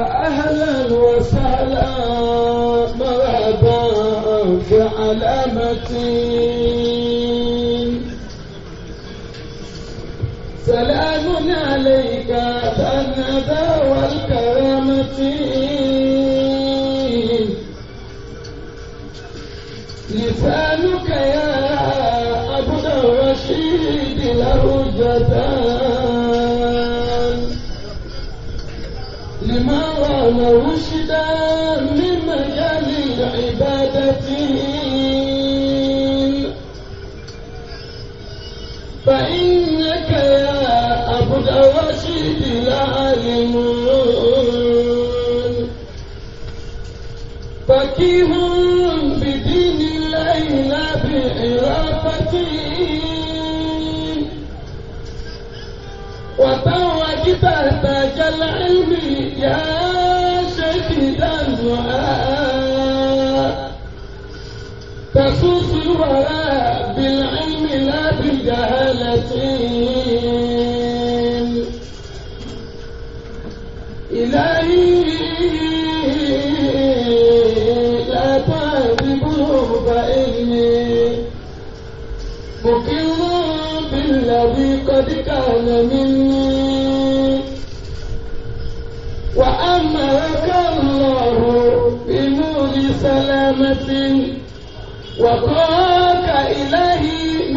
أهلا وسهلا مرحبا بعلامتي سلام عليك ذا الندى والكرامة لسانك يا أبو الرشيد له رشدا من مجال العبادة فإنك يا أبو الأواشد العالم فكيه بدين الله لا بعرافته وتواجد تحت العلم يا ذكرها بالعلم لا بالجهالة إلهي لا تعذبه فإني مقر بالذي قد كان مني وأمرك الله بنور سلامة وقال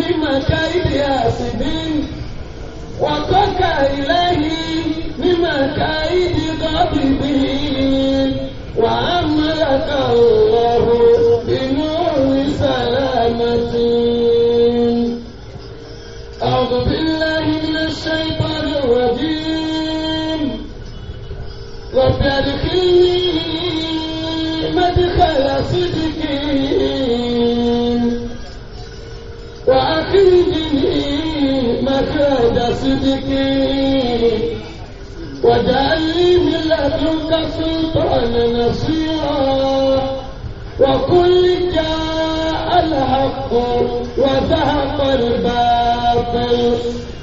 بما كيد ياسبين وتك إليه بما كيد غضبين وأملك الله كل نصيرا وكل جاء الحق وذهب الباطل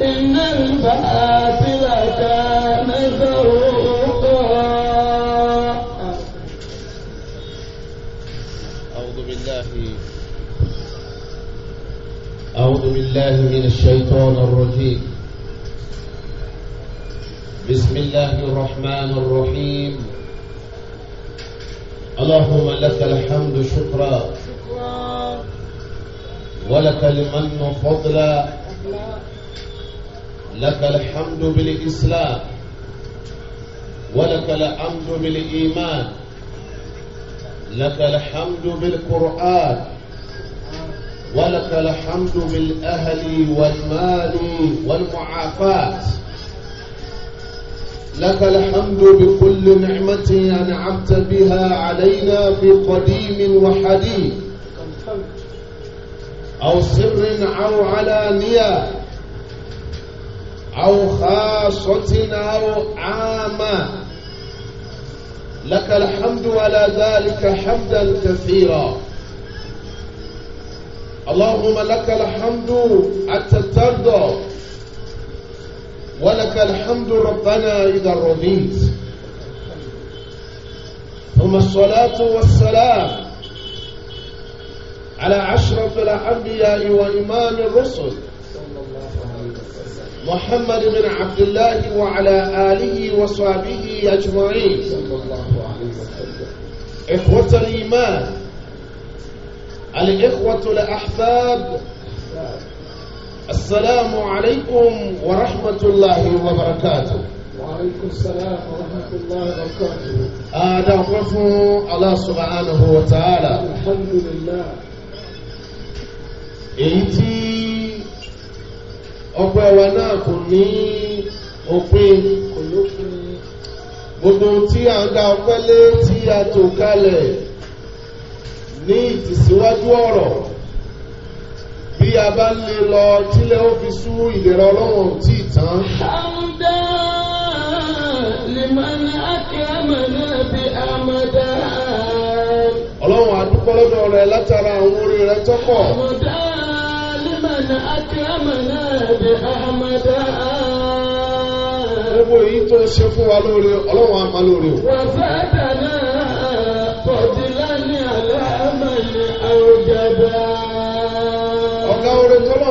إن الباطل كان زوقا أعوذ بالله أعوذ بالله من الشيطان الرجيم الله الرحمن الرحيم اللهم لك الحمد شكرا ولك المن فضلا لك الحمد بالإسلام ولك الحمد بالإيمان لك الحمد بالقرآن ولك الحمد بالأهل والمال والمعافاة لك الحمد بكل نعمة أنعمت بها علينا في قديم وحديث أو سر أو علانية أو خاصة أو عامة لك الحمد على ذلك حمدا كثيرا اللهم لك الحمد حتى ترضى ولك الحمد ربنا إذا رضيت ثم الصلاة والسلام على أشرف الأنبياء وإمام الرسل محمد بن عبد الله وعلى آله وصحبه أجمعين إخوة الإيمان الإخوة الأحباب السلام عليكم ورحمة الله وبركاته وعليكم السلام ورحمة الله وبركاته هذا آه الله سبحانه وتعالى الحمد لله إيتي ọpẹ́ wa náà kò ní òpin gbogbo tí a ń dá a tò ní ìtìsíwájú bí a bá lè lọ tílẹ̀ ó fi sú ìlera ọlọ́run tí ìtàn. àmúdá lè máa ní akẹ́mà náà bí àmúdá. ọlọ́run àdúgbò lọ́dọ̀ rẹ látara àwọn orí rẹ tọ́pọ̀. àmúdá lè máa ní akẹ́mà náà bí àmúdá. gbogbo èyí tó ṣe fún wa lóore ọlọ́run á lóore wà fẹ́ dáná pọ̀jù lánìí àlọ́ àmọ̀ àwùjọ dáa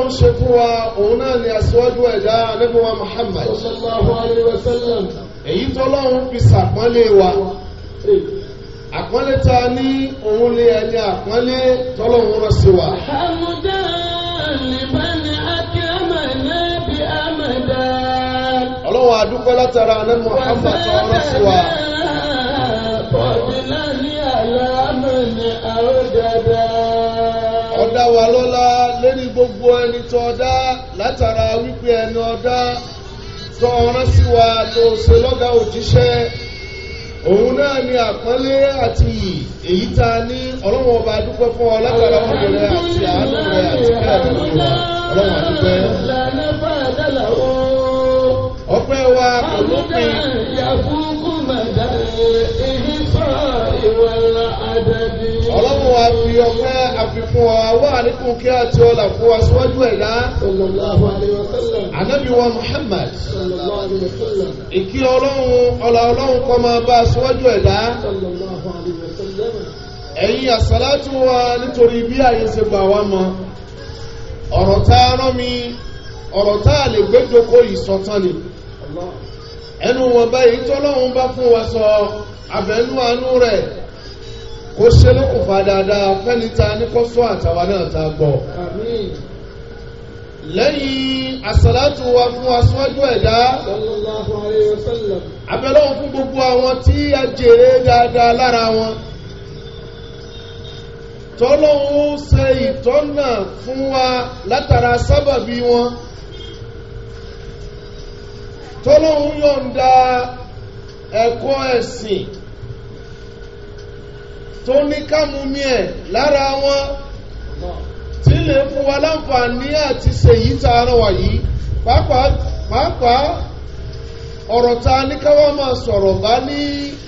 tọ́lọ́ ń ṣe fún wa òun náà ni aṣíwájú ẹ̀dá anábíwá Muhammad èyí tọ́lọ́ ń fi sàpọ́nlé wa àpọ́nlé ta ní òun lé ẹni àpọ́nlé tọ́lọ́ ń sí wa. ọlọ́wọ́ adúpẹ́ látara anábí Muhammad tọ́lọ́ rán sí wa. ọ̀dà wa lọ́la lérí gbogbo ẹni tó ọdá látara wípé ẹni ọdá tó ọrán sí wa tó ṣe lọ́gà òjíṣẹ́ òun náà ni àpọ́nlé àti èyí tá a ní ọlọ́wọ́n ọba dúpẹ́ fún ọ látara ọmọbìnrin àti àánú rẹ àti kẹ́ẹ̀dùn rẹ ọlọ́wọ́n àdúpẹ́ ọpẹ́ wa kò lópin ọlọ́run wa fi ọpẹ́ àfikún ọwọ́ àlékún kí àti ọlà fún wa síwájú ẹ̀dá ànábì wa Muhammad ìkí ọlọ́run ọlà ọlọ́run kọ́ máa bá síwájú ẹ̀dá ẹ̀yin àsálátù wa nítorí bí àyè ṣe gbà wá mọ́ ọ̀rọ̀ tá a rán mi ọ̀rọ̀ tá a lè gbẹ́jọ́kọ́ ìsọ̀tán ni ẹnu wọn báyìí tọ́lọ́run bá fún wa sọ. So, abẹ́nú àánú rẹ̀ kó ṣe ló kò fa dáadáa fẹ́ni ta ní náà ta gbọ́. lẹ́yìn àsàlátù wa fún aṣáájú ẹ̀dá abẹ́lọ́wọ́ fún gbogbo àwọn tí a jèrè dáadáa lára wọn tọ́lọ́hún ṣe ìtọ́nà fún wa látara sábàbí wọn tọ́lọ́hún yọ̀ǹda ẹ̀kọ́ ẹ̀sìn. tó ní kámúmí ẹ̀ lára wọn tí lè fún wa láǹfààní àti ṣèyí tá a rẹwà yìí pàápàá ọ̀rọ̀ ta ní káwá máa sọ̀rọ̀ bá ní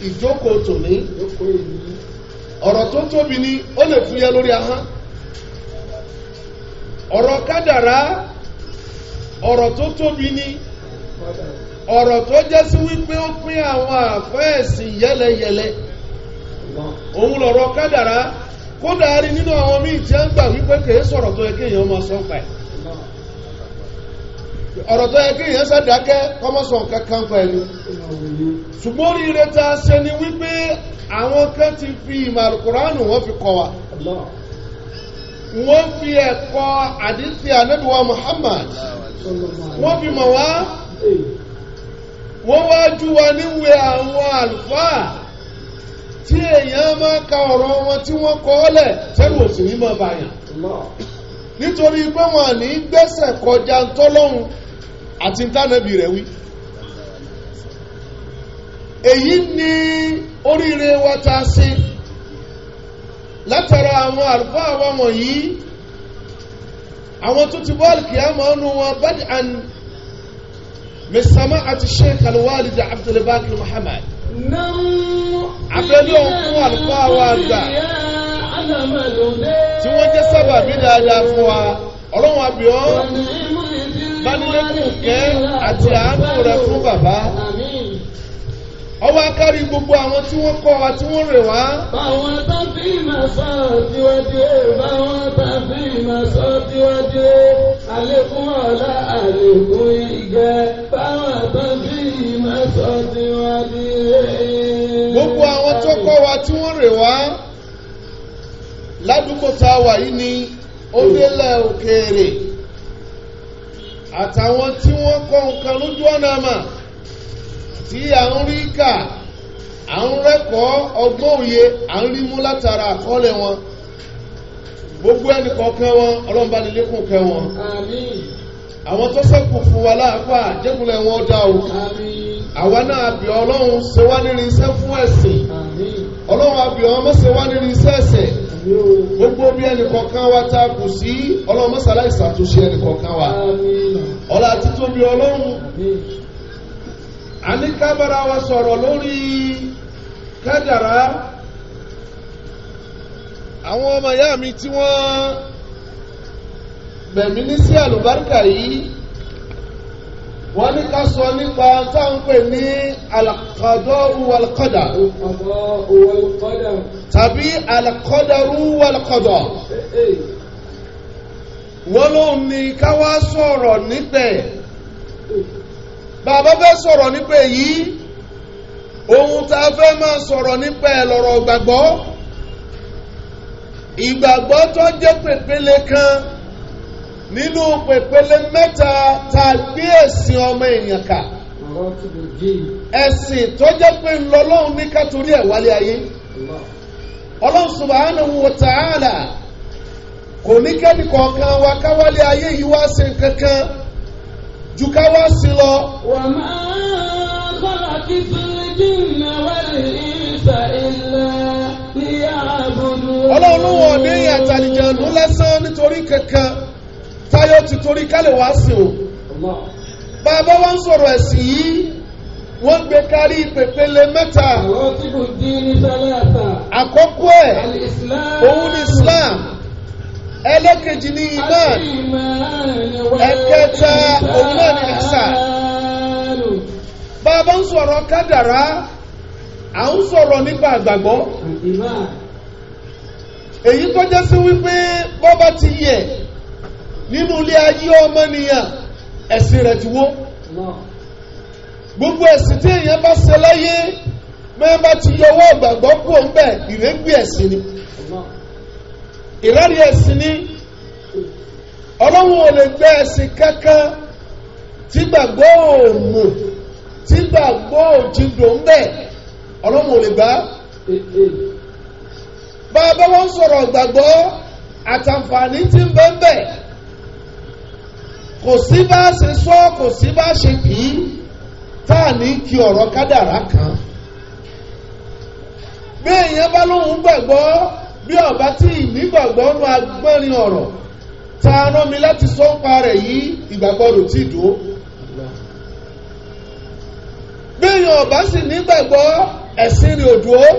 ìjókòó tòní ọ̀rọ̀ tó tóbi ni ó lè fúyẹ́ lórí ahọ́n ọ̀rọ̀ kádàrá ọ̀rọ̀ tó tóbi ni ọ̀rọ̀ tó jẹ́ sí wípé ó pín àwọn àfẹ́ ẹ̀sìn yẹ́lẹyẹ̀lẹ. òun lọ̀rọ̀ kádàrá kó rí nínú àwọn míì tí a ń gbà wípé kèé sọ̀rọ̀ tó yẹ kéèyàn máa sọ pa ọ̀rọ̀ tó yẹ kéèyàn sàdákẹ́ sọ kankan pa ẹni ṣùgbọ́n oríire ta ṣe ni wípé àwọn kan ti fi fi wa fi àdìsí Muhammad tí èèyàn máa ka ọ̀rọ̀ wọn tí wọ́n kọ́ ọ́lẹ̀ sẹ́nu òsì ní máa nítorí pé wọn ní gbẹ́sẹ̀ kọjá tọ́lọ́hun àti ntánàbì rẹ̀ wí èyí ni oríire wa ta sí látara àwọn àlùfáà wa wọ̀nyí àwọn tó ti bọ́ọ̀lù kìámọ̀ ọ́nù wọn bad an mẹsàmá àti sheikh alwalid abdulbaki muhammad àfẹ́lẹ́ òkun àlùfáà wa àgbà tí wọ́n jẹ́ sábà bí dáadáa fún wa ọlọ́run àbíọ́ bá nílé kù kẹ́ àti àánú rẹ fún bàbá ọwọ́ akárí gbogbo àwọn tí wọ́n kọ́ wa tí wọ́n rè wá. báwọn tá fi máa sọ tiwájú báwọn tá fi máa sọ tiwájú àlékún ọ̀la àlékún ìgẹ̀ báwọn tá fi máa sọ tiwájú. gbogbo àwọn tó kọ́ wa tí wọ́n rè wá ládùúgbò tá a wà yìí ni ó òkèèrè àtàwọn tí wọ́n kọ́ nǹkan lójú ọ̀nà àmà tí a ń rí kà à ń rẹ́kọ̀ọ́ ọgbọ́n òye à ń rí mú látara àkọọ́lẹ̀ wọn gbogbo ẹnì kọ̀ọ̀kan wọn ọlọ́mọba ní lékún kẹ́ wọn. àwọn tó sẹ́kù fún wa láàfà jẹ́kulẹ̀ wọn dá o. àmín. àwa náà bí ọlọ́run ṣe wá nírin iṣẹ́ fún ẹ̀sìn. àmín. ọlọ́run àbí ọmọ ṣe wá nírin iṣẹ́ ẹ̀sẹ̀. gbogbo bí ẹnì kọ̀ọ̀kan wa ta kù sí ọlọ́run mọ́sálá ìṣàtúnṣe ẹnì kọ̀ọ̀kan wa. àmín. ọlá títóbi ọlọ́run àníkàbára wa sọ̀rọ̀ lórí kádàrá àwọn ọmọ ìyá mi tí wọ́n bẹ̀mí ní sí àlùbáríkà yìí wọ́n ní ká sọ nípa táwọn pè ní alqada'u wal tàbí alqadaru wal wọ́n ló ní ká wá sọ̀rọ̀ níbẹ̀ bàbá fẹ́ sọ̀rọ̀ nípa èyí ohun tá a fẹ́ máa sọ̀rọ̀ nípa ẹ̀ lọ́rọ̀ gbàgbọ́ ìgbàgbọ́ tó jẹ́ pèpele kan nínú pèpele mẹ́ta tá a gbé ẹ̀sìn ọmọ èèyàn kà ẹ̀sìn tó jẹ́ pé ńlọ́lọ́run ní ká ẹ̀ wálé ayé ọlọ́run subhanahu wa ta'ala kò ní kẹ́nìkọ̀ọ̀kan wa ká wálé ayé yìí wá ṣe kankan ju ká wá sí lọ. wà á máa kọ́lá kí fúnlẹ́jì náwó ìfà ilẹ̀ ní àbùdó. ọlọ́run wọn ní àtàlìjànú lásán nítorí kankan táyọ̀ ti torí ká wá sí o. bàbá wa sọ̀rọ̀ ẹ̀sìn yìí wọ́n gbé kárí pèpele mẹ́ta. àwọn tí kò dín ní sálẹ̀ àtà. àkọ́kọ́ ẹ̀ òun ni Islam. ẹlẹ́kejì ní iman ẹ̀kẹta òun náà ní ẹ̀sà bàbá ń sọ̀rọ̀ kádàrá à ń sọ̀rọ̀ nípa àgbàgbọ́ èyí tó sí wípé bọ́bá ti yẹ nínú ilé ayé ọmọnìyàn ẹ̀sìn gbogbo ẹ̀sìn tí èèyàn bá ṣe láyé mẹ́rin ti yọwọ́ ìgbàgbọ́ kú òun bẹ́ẹ̀ ìrégbé ìrẹ́rì ẹ̀sìn ni ọlọ́run ò lè gbé ẹ̀sìn kankan tí gbàgbọ́ òmù tí gbàgbọ́ òjìdò ń bẹ̀ ọlọ́run ò lè gbá bàbá wọn sọ̀rọ̀ gbàgbọ́ àtàǹfààní tí ń bẹ́ ń kò sí bá ṣe sọ kò sí bá ṣe kì í tá à ní kí ọ̀rọ̀ kádàrá kan bí èèyàn bá lóun gbàgbọ́ bí ọba tí ìnígbàgbọ́ nu agbọ́nrin ọ̀rọ̀ ta rán mi láti sọ ń pa rẹ̀ yí ìgbàgbọ́ rò tí ọba sì nígbàgbọ́ ẹ̀sìn rẹ̀ òdúró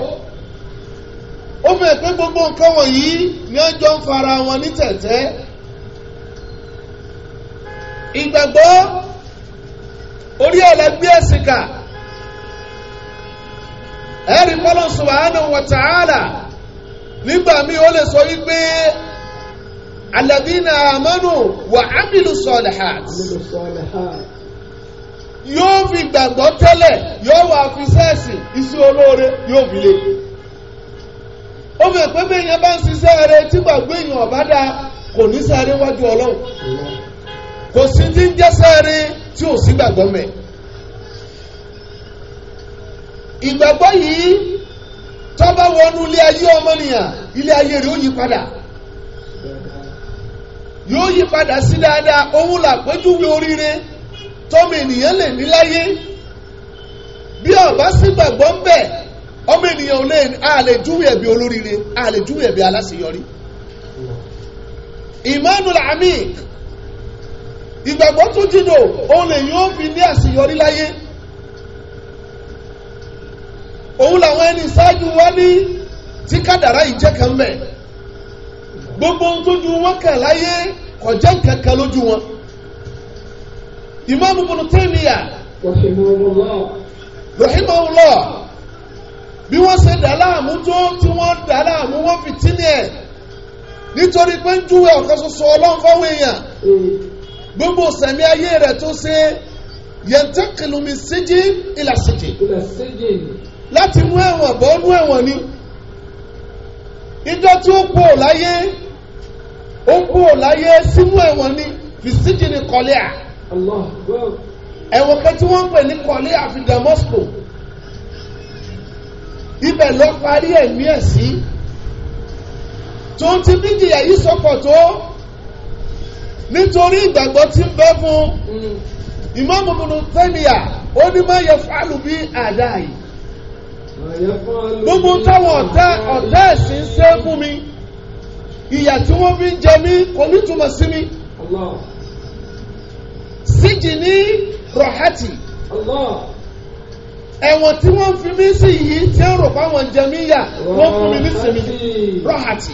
ó pé gbogbo nǹkan wọ̀nyí ni ó jọ ń fara wọn ní tẹ̀tẹ́ ìgbàgbọ́ orí ẹ̀sìn kà nígbà mi ó lè sọ wípé alladhina amanu wa amilu salihat yóò fi gbàgbọ́ tẹ́lẹ̀ yóò wà fi sẹ́ẹ̀sì iṣẹ́ olóore yóò fi lé o fẹ́ pé bí èèyàn bá ń ṣiṣẹ́ rẹ tí gbàgbé èèyàn ọ̀bá dá kò ní sáré wájú ọlọ́run kò sí ń jẹ́ sáré tí tó bá wọnú ilé ayé ọmọnìyàn ilé ayé rẹ̀ ó yí padà yóò yí padà sí dáadáa òun làpéjúwe oríire tọ́mọ ènìyàn lè ní láyé bí ọba sì gbàgbọ́ ń bẹ̀ ọmọ ènìyàn ò lè àlejúwe ẹ̀bí olóríire àlejúwe ẹ̀bí aláṣeyọrí Emmanuel amik ìgbàgbọ́ tó jìnnà òun lè yóò fi ní àṣeyọrí láyé òun làwọn ẹni ṣáájú wá ní tí kádàrá yìí jẹ́ kan bẹ̀ gbogbo ohun tójú wọn kàn láyé kọjá nǹkan kan lójú wọn ìmáàmù bùnú tẹ́ẹ̀mìyà rahimahullah bí wọ́n ṣe dà láàmú tó tí wọ́n dà láàmú wọ́n fi tí ní ẹ̀ nítorí pé ń júwe ọ̀kan ṣoṣo ọlọ́run fáwọn èèyàn hmm. gbogbo sẹ̀mí ayé rẹ̀ tó ṣe yẹn tẹ́kìlùmí síjì ìlà láti mú ẹ̀wọ̀n bọ́ nú ẹ̀wọ̀n ni ìjọ tí ó kú ò láyé ó kú ò láyé sínú ẹ̀wọ̀n ni fìsíjì ni kọ́lẹ́à ẹ̀wọ̀n kan tí wọ́n ń pè ní kọ́lẹ́à fi Damasco ibẹ̀ lọ parí ẹ̀mí ẹ̀ sí tòun ti bíjìyà yìí sọ̀pọ̀ tó nítorí ìgbàgbọ́ tí ń bẹ fún mm. Imam Ibn Taymiyyah ó ní má yẹ fálù bí àdáyìí gbogbo táwọn ọ̀tá ọ̀tá ẹ̀sìn ń ṣe fún mi ìyà tí wọ́n fi ń jẹ mí kò ní túmọ̀ sí mi síjì ní rọ̀hátì ẹ̀wọ̀n tí wọ́n fi mí sí yìí tí ń rò fáwọn jẹ mí yà wọ́n fún mi ní sinmi rọ̀hátì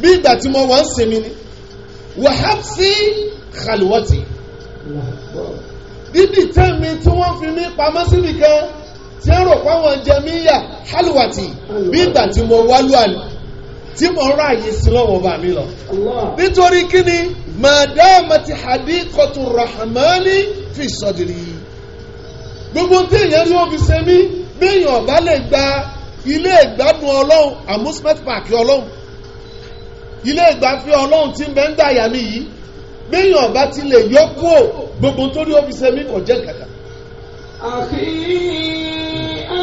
bí ìgbà tí mo wà ń sinmi ni wàhálsí kàlùwọ́tì dídì tẹ́mi tí wọ́n fi mí pamọ́ síbi kan tí ń rò páwọn jẹmíyà hálùwàtì bí ìgbà tí mo wálú àlè tí mo rà yìí sí lọ́wọ́ bá mi lọ. nítorí kí ni ti hàdí kọtù rahmani fi sọdìrì yìí. gbogbo tí èèyàn rí òbí ṣe mí béèyàn ọ̀bá lè gba ilé ìgbádùn ọlọ́run amusement park ọlọ́run ilé ìgbafẹ́ ọlọ́run tí ń ń dàyà mi yìí béèyàn ọ̀bá ti lè yọ kúò gbogbo tó rí òbí ṣe kò jẹ́ kàkà. àfihàn.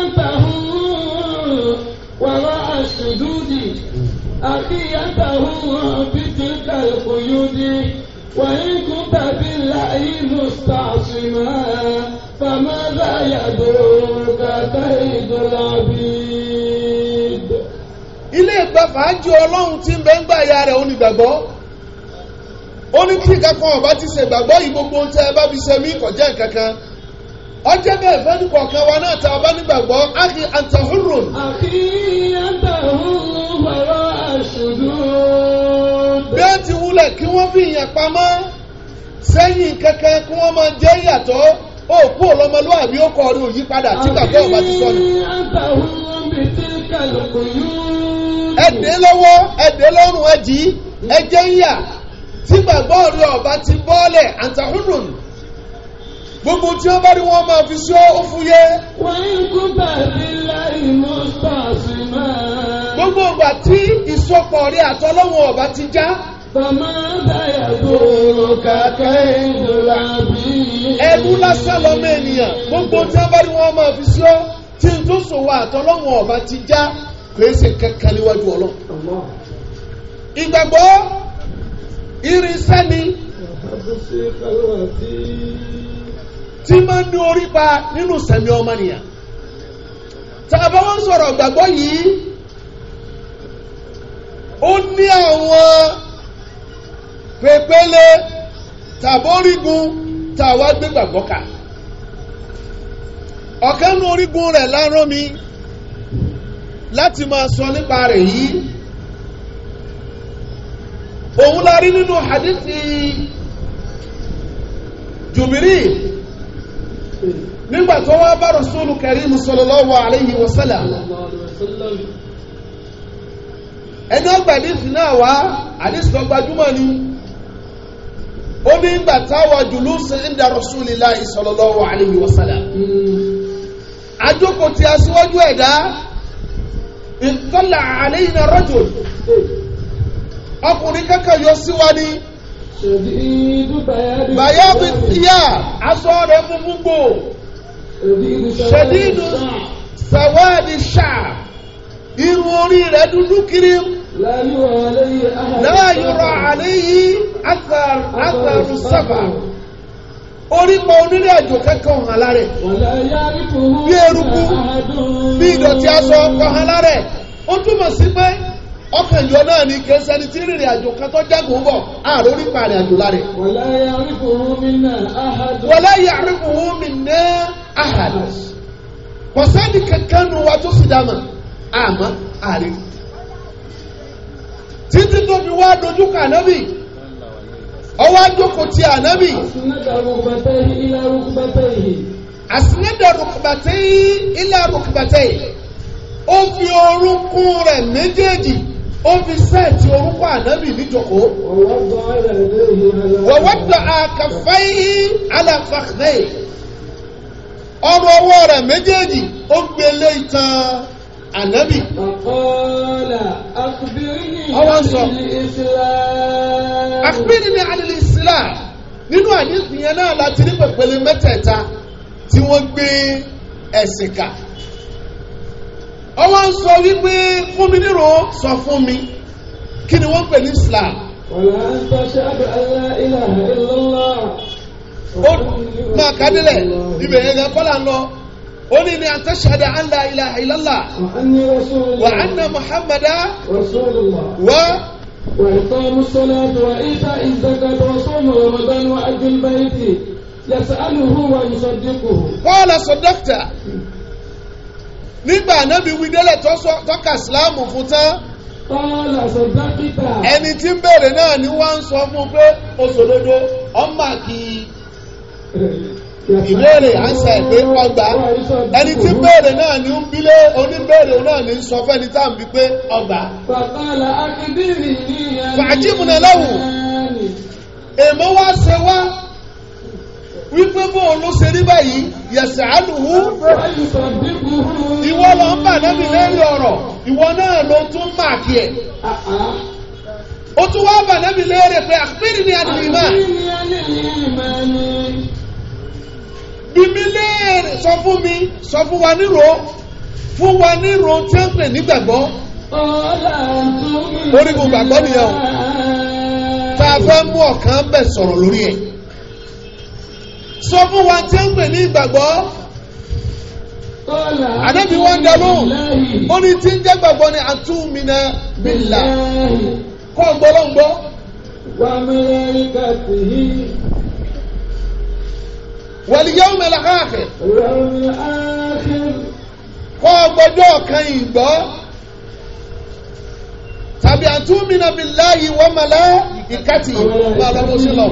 أنتهوا وراء السدود أخيتهم بتلك القيود وإن كنت بالله مستعصما فماذا يدعوك كيد العبيد ilé ìgbà fàájì ọlọ́run tí ń bẹ ń gbà ya rẹ̀ onígbàgbọ́ ó ní kí nǹkan kan ọba ti ṣègbàgbọ́ yìí gbogbo ohun tẹ́ ẹ bá fi ṣe mí kọjá nǹkan kan ọjọ́ bẹ́ẹ̀ fẹ́ni kọ̀ọ̀kan wa náà ta bá nígbàgbọ́ ákì àtàhùrùn. àkíyàtàhùrùn ọ̀rọ̀ àṣùdù. bẹ́ẹ̀ ti wúlẹ̀ kí wọ́n fi ìyàn pamọ́ sẹ́yìn kankan kí wọ́n máa jẹ́ yàtọ̀ òkú ọlọmọlúwàbí ó kọ orí òyí padà tí bàbá ọba ti sọ ni. ẹ̀dẹ́ lọ́wọ́ ẹ̀dẹ́ lọ́rùn ẹ̀jì ẹ̀jẹ̀ yà tí bàbá ọba ti bọ́ọ̀lẹ̀ àtàhùrùn gbogbo tí wọ́n bá rí wọ́n máa fi sí ó fúyẹ́. wọ́n ń kú bàbí láì mọ́ sọ́ọ̀sì máa. gbogbo ìgbà tí ìsopọ̀ rẹ̀ àtọ́lọ́wọ̀n ọ̀bá ti já. bàmá dàyàgò kàkà ìdòlà bí. ẹbú lásán lọmọ ènìyàn gbogbo tí wọ́n bá rí wọ́n máa fi sí ó tí n tó sòwò àtọ́lọ́wọ̀n ọ̀bá ti já kìí kankan níwájú ọlọ́run. ìgbàgbọ́ irinṣẹ́ ni tí máa ń ní orí pa nínú sẹ̀mí ọmọnìyàn tá a bá wọ́n sọ̀rọ̀ gbàgbọ́ yìí ó ní àwọn pèpéle tàbórígun tàwa gbé gbàgbọ́ kà ọ̀kan nínú orígun rẹ̀ lárán mi láti máa sọ nípa rẹ̀ yìí òun la rí nínú hadithi Jùbìrì nígbà tó wá bá rasúlù karim sallallahu alayhi wa sallam ẹni ọgbà àdìsí náà wá àdìsí tó gbajúmọ̀ ni ó ní ìgbà táwọn jùlúùsì inda rasulillahi sallallahu alayhi wa sallam àjókòó ti aṣíwájú ẹ̀dá ìtọ́là àlẹ́yìn rajul ọkùnrin kankan yọ sí wa ni bàyá bí tíyà aṣọ rẹ̀ funfun gbò ṣèdínú sàwádìí ṣá irun orí rẹ̀ dúdú kiri láàyòrò àléyìí àtàrù sábà orípa onírìn àjò kankan hàn lárẹ̀ bí eruku bí ìdọ̀tí aso ọkọ̀ hàn lárẹ̀ ó túmọ̀ sí pé. ọkàn yọ náà ni kì í ṣẹni tí rìnrìn àjò kan tó jágò ń bọ̀ ààrùn orípa rìn àjò láre. wala ya'rifuhu minna ahad. kò sẹ́ni kankan nu wa tó sì dá mà àmọ́ àrí. títí tó fi wá dojú kà nábì ọwọ́ àjòkò ti ànábì. àsìnẹ́dà rukbatayhi ila rukbatayhi ó fi orúnkún rẹ̀ méjèèjì. ó fi sẹ́ẹ̀tì orúkọ ànábì níjòkó. wọ́wọ́dà àkàfẹ́yì aláfàkẹ́yì ọmọ ọwọ́ rẹ̀ méjèèjì ó gbélé ìtàn ànábì. ọwọ́ sọ àkùnrin ní alẹ́ islam nínú àdéhùn yẹn náà láti ní pẹ̀pẹ̀lẹ̀ mẹ́tẹ̀ẹ̀ta tí wọ́n gbé ẹ̀sìn kà ó wá ń sọ wípé fún mi nírò sọ fún mi kí ni wọ́n pè ní Islam. ọ̀la ń tọ́ ṣáàbù aláìlà ìlọ́lá. ó máa kádìlẹ̀ ibẹ̀ yẹn gan kọ́là ń lọ oni ni an tashhada an ilaha illallah wa anna muhammada wa وإقام الصلاة وإيتاء الزكاة وصوم رمضان وحج البيت يسأله ويصدقه قال صدقت nígbà anábì wí délẹ̀ tọ́ka ìsìláàmù fún tán ẹni tí ń béèrè náà ni wọ́n ń sọ fún pé oṣòdodo ọmọ kì í ìbéèrè ànsà ìpè ọgbà ẹni tí béèrè náà ni ń bílé oníbéèrè náà ni ń sọ fẹ́ni tá à ń bi pé ọgbà. fàájì múnalẹ́wù èèmọ̀ wá ṣe wá wípé bó o ló ṣe rí báyìí yẹ̀sẹ̀ àlùhù ìwọ lọ ń bà lẹ́bi lẹ́yìn ọ̀rọ̀ ìwọ náà ló tún máàkì ẹ̀ ó tún wá bà lẹ́bi lẹ́rẹ̀ pé àpírí ni àdìmá bíbí lẹ́rẹ̀ sọ fún mi sọ fún wa níro fún wa níro tí ń pè nígbàgbọ́ gbàgbọ́ nìyẹn o tá a fẹ́ mú ọ̀kan bẹ̀ sọ̀rọ̀ lórí ẹ̀ sọ fún wa tí ń pè ní ìgbàgbọ́ ànábì wọn dá lóhùn ó ní tí ń jẹ́ gbàgbọ́ ni àtúmìnà bìlà kọ́ gbọ́lọ́ngbọ́. wàlíyáwó al-akhir kọ́ gbọ́dọ̀ kan ìgbọ́ tàbí àtúmìnà bìlà yìí wọ́n mọ̀lá ìkàtì ìgbà lọ́wọ́ sílọ̀.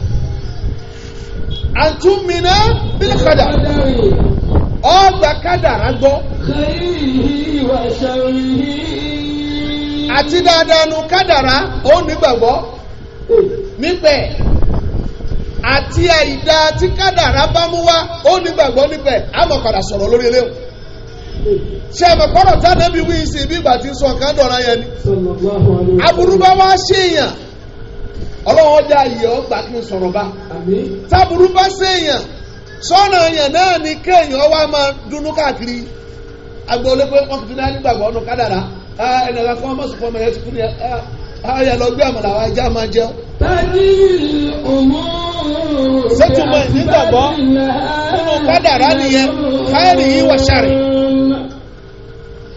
àtúnmínà bílí kádà ọgbà kádàrá gbọ́ àti dáadáa nu kádàrá ó nígbàgbọ́ nípẹ̀ àti àìdá tí kádàrá bá mú wá ó nígbàgbọ́ nípẹ̀ àmọ̀kadà sọ̀rọ̀ lórí eléwọ̀n ṣe ẹ̀mọ̀ kọ́rọ̀ tá a nábì wí sí ibi ìgbà tí ń sọ nǹkan dọ̀ra yẹn ni aburú bá wá ṣèyàn. ọlọ́wọ́ dá ayé ọgbà kí n sọ̀rọ̀ bá. táburú bá séèyàn sọ́nà yẹn náà ni kéèyàn wá máa dunnú káàkiri agboolé pé wọ́n fi náà nígbàgbọ́ ọ̀nà kádàrá ah, ẹnìyàrá fún ọmọ ti kú ni ah, ah, lọ gbé àmàlà wa já máa jẹun. tàbí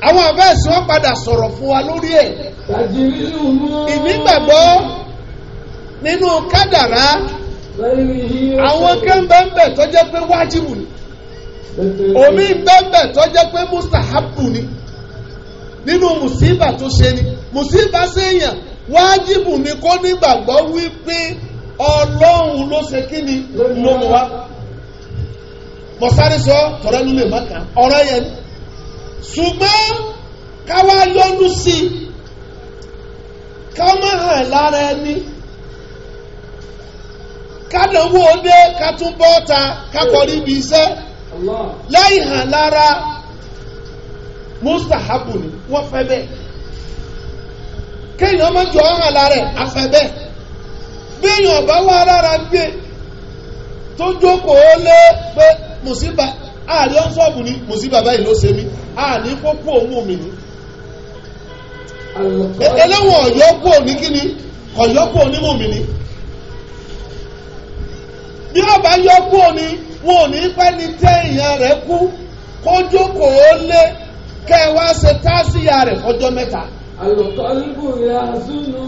àwọn wọn padà nínú kádàrá àwọn kan bẹ́ẹ̀ tó jẹ́ pé wájibù ni omi bẹ́ẹ̀ tó jẹ́ pé mustahabu ni nínú mùsíbà tó ṣe ni mùsíbà séèyàn wájibù ni kó nígbàgbọ́ wípé ọlọ́run ló ṣe kí ni ló mú wa mọ̀sáré sọ tọ̀rọ̀ ló lè mọ́ka ọ̀rọ̀ yẹn ni ṣùgbọ́n káwá yọnu sí i ká má hàn lára ẹni. kánàwó dé ọta kákọrí ibi iṣẹ́ lẹ́yìn hàn lára mustahabu ni wọ́n fẹ́ bẹ́ẹ̀ kéèyàn má jọ hàn lára ẹ̀ afẹ́ bẹ́ẹ̀ béèyàn bá wá rárá gbé tó jókòó lé pé mùsíbà ààrẹ ọ̀fọ́ọ̀bù ni mùsíbà báyìí ló ṣe mí bí wọ́n bá yọ kú òní wọn ò ní pẹ́ ní tẹ́ èèyàn rẹ̀ kú kó jókòó lé kẹ́ ẹ wá ṣe táṣíyà rẹ̀ fọjọ́ mẹ́ta. àlùkọ́lùkù yà zùnú.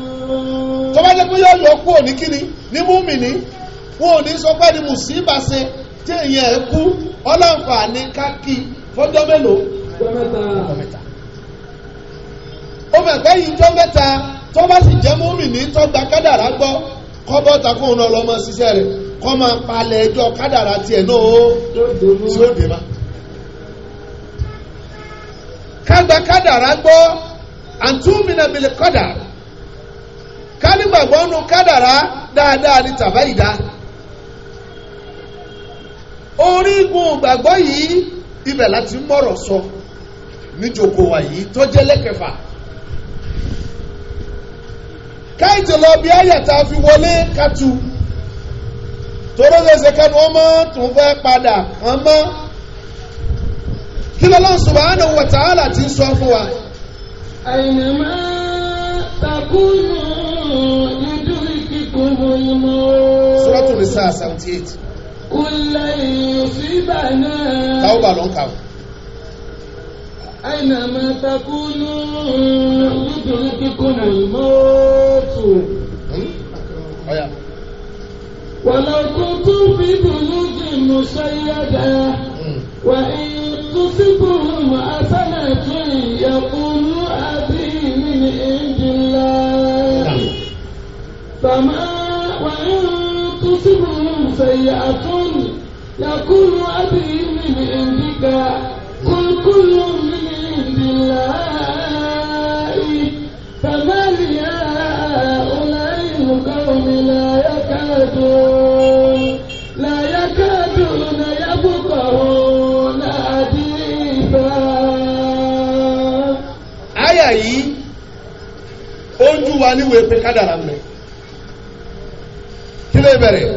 tó bá jẹ́ pé yọ yọ kú òní kíni ní múmìnì wọn ò ní sọ pé ní mùsíbà ṣe tẹ́ èèyàn rẹ̀ kú ọlọ́ǹfààní kákì fọjọ́ mélòó. fọjọ́ mẹ́ta. ó mọ̀ pé ìjọ mẹ́ta tó bá sì jẹ́ múmìnì tó gba kádàrá gbọ́ kọ́ kọ́ máa palẹ̀ ẹjọ́ kádàrà tiẹ̀ náà ó tí ó ma. kágbà kádàrà gbọ́ àtúnmínà bìlẹ̀ kádàrà nu kádàrà dáadáa ni tàbá ìdá. orígun ìgbàgbọ́ yìí ibẹ̀ láti mọ̀rọ̀ sọ níjòkó wa yìí tó jẹ́ lẹ́kẹ̀fà káyìtì lọ bí àyàtà fi wọlé katu. tóró ṣeṣe kẹ́nu wọ́n tún fẹ́ padà kàn mọ́ kí lọ́lọ́run subhanahu wa ta'ala ti ń sọ fún wa. àyìnbá takùnù nítorí kíkún mọ́yìmọ́. Suratul Nisa seventy eight. kúlẹ̀ ìyòsíbà náà. táwọn bá ló ń kà hmm? ó. àyìnbá takùnù nítorí kíkún mọ́yìmọ́ tù. ọ̀ya. ولو كنتم في بيوت مشيدة وإن تصبهم حسنة يقولوا هذه من عند الله فما وإن تصبهم سيئة يقولوا هذه من عندك قل كل من عند الله wa níwèé pé kádàrà dara bẹ kí lè bẹ̀rẹ̀.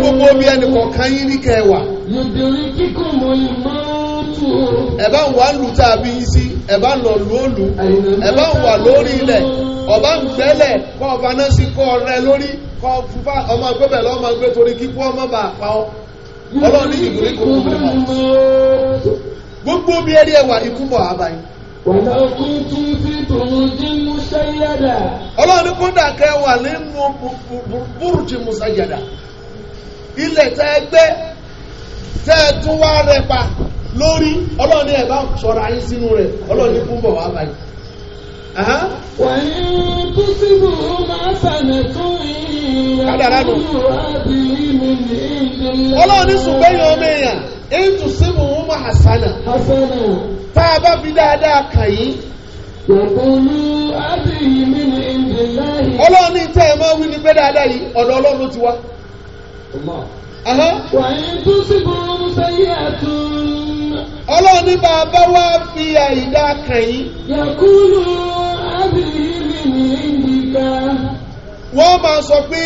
gbogbo obi ẹnì ka yín ní kẹwàá. nítorí ebe mọ́ ìmọ̀ ẹ bá ń wà lù tá a bí yín ọba ń gbẹ́lẹ̀ kọ́ ọba náà sí kọ́ ọ̀rẹ́ lórí kọ́ fúfá ọmọ agbẹ́bẹ̀ lọ́mọ agbẹ́ torí kíkú gbogbo bí ẹ rí ikwu ikú bọ̀ ọlọ́run ní kódà nínú búrùjì mùsàyàdà ilẹ̀ tẹ́ gbé tẹ́ tún wá rẹ̀ pa lórí ọlọ́run ní ẹ̀bá ṣọ́ra yín sínú rẹ̀ ọlọ́run ní wá báyìí. máa ní ọmọ èèyàn. ètò sẹ́mu wọn mọ hasana. hasana. tá a bá kanyi. dáadáa kàn mi ní ìdíláyì. ọlọ́run ní tẹ́ máa wí ní pé dáadáa yìí ọ̀dọ̀ ọlọ́run ti wá. wọ́n máa sọ pé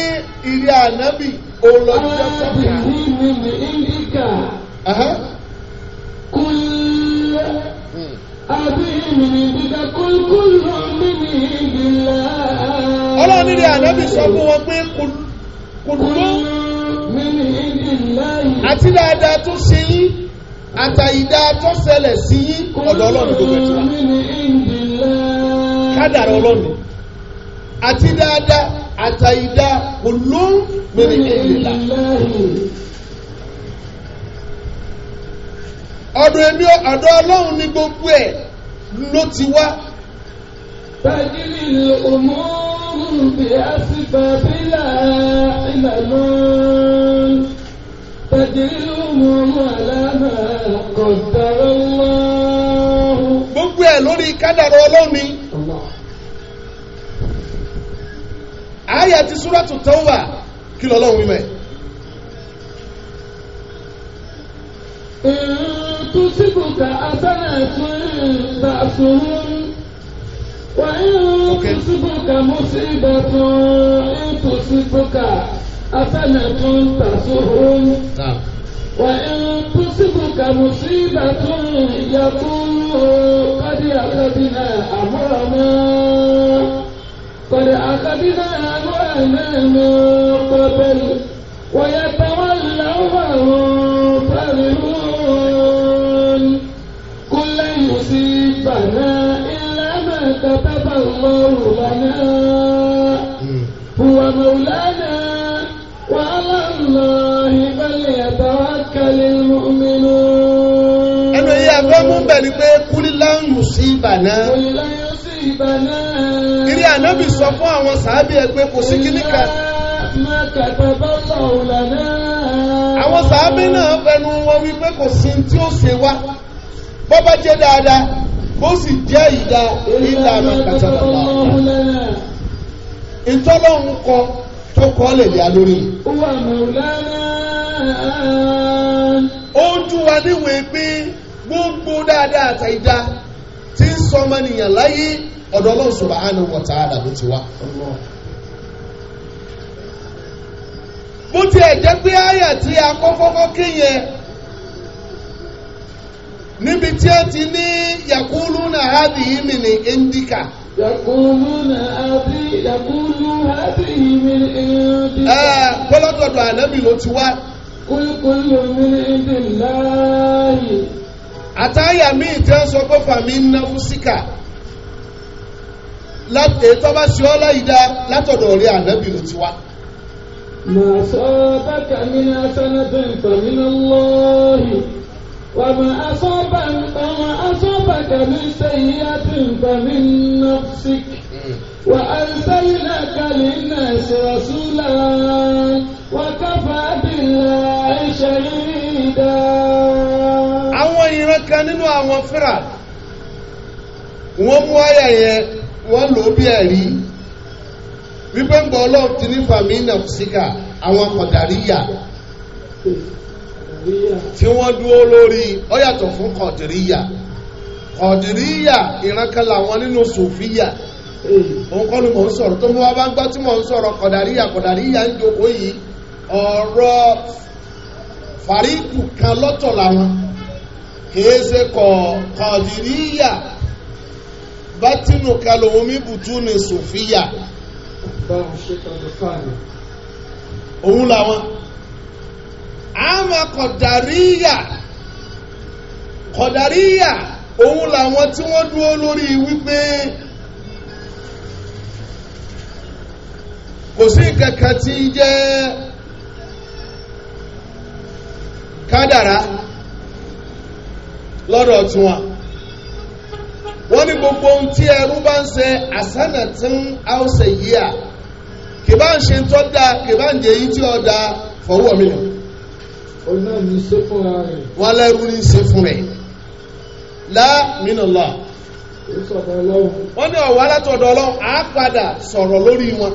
ànábì òun lọ jẹ́ كل أبين بك قل كل مؤمن بالله ọlọ́run nílé ànábì sọ fún wọn pé kùdúró àti dáadáa tó ṣe yín àtàyídá tó ṣẹlẹ̀ sí yín ọ̀dọ̀ ọlọ́run tó bẹ̀tì wá kádàrá ọlọ́run àti dáadáa àtàyídá kùdúró mẹ́rin ìlà ọ̀dọ̀ èmi ọ̀dọ̀ ọlọ́run ni gbogbo ẹ̀ ló ti wá. Bàjẹ́lì òmùrù bí a sì bàbílà ìlànà. Bàjẹ́lì òmùrù àlámà kò dára wá. Gbogbo ẹ̀ lórí kádàrá ọlọ́run ni. Àyà ti Súrátù Tawbà kí lọ́lọ́run wíwẹ̀. Mm. تصبك حسنة تأسهم وإن تصبك مصيبة إن تصبك حسنة تأسهم وإن تصبك مصيبة يقول قد أخذنا أمرنا قد أخذنا أمرنا من قبل ويتولى وهم كتب الله لنا هو مولانا وعلى الله فليتوكل المؤمنون pé kúlílá ń sí ìbànà. sọ fún àwọn sàábì ẹgbẹ́ kò sí kíní kan. àwọn sàábì náà fẹnu wọn wípé kò sí tí ó ṣe wá bọ́bá jẹ́ bó sì jẹ́ ìdá ìlà àmàkàtàlá ìtọ́lọ́hún kọ tó kọ́ lè lé alórí. ó ń wa níwèé pé gbogbo dáadáa àtàìdá tí ń sọ ọmọnìyàn láyé ọ̀dọ̀ Ọlọ́run subhanahu wa ti wá. bó tiẹ̀ jẹ́ pé àyà tí a kọ́kọ́kọ́ kéyẹn. níbi tí ó ti ní yakulu na hadi yìí ní indika. yakulu na hadi yakulu hadi yìí ní indika. ẹ kọ́lọ́dọ̀dọ̀ ànábì ló ti wá. kúlùkúlù mi ní indi láàyè. àtàyà mi ìtẹ́ sọ pé fàmí ń náwó síkà ètò bá ṣe ọ́ láyìí dá látọ̀dọ̀ rí ànábì ló ti wá. mà sọ bákan ní asánà tó ń tọ̀ nínú lọ́ọ̀rì. وَمَا أصابك وما أَصَابَكَ من سيئة فمن نفسك وأرسلناك للناس رسولا وكفى بالله شهيدا àwọn ìran kan nínú àwọn fúra wọ́n mú àyà yẹn wọ́n lò bí ẹ̀rí wípé ń bọ̀ ọlọ́run ní fàmí nàfsíkà àwọn kọ̀dàríyà tí wọ́n dúró lórí ó yàtọ̀ fún kọ̀dìríyà kọ̀dìríyà ìrankan làwọn nínú sòfíyà òun kọ́ ló mọ̀ ń sọ̀rọ̀ tó mú wa bá ń gbọ́ tí mò ń sọ̀rọ̀ kọ̀dàríyà kọ̀dàríyà ń jókòó yìí ọ̀rọ̀ fàríkù kan lọ́tọ̀ làwọn kìí ṣe kọ̀dìríyà bátínù kan lòun mí bùtú ní sòfíyà òun làwọn àmà kọ̀dàríyà kọ̀dàríyà òun làwọn tí wọ́n dúró lórí wípé kò sí kankan tí ń jẹ́ kádàrá lọ́dọ̀ tiwọn wọ́n ní gbogbo ohun tí ẹrú bá ń ṣe àsánà tí ń áwòsè yìí à kì bá ń ṣe tọ́ da kì bá ń jẹ èyí tí ó da fọwọ́ mi nìyẹn. wọ́n lẹ́rú ní ṣe fún rẹ̀ láàmínàlá wọ́n ní ọ̀wọ́ alátọ̀dọ̀ a á padà sọ̀rọ̀ lórí wọn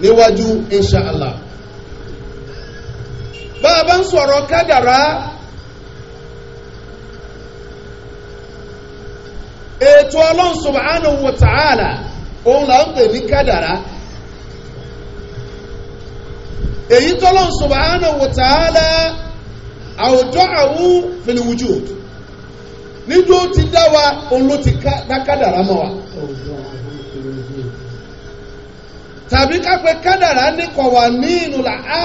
níwájú inṣàlá bá a bá ń sọ̀rọ̀ kádàrá ètò ọlọ́run subhanahu wa ta'ala òun là ń pè ní kádàrá èyí tọ́lọ́n subhanahu wa ta'ala àwùjọ àwọn fìlìwùjù níjó ti dá wa ti kádàrá mọ́ wa tàbí kápẹ́ kádàrá ní kọ̀wà nínú là á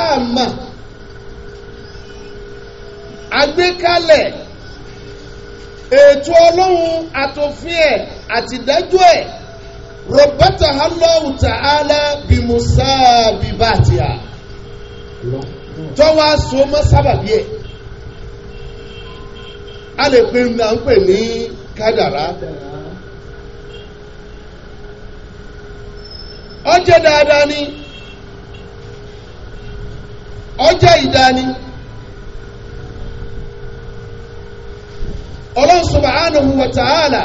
ètò ọlọ́run àtòfin ẹ̀ àtìdájọ́ ẹ̀ rọ̀bátà ta'ala tó wá so mọ́ sábàbí ẹ̀ a lè pe ní à ń pè ní kádàrá ọjẹ́ dáadáa ni ọjẹ́ ìdáni ọlọ́run subhanahu wa ààlà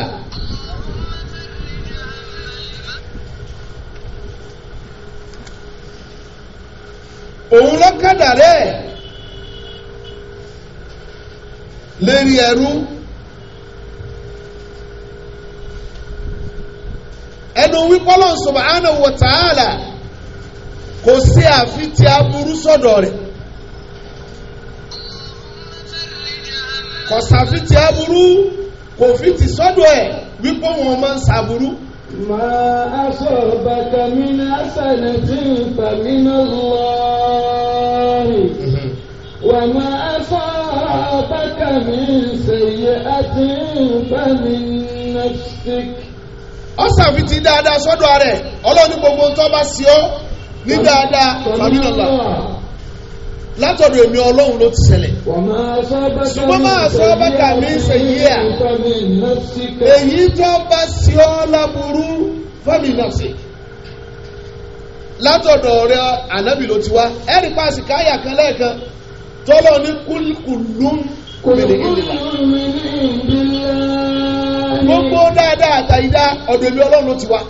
òun ló kádàrẹ́ lérí ẹrú ẹnu wípọ́ lọ́n subhanahu wa ta'ala kò sí àfi tí aburú sọ̀dọ̀ rẹ̀ kò sàfi tí aburú kò fi ti sọ́dọ̀ ẹ̀ wípọ́ wọn máa ń sàbúrú. ما أصابك من حسنة فمن الله mm-hmm. وما أصابك من سيئة فمن نفسك ó fi ti dáadáa sọ́dọ̀ rẹ ọlọ́run gbogbo tó bá sí ọ ní dáadáa látọ̀dọ̀ èmi ọlọ́run ló ti ṣẹlẹ̀. ṣùgbọ́n máa sọ bàtà mi ṣèyí à èyí tó bá sí ọ láburú fẹ́mi nafsi látọ̀dọ̀ ọ̀rẹ́ ànábì ló ti wá ẹ̀rí paṣí káyà kan lẹ́ẹ̀kan tọ́lọ́ ní kúlùkùlù mìlì ìdìbà. gbogbo dáadáa àtàyídá ọ̀dọ̀ èmi ọlọ́run ló ti wá.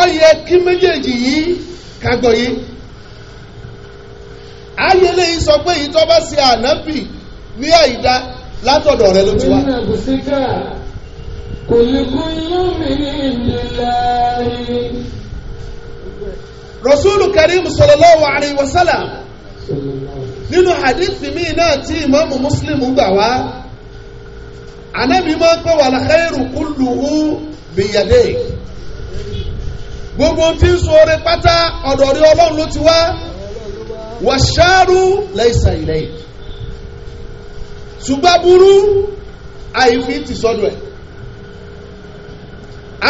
ó yẹ kí méjèèjì yìí kagbọ̀ yìí ayé lẹ́yìn sọ pé ìtọ́ bá ṣe ànábì ní àìdá látọ̀dọ̀ rẹ ló ti wá. rasulu karim sallallahu alayhi wa sallam nínú hadithi míì náà tí imaamu muslim gbà wá anabi máa ń pè wà lẹ́yìn kulluhu bìyàdé gbogbo tí ń sọ orin pátá ọ̀dọ̀ rí ọlọ́run ló ti wá wàṣáàrù lẹ́sà ilẹ̀ yìí ṣùgbọ́n burú àìfi ti sọ́dọ̀ ẹ̀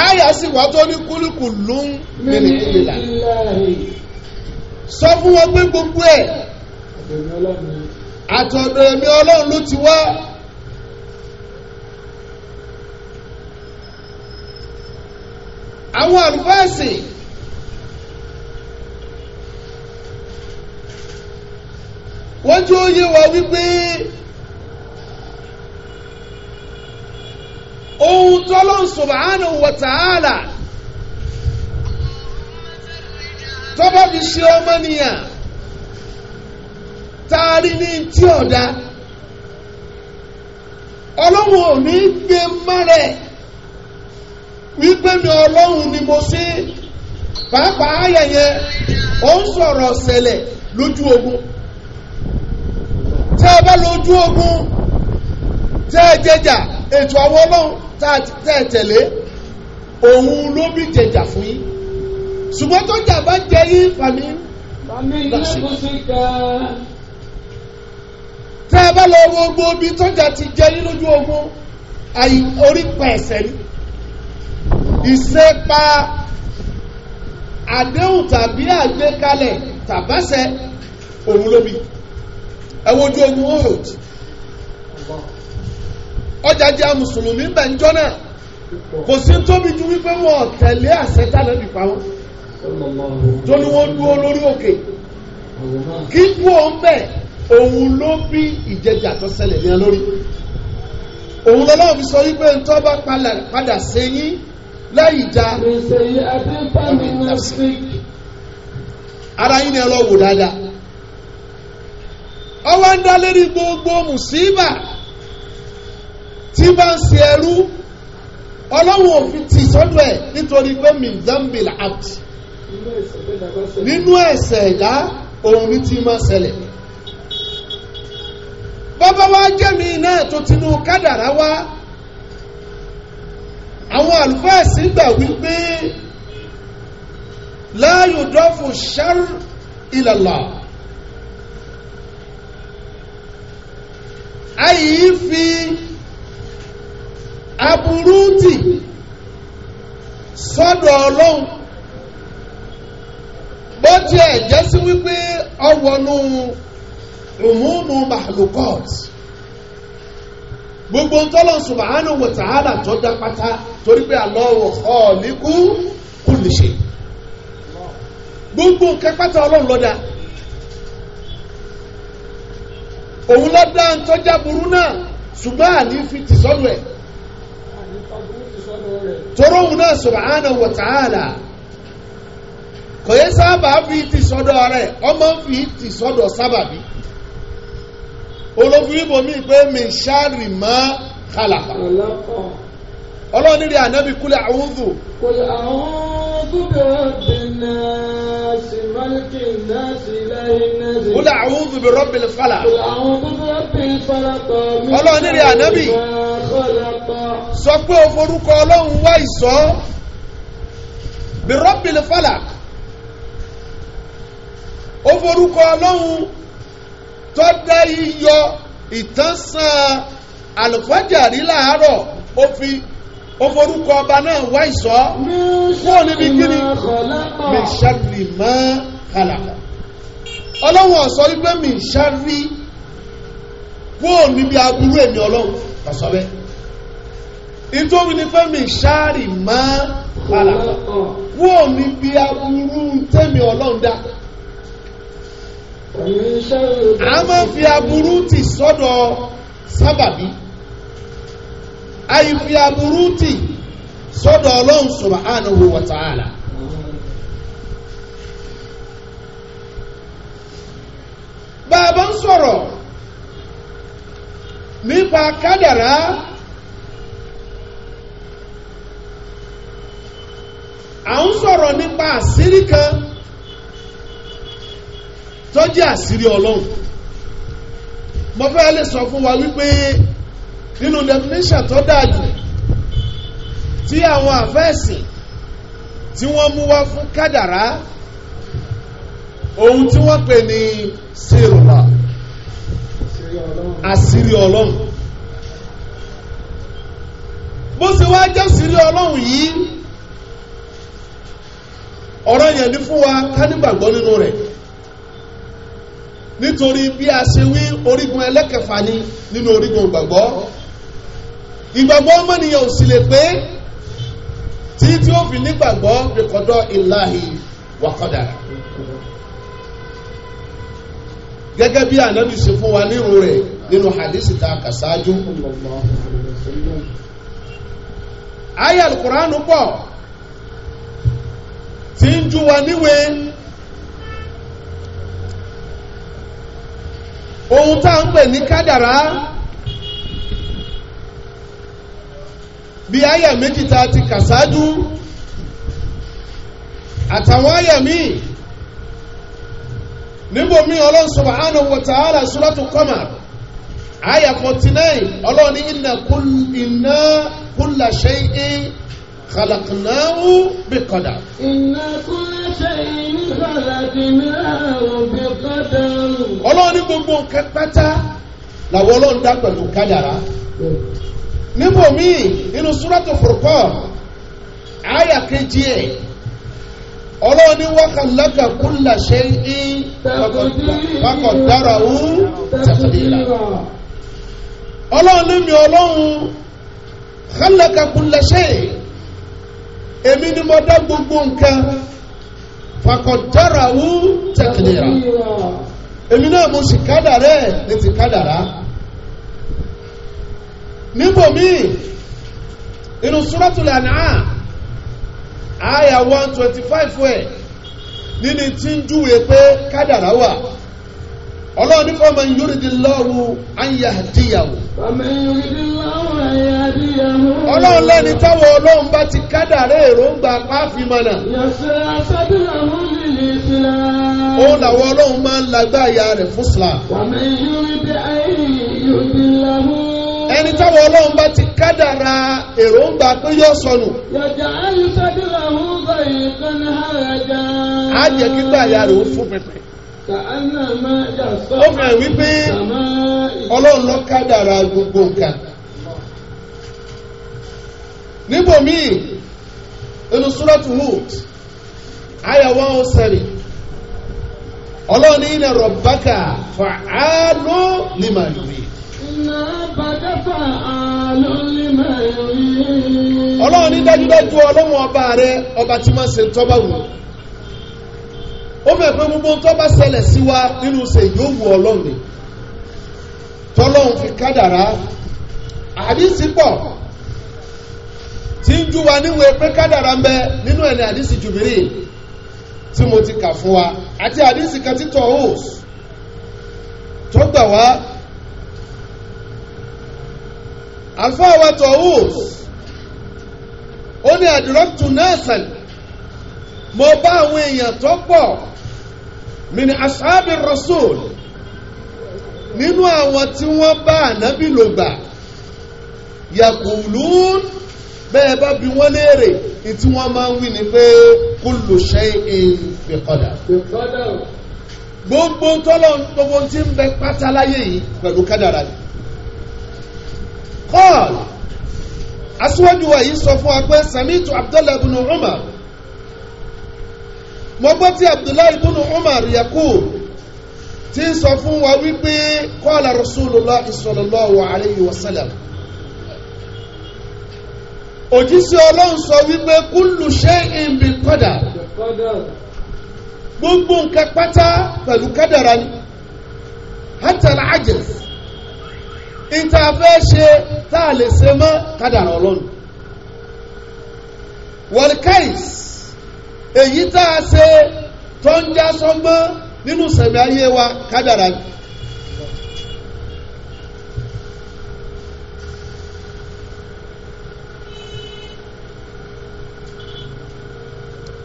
àyà sì wá tó ní kúlùkùlù ń mímì ìlà sọ fún wọn pé gbogbo ẹ̀ àtọ̀dọ̀ ẹ̀mí ọlọ́run ló ti wá. àwọn àlùfáàsì wọ́n tí ó yé wa wípé ohun tọ́lọ́n subhanahu wa ta'ala tọ́bọ̀ fi ṣe ọmọnìyàn taari ní tí ọ̀dá ọlọ́run ò ní gbé mọ́rẹ̀ wípé mi ọlọ́run ni mo ṣe pàápàá ayẹyẹ ó ń sọ̀rọ̀ ṣẹlẹ̀ lójú ogun. tẹ́ ẹ bá lójú ogun tẹ́ ẹ jẹjà ètò àwọn ọlọ́run tẹ́ ẹ tẹ̀lé òun ló bí jẹjà fún yín ṣùgbọ́n tó jà bá jẹ yín fàmí tẹ́ ẹ bá lọ wo gbogbo ibi tọ́jà ti jẹ yín lójú ogun àyè orí pa ẹ̀sẹ̀ ni ìṣẹ́pa àdéhùn tàbí àgbékalẹ̀ tàbáṣẹ òun ló bí ẹwọ ojú ogun Uhud ọjà jẹ́ mùsùlùmí ń bẹ̀ ń jọ́ náà kò sí tóbi ju wípé wọn tẹ̀lé àṣẹ tálẹ̀ nípa wọn tó ní wọ́n dúró lórí òkè kí dúró ń bẹ̀ òun ló bí ìjẹjà tó ṣẹlẹ̀ ní lórí òun lọ́lọ́wọ́ fi sọ wípé ń bá padà sẹ́yìn láì já ara yín ni ẹ lọ wò dáadáa ọwọ́ ń dá lérí gbogbo mùsíbà tí bá ń ṣe ẹrú ọlọ́wọ́ òfin tì sọ́dọ̀ ẹ̀ nítorí pé mizambil out nínú ẹ̀ṣẹ̀ ẹ̀dá òun ní tí máa ṣẹlẹ̀ bàbá wa jẹ́mi náà tó tinú kádàrá wá àwọn àlùfáà sì gbà wípé la yudafu sharr ila a yìí fi aburú tì sọ́dọ̀ ọlọ́run bó tiẹ̀ jẹ́ sí wípé ọwọ́nú umumu mahlukot gbogbo tọ́lọ̀ subhanahu wa ta'ala tó dá pátá torí pé Allahu khaliqu kulli shay gbogbo nǹkan pátá ọlọ́run ló òun ló dá ń tọ́já burú náà ṣùgbọ́n àní fi tì sọ́dọ̀ ẹ̀ toró òun náà subhanahu wa ta'ala kò yẹ sábà fi tì sọ́dọ̀ rẹ̀ ọmọ fi tì sọ́dọ̀ sábàbí olófin ibomi pé min sharri ma khalaqa ọlọ́ọ̀nìrì ànábì kúlẹ̀ àwùzù. kúlẹ̀ àwùzù. Kúlẹ̀ àwùdù bí rọ́bì fàlà. Ọlọ́run nílẹ̀ ànábì. Sọ pé o forúkọ ọlọ́run wá ìsọ́. Bí rọ́bì fàlà. O forúkọ ọlọ́run tó dá iyọ ìtánsán àlùfájàrí láàárọ̀. Ó fi ó forúkọ ọba náà wá ìsọ́ fún níbi kíni mi ṣàrì mọ́ kàlàkà ọlọ́run ọ̀sọ́ wípé mi ṣàrì fún níbi aburú èmi ọlọ́run ọ̀sọ́ bẹ́ẹ̀ ni pé mi ṣàrì mọ́ kàlàkà fún níbi aburú tẹ́mi ọlọ́run dá a fi aburú ti sọ́dọ̀ sábàbí. So àyùfi aburú tì sọ́dọ̀ ọlọ́run subhanahu wa ta'ala. bàbá ń sọ̀rọ̀ nípa kádàrá à ń sọ̀rọ̀ nípa àṣírí kan tó jẹ́ àṣírí ọlọ́run mo fẹ́ lè sọ fún wa wípé. nínú definition tó dáa jù tí àwọn àfẹ́sìn tí wọ́n mú wá fún kádàrá ohun tí wọ́n pè ní sèrùlà àṣírí ọlọ́run bó ṣe wá jẹ́ àṣírí ọlọ́run yìí ọ̀rọ̀ yẹn ní fún wa ká nígbàgbọ́ nínú rẹ̀ nítorí bí a ṣe wí orígun ẹlẹ́kẹfà ni nínú orígun ìgbàgbọ́ ìgbàgbọ́ ọmọnìyàn ò sì lè pé tí tí ó fi nígbàgbọ́ rẹ̀kọ̀dọ̀ ìláhì wàkọ̀dà gẹ́gẹ́ bí ànábì ṣe fún wa nírú rẹ̀ nínú hadisi ta kà ṣáájú ayé alukuraanu pọ̀ tí ń ju wa níwèé ohun tá à ń pè ní kádàrá. bí àyà méjì tá a ti kà ṣáájú àtàwọn àyà míì níbòmí ọlọ́run subhanahu wa ta'ala suratu Qamar àyà 49 ọlọ́run ní inna kulla shay'in khalaqnahu biqadar. inna kulla shay'in khalaqnahu biqadar. ọlọ́run ní gbogbo nǹkan pátá làwọn ọlọ́run dá pẹ̀lú kádàrá níbòmíì nínú súrátù Furqan àyà kejì ẹ̀ ọlọ́ọ̀ni wákàlákà kúlà ṣe ń pàkọ̀dára ó tẹ̀sílá ọlọ́ọ̀ni mi ọlọ́run kálàkà kúlà ṣe èmi ni mo dá gbogbo nǹkan pàkọ̀dára ó tẹ̀sílá èmi náà mo sì kádàrá ẹ̀ ní ti kádàrá. níbòmíì inú Suratul An'am àyà 125 ẹ̀ nínú tí ń júwe pé kádàrá wà ọlọ́run ní fọ́ọ̀mù yuridillahu an yahdiyahu. ọlọ́run lẹ́ni táwọn ọlọ́run bá ti kádàrá èròǹgbà pàfimọ́nà. òun làwọn ọlọ́run máa ń rẹ̀ fún wàmí ẹni táwọn ọlọ́run bá ti kádàrà èròǹgbà pé yóò sọnù. yàjà alùpàdé làwọn ọgbà yìí kan ní àràjà. á jẹ́ kígbà ìyá rẹ̀ ó fún pẹ̀pẹ̀. ó fi wípé ọlọ́run ló kádàrà gbogbo nǹkan. níbòmíì inú súrọ́tù Hud àyà wọn ó sẹ́rì ọlọ́run ní ilẹ̀ rọ̀bákà fàánú lè máa lóye. ọlọ́run ní dájúdájú ọlọ́run ọba rẹ ọba tí máa ṣe tọ́ba wù ó fẹ́ pé gbogbo tọ́ba ṣẹlẹ̀ sí wa nínú ṣe yóò wù ọlọ́run ni tọ́lọ́run fi kádàrá àdìsí pọ̀ tí ń jú wa níwèé pé kádàrá ń bẹ nínú ẹ̀ ní àdìsí tí mo ti kà fún wa àti àdìsí kan hóòs tó gbà wá àfọwọ́ tọ̀hún ó ní àdìrọ́tù náà sàn mo bá àwọn èèyàn tó pọ̀ mini asáàbì rasul nínú àwọn tí wọ́n bá ànábì lò yakulun yàkùlùún bẹ́ẹ̀ bá bi wọ́n léèrè tí wọ́n máa ń wí ni pé kullu shay'in bi qadar. gbogbo tọ́lọ́ gbogbo tí ń bẹ pátá láyé yìí pẹ̀lú kádàrá yìí qal aṣíwájú wa yìí sọ fún wa pé samitu abdullahi ibn umar mo gbọ́ tí abdullahi ibn umar yakub ti ń sọ fún wa wípé qala rasulullah sallallahu alayhi wa sallam òjíṣẹ́ ọlọ́run sọ wípé kullu shay'in bi qadar gbogbo nǹkan pátá pẹ̀lú kádàrá ni hatta al ìta fẹ́ ṣe tá a lè ṣe mọ́ kádàrà ọlọ́run wọlkais èyí tá a ṣe tó ń já sọgbọ́n nínú sẹ̀mí ayé wa kádàrà ni.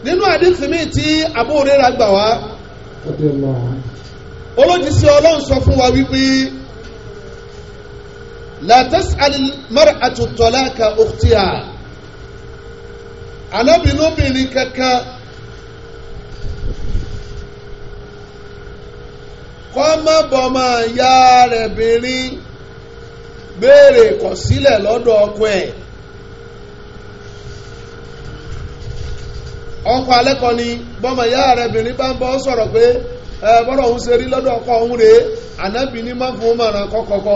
nínú àdìsí mi tí abúrẹ́ra gbà wá olójì sí ọlọ́run sọ fún wa wípé. لا تسأل المرأة الطلاق أختها alábìnúbìnrin kankan kọ́ má bọ̀ máa ya rẹ̀ bìnrin béèrè kọ̀ ọkọ ẹ̀ ọkọ ni ya bá ń sọ̀rọ̀ pé ẹ bọ́rọ̀ ṣe rí ọkọ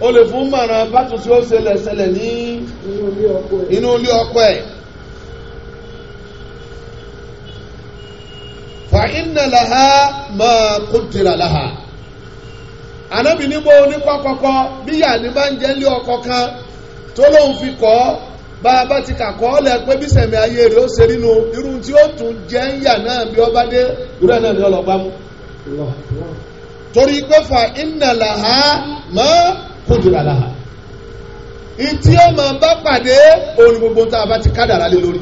o lè fún mọ̀ràn bátù tí ó ṣẹlẹ̀ ṣẹlẹ̀ ní inú ilé ọkọ ẹ̀. fa inna laha ma qudira laha anábì níbo onípàkọ́kọ́ bíyà ní bá ń jẹ́ ilé ọkọ kan tó lóun fi kọ́ bá a bá ti kàkọ́ pé bí sẹ̀mí ayé rẹ̀ ó ṣe nínú irú tí ó tún jẹ́ ń yà náà bí ọba dé náà fa kódìrà láha ìtí ó máa bá pàdé orin gbogbo tá a bá ti kádàrá lé lórí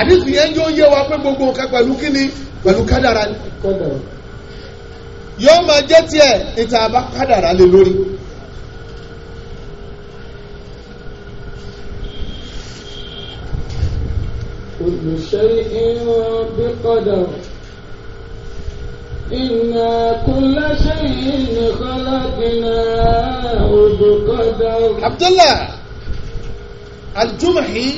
àdìsí yẹn yóò yé wa pé gbogbo nǹkan pẹ̀lú kíni pẹ̀lú kádàrá yóò máa jẹ́ tiẹ̀ ìta bá kádàrá lé lórí. كل شيء بقدر إنا كل شيء خلقناه بقدر عبد الله الجمحي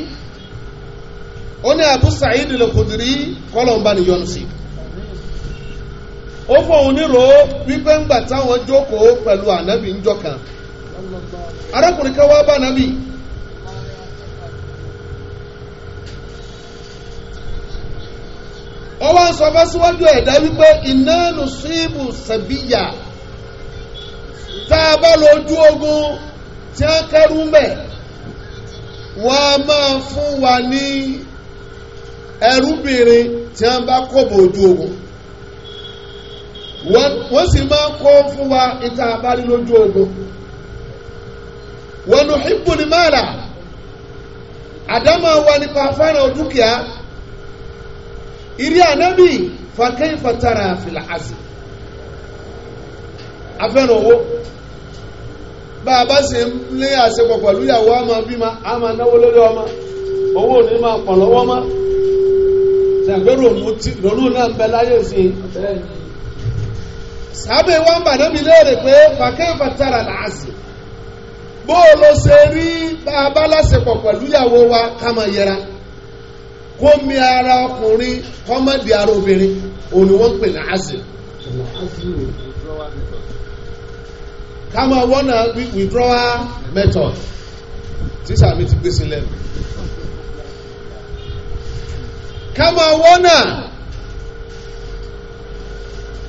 أنا أبو سعيد الخدري قالوا بني يونسي ó fọ̀hún nírò wípé ńgbà táwọn jókòó pẹ̀lú ànábì ń jọ kan arákùnrin kan wá bá ànábì wọ́n wá ń sọ fẹ́ síwájú ẹ̀dá wípé iná nù síbù sẹ̀bíyà tá a bá lójú ogun tí wọ́n kẹ́rù mẹ́ wọ́n á máa fún wa ní ẹrúbìnrin tí wọ́n bá kó bò ojú ogun wọ́n sì máa kó fún wa ìta abárí lójú ogun wọ́n nù híbùnì àdámọ̀ wa nípa fẹ́ràn dúkìá ìrí ànábì fàkẹ́ ìfàtàrà fìlà àṣì afẹ́ràn owó bá a bá sì ń lé àṣepọ̀ pẹ̀lú ìyàwó a máa bímọ a máa náwó lórí ọmọ owó ò ní máa pọ̀ lọ́wọ́ mọ́ ṣàgbérò mú tí ronú náà ń bẹ láyé sí sábẹ́ wa ń bà náà mi léèrè pé fàkẹ́ ìfàtàrà làásì bó o lọ ṣe rí bá a bá láṣepọ̀ pẹ̀lú ìyàwó wa ká máa yẹra. kómi ara ọkùnrin kọ́mọ́dì ara obìnrin òun ni wọ́n ń pè ní azil ká máa wọ́nà withdrawal method tíṣà mi ti gbé ká máa wọ́nà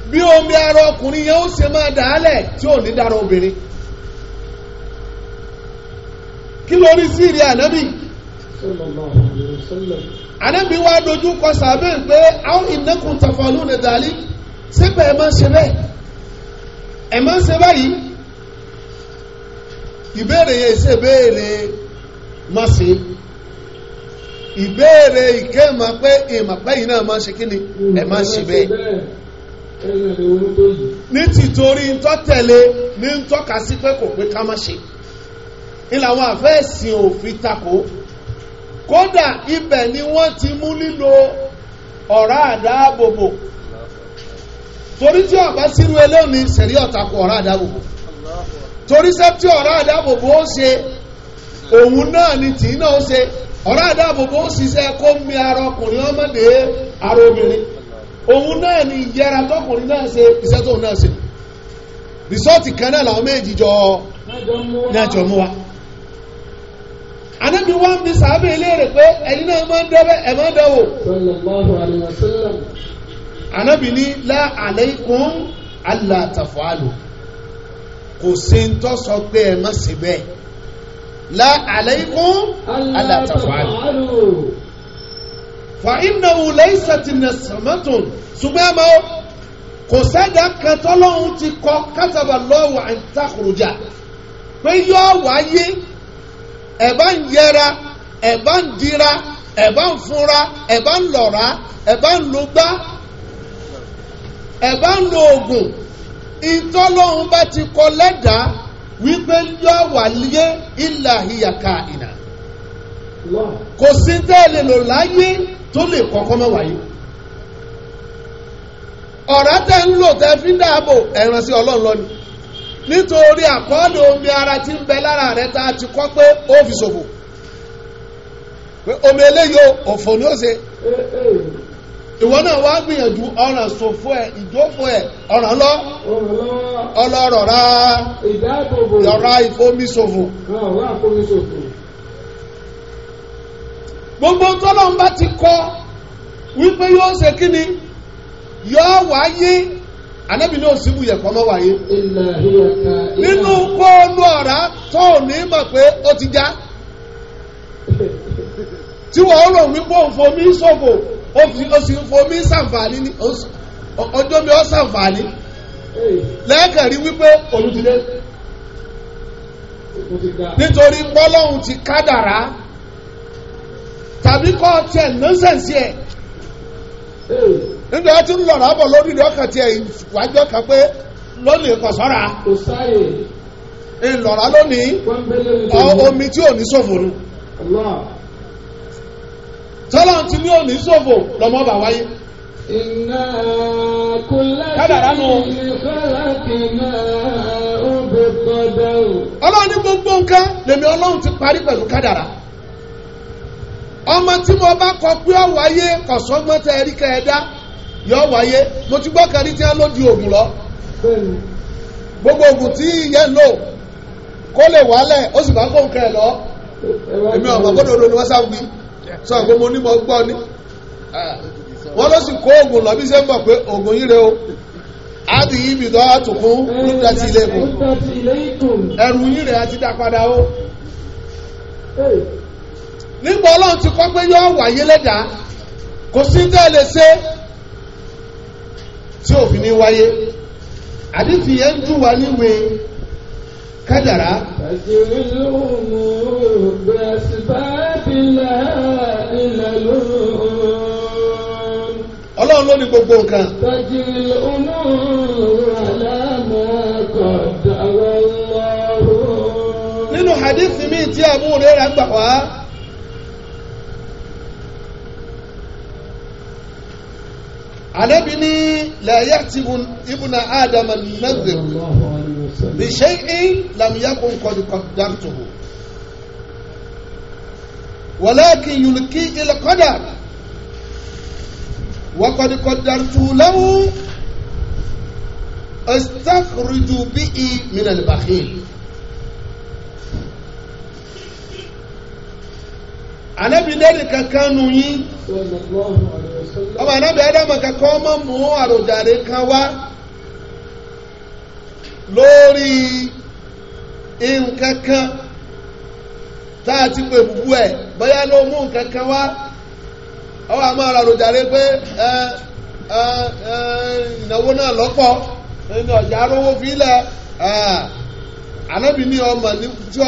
bí omi ara ànábì wá dojú kọ sàbẹ̀ pé àwọn ìnákùn tàfàlù ní dàlí sípẹ̀ ẹ̀ máa ń ṣe bẹ́ẹ̀ ẹ̀ máa ń ṣe báyìí ìbéèrè yẹn ṣe béèrè má ṣe ìbéèrè ìké ma pé ìmọ̀ pé náà máa ṣe kí ni ẹ̀ máa ṣe bẹ́ẹ̀. ní tìtorí ntọ́tẹ̀lé ní ntọ́ka sí pé kò pé ká má ṣe. ìlànà àfẹ́sìn òfin takò. kódà ibẹ̀ ni wọ́n ti mú lílo ọ̀rá àdáàbòbò torí tí ọ̀bá sírú eléyìí sẹ̀rí ọ̀tàkù ọ̀rá àdáàbòbò torí sẹ́ tí ọ̀rá àdáàbòbò ó ṣe òun náà ni tìí náà ó ṣe ọ̀rá àdáàbòbò ara ọkùnrin ọmọdé ara obìnrin òun náà ni ìyẹra tọkùnrin náà ṣe náà ṣe rìsọ́ọ̀tì kan anabi wa ń bi sàábẹ̀ léèrè pé ẹni náà máa ń dọ́bẹ̀ ẹ̀ máa ń dọ́wò. anabi ní la alaykum alla tafalu kò sí ń tọ́ sọ pé ẹ má ṣe bẹ́ẹ̀ la alaykum alla tafalu. fa innahu laysat nasmatun ṣùgbọ́n àmọ́ kò sẹ́dá kan tọ́lọ́hún ti kọ́ kátàbà lọ́wọ́ àǹtàkùrùjà pé yóò wáyé. ẹ̀ bá ń yẹra ẹ̀ bá ń dira ẹ̀ ń funra ẹ̀ ń lọ̀ra ẹ̀ ń lùgbá ẹ̀ ń lo oògùn bá ti kọ lẹ́dàá wípé yọ wà lé ilà ìyàkà ìnà kò sí tẹ́lẹ̀ lò láyé tó lè kọ́kọ́ mọ́ wáyé ọ̀rá tẹ́ lò tẹ́ nítorí àkọọ́lẹ̀ omi ara ti ń bẹ lára rẹ tá ti kọ́ pé fi ṣòfò omi eléyìí òfò ni ó ṣe ìwọ náà wá gbìyànjú ọ̀ràn ṣòfò ẹ̀ ìjókòó ẹ̀ ọ̀ràn lọ ìfomi ṣòfò. gbogbo tọ́lọ́mbà ti kọ́ wípé yóò ṣe kí ni yóò wáyé anábì ní òsínbù yẹ̀pọ̀ lọ́wọ́ ayé nínú pọ́ọ̀lù ọ̀rá tó ní mọ̀ pé ó ti já tí wọ́n rò wípé òfomi ṣòfò ó sì ń fomi ṣàǹfààní ní ọjọ́ mi ó ṣàǹfààní lẹ́ẹ̀kẹ̀rí wípé òun ti dé nítorí pọ́lọ́hún ti kádàrá tàbí kọ́ ọ̀tẹ̀ nọ́sẹ̀nsì ẹ̀. nígbà tí ń lọ̀rọ̀ àbọ̀ lórí ilé ọkàn tiẹ̀ wájọ́ kan pé lónìí kò sọ́ra ìlọ̀rọ̀ lónìí omi tí ò ní ṣòfò nu tọ́lá ti ní ò ní ṣòfò lọ́mọ́ bà wáyé. Inna kulla shay'in gbogbo nǹkan lèmi Ọlọ́run ti parí pẹ̀lú kádàrá ọmọ tí mo bá kọ pé kọ̀sọ́gbọ́n yọ wáyé mo ti gbọ́ kan ní tí wọ́n lọ gbogbo oògùn tí ìyẹn ń lò kó lè wálẹ̀ ó sì bá kó nǹkan ẹ̀ lọ èmi ọ̀gbọ́n gbọ́dọ̀ ni wọ́n sáà wí sọ pé mo ní mo gbọ́ ni wọ́n ló sì kó lọ pé yìí o ibi tó a tún ilé ẹrù yìí dá padà o nígbà ọlọ́run tí òfin ní wáyé àdífi yẹn ń dùn wá níwèé kádàrá. ọlọ́run ló ní gbogbo nǹkan. nínú hadith mi tí Abu Hurairah gbà wá. ànábì ní lẹ́yẹ́ ti ibùnà ádámà nàzẹ̀rù bí ṣe ń làmìyàkùn kọ̀dùkọ̀dàtò wọ́lẹ́kì yùlùkì ilẹ̀ kọ́dà wọ́kọ̀dùkọ̀dàtò lẹ́wọ́ استخرجوا به من البخيل ànábì lẹ́rìn kankan nù yín ọmọ ànábì ádámù kankan ọmọ mú àròjàre kan wá lórí nǹkan a ti pè bùbú ẹ̀ bóyá ló mú nǹkan kan wá ọwọ́ àmọ́ àròjàre ìnáwó náà lọ́pọ̀ nínú ọ̀jà arówó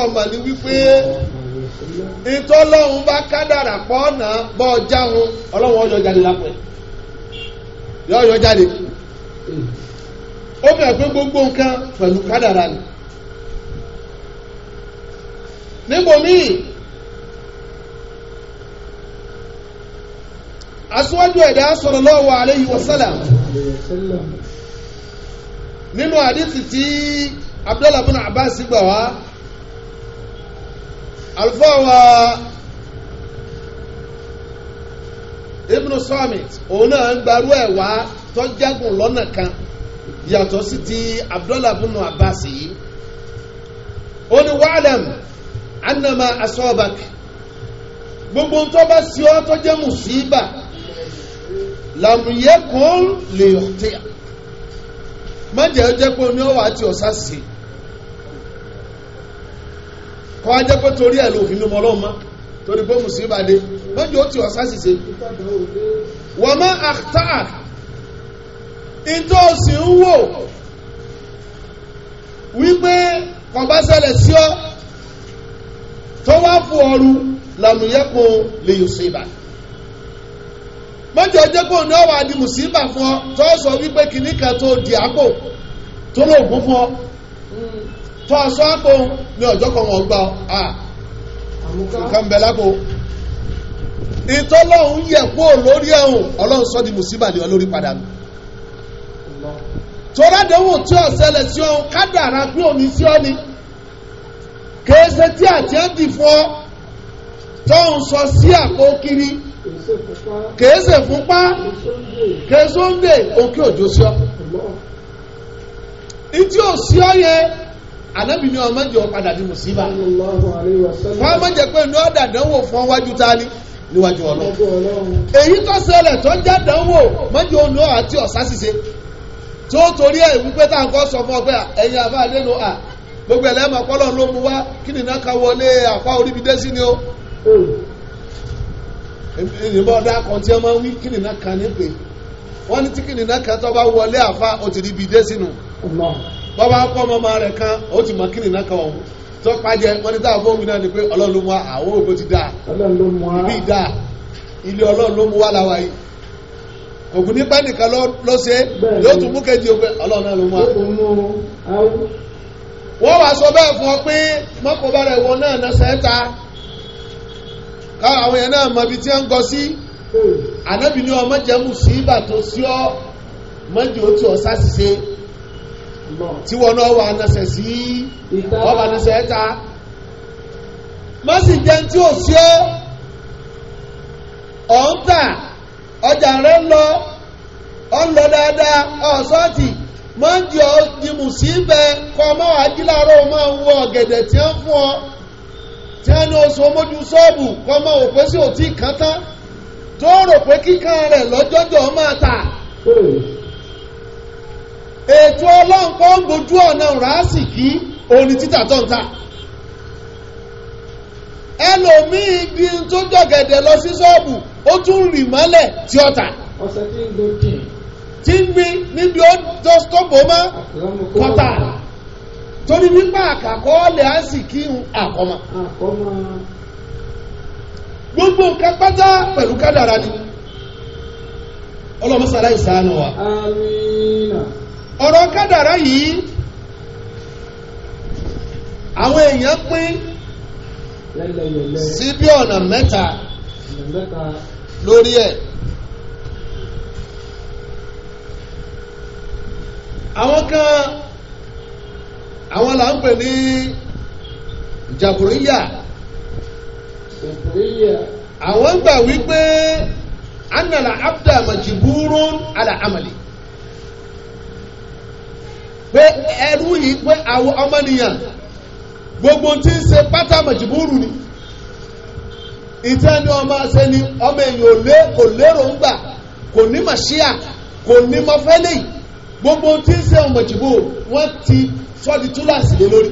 ọmọ wípé. ìtọ́lọ́hún bá kádàrà pọ̀ ọ̀nà bọ́ ọjà hun ọlọ́run ọyọ jáde lápò yọ ọyọ jáde ó bẹ̀rẹ̀ pé gbogbo nǹkan pẹ̀lú kádàrà ni níbo míì aṣíwájú ẹ̀dá sallallahu alayhi wa nínú àdìsí tí na gbà wá. àlùfáà wa Ibn Samit òun náà ń gbarú ẹ̀ wá tó jágùn lọ́nà kan yàtọ̀ sí ti Abdullah bin Abbas yìí ó ní wa'lam annama asabak gbogbo ń tọ́ bá sí ọ tó jẹ́ mùsíbà làmúyẹ́kùn lè yọ̀tẹ́ má jẹ́ jẹ́ pé omi ọ̀wà àti ọ̀sá sí i kọ́ ajẹ́ pé torí ẹ̀ lòfin ní ọlọ́run mọ́ torí pé mùsùlùmí àdé mọ́jọ́ ó ti ọ̀sá sì ṣe. wọ́n mọ́ àtà ìtọ́ sì ń wò wípé kò bá ṣẹlẹ̀ sí ọ tó wá fún ọrù làmúyẹ́kùn lè yùn sí ìbàdàn mọ́jọ́ jẹ́ kó ní ọ̀wà di mùsíbà fún ọ tó sọ wípé kìíní kan tó di àpò tó lóògùn fún ọ tọ́ aṣọ àpò ní ọjọ́ kan wọ́n gbà á nǹkan bẹ̀ lápò ìtọ́lọ́hún yẹ̀ kó lórí ẹ̀hún ọlọ́run sọ di mùsíbà ní olórí padà nù tọ́ládẹ́wò tí ó ṣẹlẹ̀ sí ọ kádàrá pé òní sí ọ ni kèése tí àti ẹ́ dì fún ọ tọ́hún sọ sí àpò kiri kèése fúnpá kèése òkè òjò sí ọ ìtí ò ọ yẹn ànábì ní ọmọ jẹ́ ọ̀padà di mùsíbà wọ́n mọ́ jẹ́ pé ní ọ̀dà dánwò fún wájú ta ni níwájú ọlọ́run èyí tó ṣẹlẹ̀ tó jẹ́ dánwò mọ́jẹ́ òun náà àti ọ̀sá ṣiṣe tí ó torí ẹ̀ wípé tá à ń kọ́ sọ fún ọgbẹ́ ẹ̀yìn àbá àdénú à gbogbo ẹ̀lẹ́mọ̀ pọ́lọ̀ ló mú wá kí nìyá ká wọlé àpá orí mi dé sí ni ó ìyìnbọn hmm. ọdá kan tí wọ́n máa ń wí kí nìyá kan ní pé wọ́n ní tí kí nìyá kan tó bá wọlé àfa ó ti rí ibi dé sínú bọ́ bá kọ́ ọmọ ọmọ rẹ̀ kan ó ti mọ kíni náà kan ọ̀hún tó pàjẹ́ wọ́n ní táwọn fóònù náà ni pé ọlọ́run ló mú àwọn òbó ti dáa ibi dáa ilé ọlọ́run ló mú wá láwa yìí ògùn nípa nìkan ló ṣe yóò tún mú kejì òpè ọlọ́run náà ló mú wa. wọ́n wàá sọ bẹ́ẹ̀ fún ọ pé mọ́kànlá rẹ̀ wọ náà náà sẹ́ta káwọn yẹn náà mọ ibi tí wọ́n ń gọ sí ànábì ni ọmọ jẹ́ mùsíbà tó sí ọ mọ́jọ́ tí ọ sá ṣiṣẹ́. tí wọn náà wà nẹsẹ̀ sí wọ́n wà nẹsẹ̀ ẹ̀ta má sì jẹ́ tí ò sí ọ́ ọ̀ ń tà ọjà rẹ lọ ọ̀ ń lọ dáadáa ọ̀sọ́ọ̀tì máa ń jọ jimù sí bẹ́ẹ̀ kọ́ ọmọ àjíláàrọ̀ máa ń wọ ọ̀gẹ̀dẹ̀ tí fún ọ tí ní oṣù ètò ọlọ́run kọ́ ń gbójú ọ̀nà ràásì kí orin títà tó ẹlòmíì di tó jọ̀gẹ̀dẹ̀ lọ sí ṣọ́ọ̀bù ó tún rì mọ́lẹ̀ tí ó tí ń níbi ó tó stọ́pù kọ́tà torí nípa àkàkọ́ wa. ọ̀rọ̀ kádàrá yìí àwọn èèyàn pín sí bí ọ̀nà mẹ́ta lórí ẹ̀ àwọn kan àwọn là ń pè ní jàbùríyà àwọn gbà wípé annala abda majburun ala amali pé ẹrú yìí pé àwọn ọmọnìyàn gbogbo tí ń ṣe pátá màjìbúrù ni ìtẹ́ni ọmọ ṣe ni ọmọ èèyàn kò lérò ń gbà kò ní màṣíà kò ní mọ́fẹ́lẹ́ gbogbo tí ń ṣe màjìbú wọ́n ti sọ́ọ́dì túláàsì lé lórí.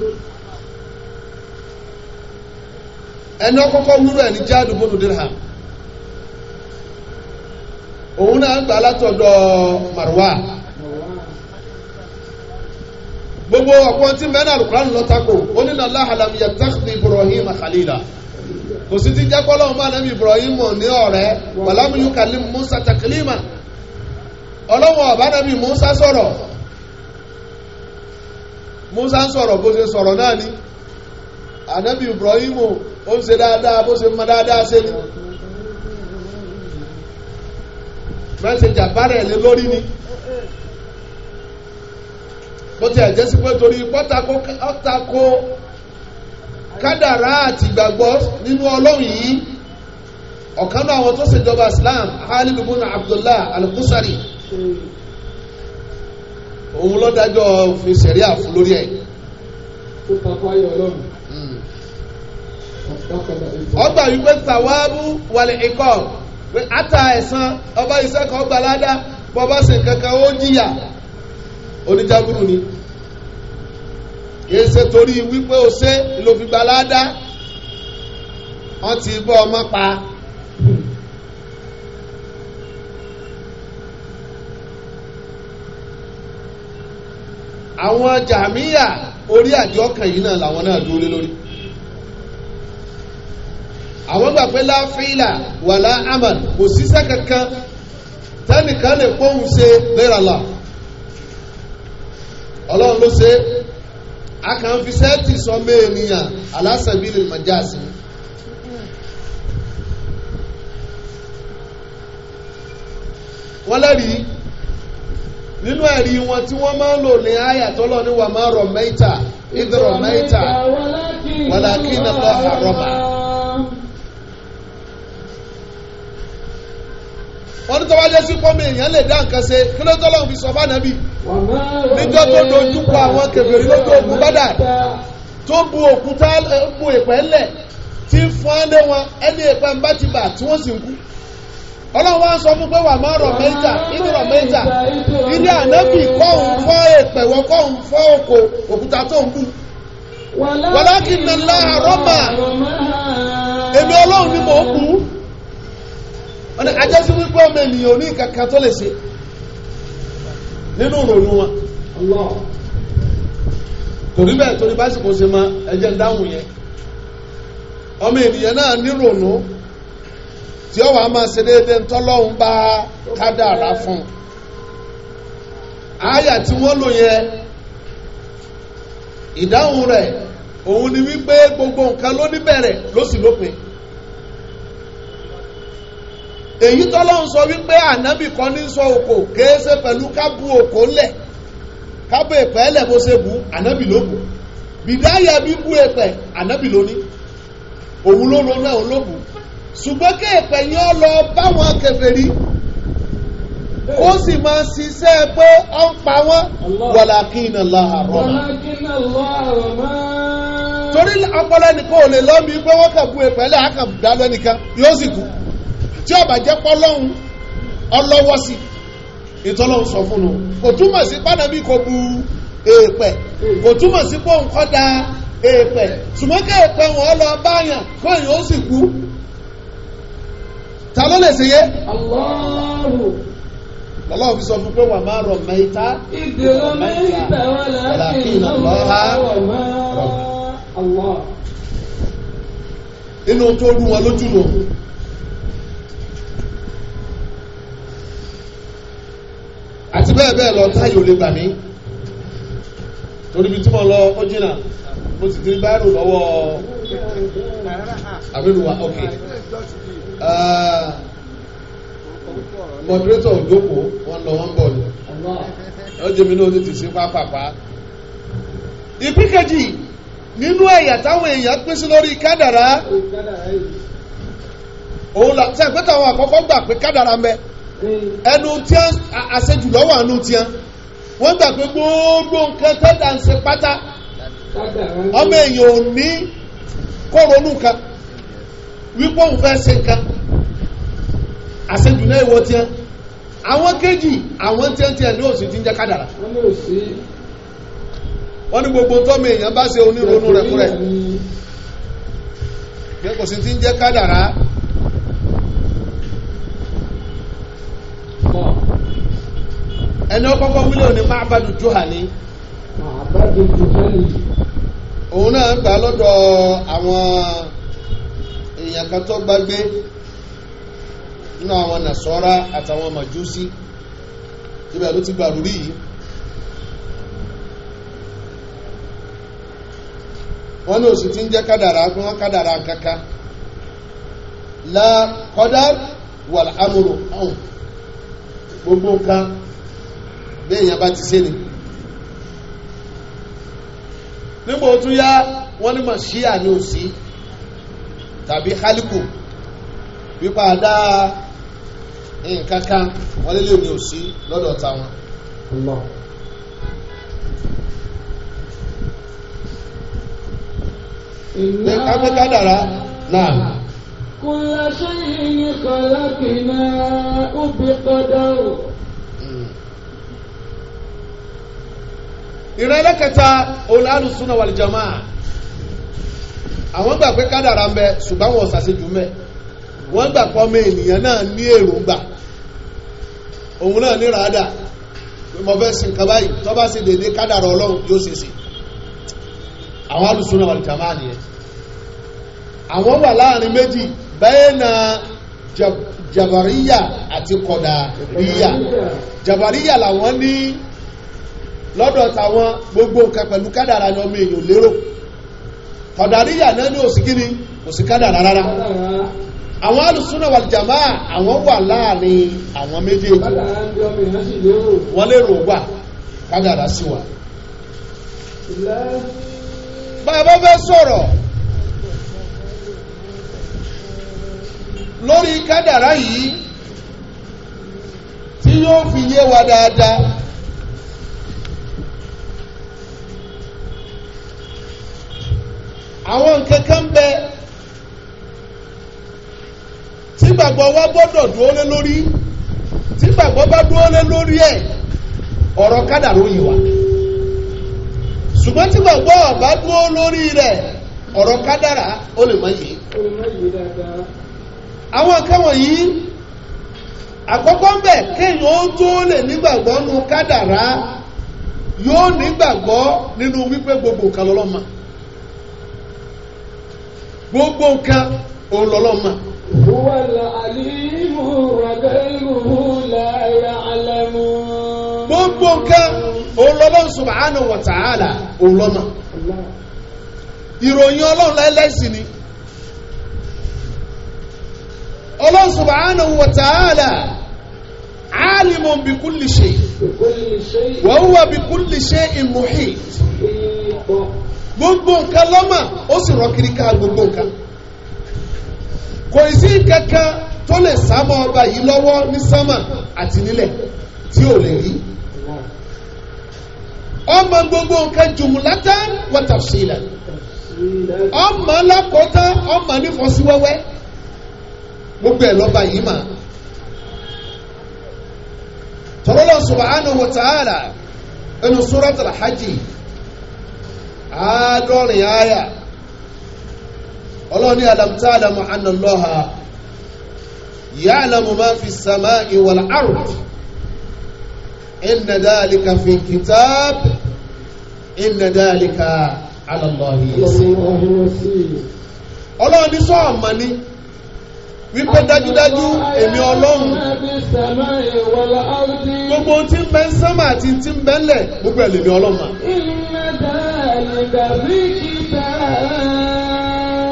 ẹni ọkọ́kọ́ wúrọ̀ ẹni jáde bọ́dù dirham òun náà gbà látọ̀dọ̀ gbogbo ọ̀pọ̀ tí mẹ́rin alukuraani lọ tako onílàlá alamiya tẹ́kítì ibrahim khalila kò sí ti jẹ́ kọ́lọ́ ọmọ alẹ́ ibrahim ní ọ̀rẹ́ wàlámúyú kalim musa taklima ọlọ́wọ́ ọ̀bánàbí musa sọ̀rọ̀ musa sọ̀rọ̀ bó ṣe sọ̀rọ̀ náà ni anabi ibrahim ó ń ṣe dáadáa bó ṣe mọ dáadáa ṣe ni mẹ́sẹ̀jà bá rẹ̀ lé lórí ni bó ti ẹ̀jẹ̀ sí pé torí pọ́tako kádàrá àti ìgbàgbọ́ nínú ọlọ́run yìí ọ̀kan náà àwọn tó ṣèjọba Islam Ali bin Abdullah Al-Qusari òun lọ́dájọ́ fi ṣẹ̀rí àfú lórí ẹ̀ ọgbà hmm. wípé tàwábù wàlẹ̀ ikọ̀ ata ẹ̀san ọba iṣẹ́ kan gbalada bọba sì kankan ó jìyà oníjábùrù ni kìí ṣe torí wípé o ṣe ló fi gba ládá wọ́n ti bọ́ ọmọ pa. àwọn jàmíyà orí àjọkàn yìí náà làwọn náà dúró lé lórí àwọn gbà pé láfíìlà wàlá amal kò síṣẹ́ kankan tẹ́nìkan lè kóhun ṣe lérànlá ọlọ́run ló ṣe a kàn fi sẹ́ẹ̀tì sọmọ ènìyàn alásàbílì màjáàsì wọ́n lẹ́rìí nínú ẹ̀rí wọn tí wọ́n máa ń lò ní àyàtọ́lọ́ ní wàmá rọ̀ mẹ́ta ìdọ̀rọ̀ mẹ́ta wàlákì náà rọ̀ mẹ́ta. wọ́n tó wájẹ́ sí pọ́mọ èèyàn lè dá nǹkan ṣe kí ló tọ́lọ́ fi sọ níjọ́ tó dojú àwọn ogun bádà tó bu òkúta eh, bu ìpẹ́ ńlẹ̀ tí fọ́n wọn ẹni ti bà tí wọ́n sì ń kú ọlọ́run wá sọ fún pé wà mẹ́ta mẹ́ta ilé ànábì fọ́ wọn fọ́ òkò òkúta ọ̀nà àjẹsí wípé ọmọ ènìyàn ní kankan tó lè ṣe nínú ìròyìn wọn Allah torí bẹ́ẹ̀ torí básìkò ṣe máa ẹjẹ́ dáhùn yẹn ọmọ ènìyàn náà nírònú tí ó máa ṣe bá fún àyà tí wọ́n lò yẹn ìdáhùn rẹ̀ òun ni wípé èyí tọ́lọ́run sọ wípé ànábì kan ní sọ òkò kéése pẹ̀lú kábù òkò ńlẹ̀ kábù èpè ẹ̀lẹ̀ bó ṣe bù ànábì ló bù bìdáyà bíbú èpè ànábì ló ní òun ló ló náà ló bù ṣùgbọ́n yẹn ọ lọ báwọn kèfèrí ó sì máa ṣiṣẹ́ pé ó ń pa wọ́n walakinna Allaha rama torí ọpọlọ nìkan ò lè lọ́ọ́ mi pé wọ́n kàn bú èpè ẹ̀lẹ̀ àkàndá yóò sì kú. tí ọba jẹ́ pọ́lọ́hún ọlọ́wọ́ sí ìtọ́lọ́hún sọ fún un kò túmọ̀ sí pánábì kò bu èèpẹ̀ kò túmọ̀ sí pé da èèpẹ̀ èèpẹ̀ ó sì kú ta ló lè ṣe yé. fi sọ fún pé máa rọ̀ mẹ́ta. mẹ́ta àti bẹ́ẹ̀ bẹ́ẹ̀ lọ táyò lè gbà mí torí bí tí mo lọ ó jìnnà mo sì ti báàrù lọ́wọ́ àmìlùwà ok mọ̀dúrétọ̀ òdòkó wọn lọ wọn bọ̀ lọ ó jẹ́ mi sí pápápá ìpín kejì nínú ẹ̀yà táwọn èèyàn pín sí lórí kádàrá òun làtẹ̀ pé táwọn àkọ́kọ́ gbà pé ẹnu tí àṣejùlọ wà nù tí wọ́n gbà pé gbogbo nǹkan tẹ́lá ń ṣe pátá ọmọ èèyàn ò ní kó ronú kan wípé òun fẹ́ ṣe nǹkan àṣejù náà ìwọ àwọn kejì ní òsì ń jẹ́ kádàrà wọn ni gbogbo tọ́mọ èèyàn bá ṣe oníronú rẹ fure. kò sí mọ́ ẹni ó kọ́kọ́ wílé òní Ma'badu Juhani Ma'badu òun náà gbà lọ́dọ̀ àwọn èèyàn kan tó gbàgbé nínú àwọn nàṣọ́ra àtàwọn màjúsí ibẹ̀ ló ti ní òsì ti ń jẹ́ kádàrà pé wọ́n kádàrà kankan la wal ọ̀hún gbogbo nǹkan bẹ́ẹ̀yàn bá ti ṣe ni nígbà tún yá wọ́n ní mọ̀ṣíà ní òsì tàbí kálíkù wípa dá nǹkan kan wọ́n lélẹ̀ ní òsì lọ́dọ̀ táwọn. Ní kápẹ́kádàrá náà. كل شيء خلقناه بقدر ìrẹ́lẹ́kẹta olùsùnà wàlìjàmá àwọn gbà pé kádàrà ń bẹ ṣùgbọ́n wọn ṣàṣejù mẹ́ wọ́n gbà pọ́ mẹ́ ènìyàn náà ní èròǹgbà òun náà ní ràádà mo fẹ́ sin kaba yìí tó bá ṣe dédé kádàrà ọlọ́run yóò ṣe sí àwọn olùsùnà wàlìjàmá nìyẹn àwọn wà láàrin méjì bẹ́ẹ̀nà jabariya àti kọ̀dàríyà jabariya làwọn ní lọ́dọ̀ tàwọn gbogbo nǹkan pẹ̀lú kádàrà ni ọmọ èèyàn lérò kọ̀dàríyà náà ní òsì kíni òsì kádàrà rárá àwọn alùsúnà wà jàmá àwọn wà láàrin àwọn méjèèjì wọ́n lérò wà kádàrà sí wà bàbá fẹ́ sọ̀rọ̀ lórí kádàrá yìí tí yóò fi yé wa dáadáa àwọn nǹkan kan bẹ tí gbàgbọ́ wa gbọ́dọ̀ dúró lé lórí tí gbàgbọ́ bá dúró lé lórí ẹ̀ ọ̀rọ̀ kádàrá yìí wà ṣùgbọ́n tí gbàgbọ́ bá dúró lórí rẹ̀ ọ̀rọ̀ kádàrá ó lè má yé. àwọn akẹ́wọ̀n yìí àkọ́kọ́ ń bẹ̀ kéèyàn ó tó lè nígbàgbọ́ nu kádàrá yóò nígbàgbọ́ nínú wípé gbogbo nǹkan lọ́lọ́mà gbogbo nǹkan òun lọ́lọ́mà. huwa al-alimu wa ghayruhu gbogbo nǹkan lọ́lọ́ lọ́mà ìròyìn ọlọ́run ni. ọlọ́run subhanahu wa ta'ala alimun bi kulli shay wa huwa bi kulli shay'in muhit gbogbo nǹkan lọ́mà ó sì rọ kiri ká gbogbo nǹkan kò sí kankan tó lè sámọ ọba yìí lọ́wọ́ ní sámà àti nílẹ̀ tí ò lè rí ọmọ gbogbo nǹkan jùmùlátà wa tafsila ọmọ alákọ̀ọ́tà ọmọ nífọ̀síwẹ́wẹ́ gbogbo ẹ̀ lọ́ba yìí mà tọ́lọ́lọ́ subhanahu wa ta'ala ẹnu suratul hajj àádọ́rin àyà ọlọ́ni alam ta'lamu anna Allaha ya'lamu ma fi as-sama'i wal ard inna dhalika fi kitab inna dhalika ala Allahi yasir ọlọ́ni sọ́ọ̀mọ́ ni wípé dájúdájú èmi ọlọ́run gbogbo tí ń bẹ ń sánmà àti tí ń bẹ ń lẹ̀ gbogbo ẹ̀ lèmi ọlọ́run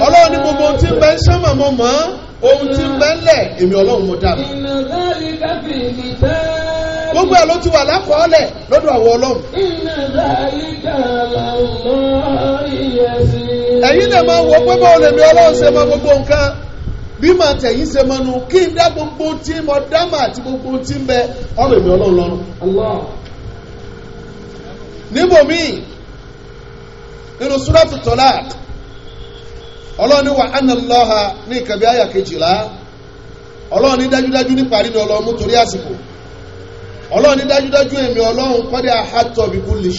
ọlọ́run ní gbogbo tí ń bẹ ń sánmà mọ̀ mọ́ ohun tí ń bẹ ń lẹ̀ èmi ọlọ́run mo dá gbogbo ẹ̀ ló ti wà lákọọ́lẹ̀ lọ́dọ̀ àwọn ọlọ́run ẹ̀yin náà máa wọ pé báwo lèmi ọlọ́run ṣe mọ gbogbo nǹkan. bí màá tẹ̀yìn ṣe mọ́nu kí n dá gbogbo tí mo dámà àti gbogbo tí ń bẹ ọ̀rọ̀ èmi ọlọ́run lọ́rùn. níbòmíì nínú súrọ́tù tọ́láàkì ọlọ́ni wà ánàlọ́ha ní ìkàbí àyà kejìlá dájúdájú níparí ni ọlọ́mú torí àsìkò dájúdájú èmi ọlọ́run bíbú lè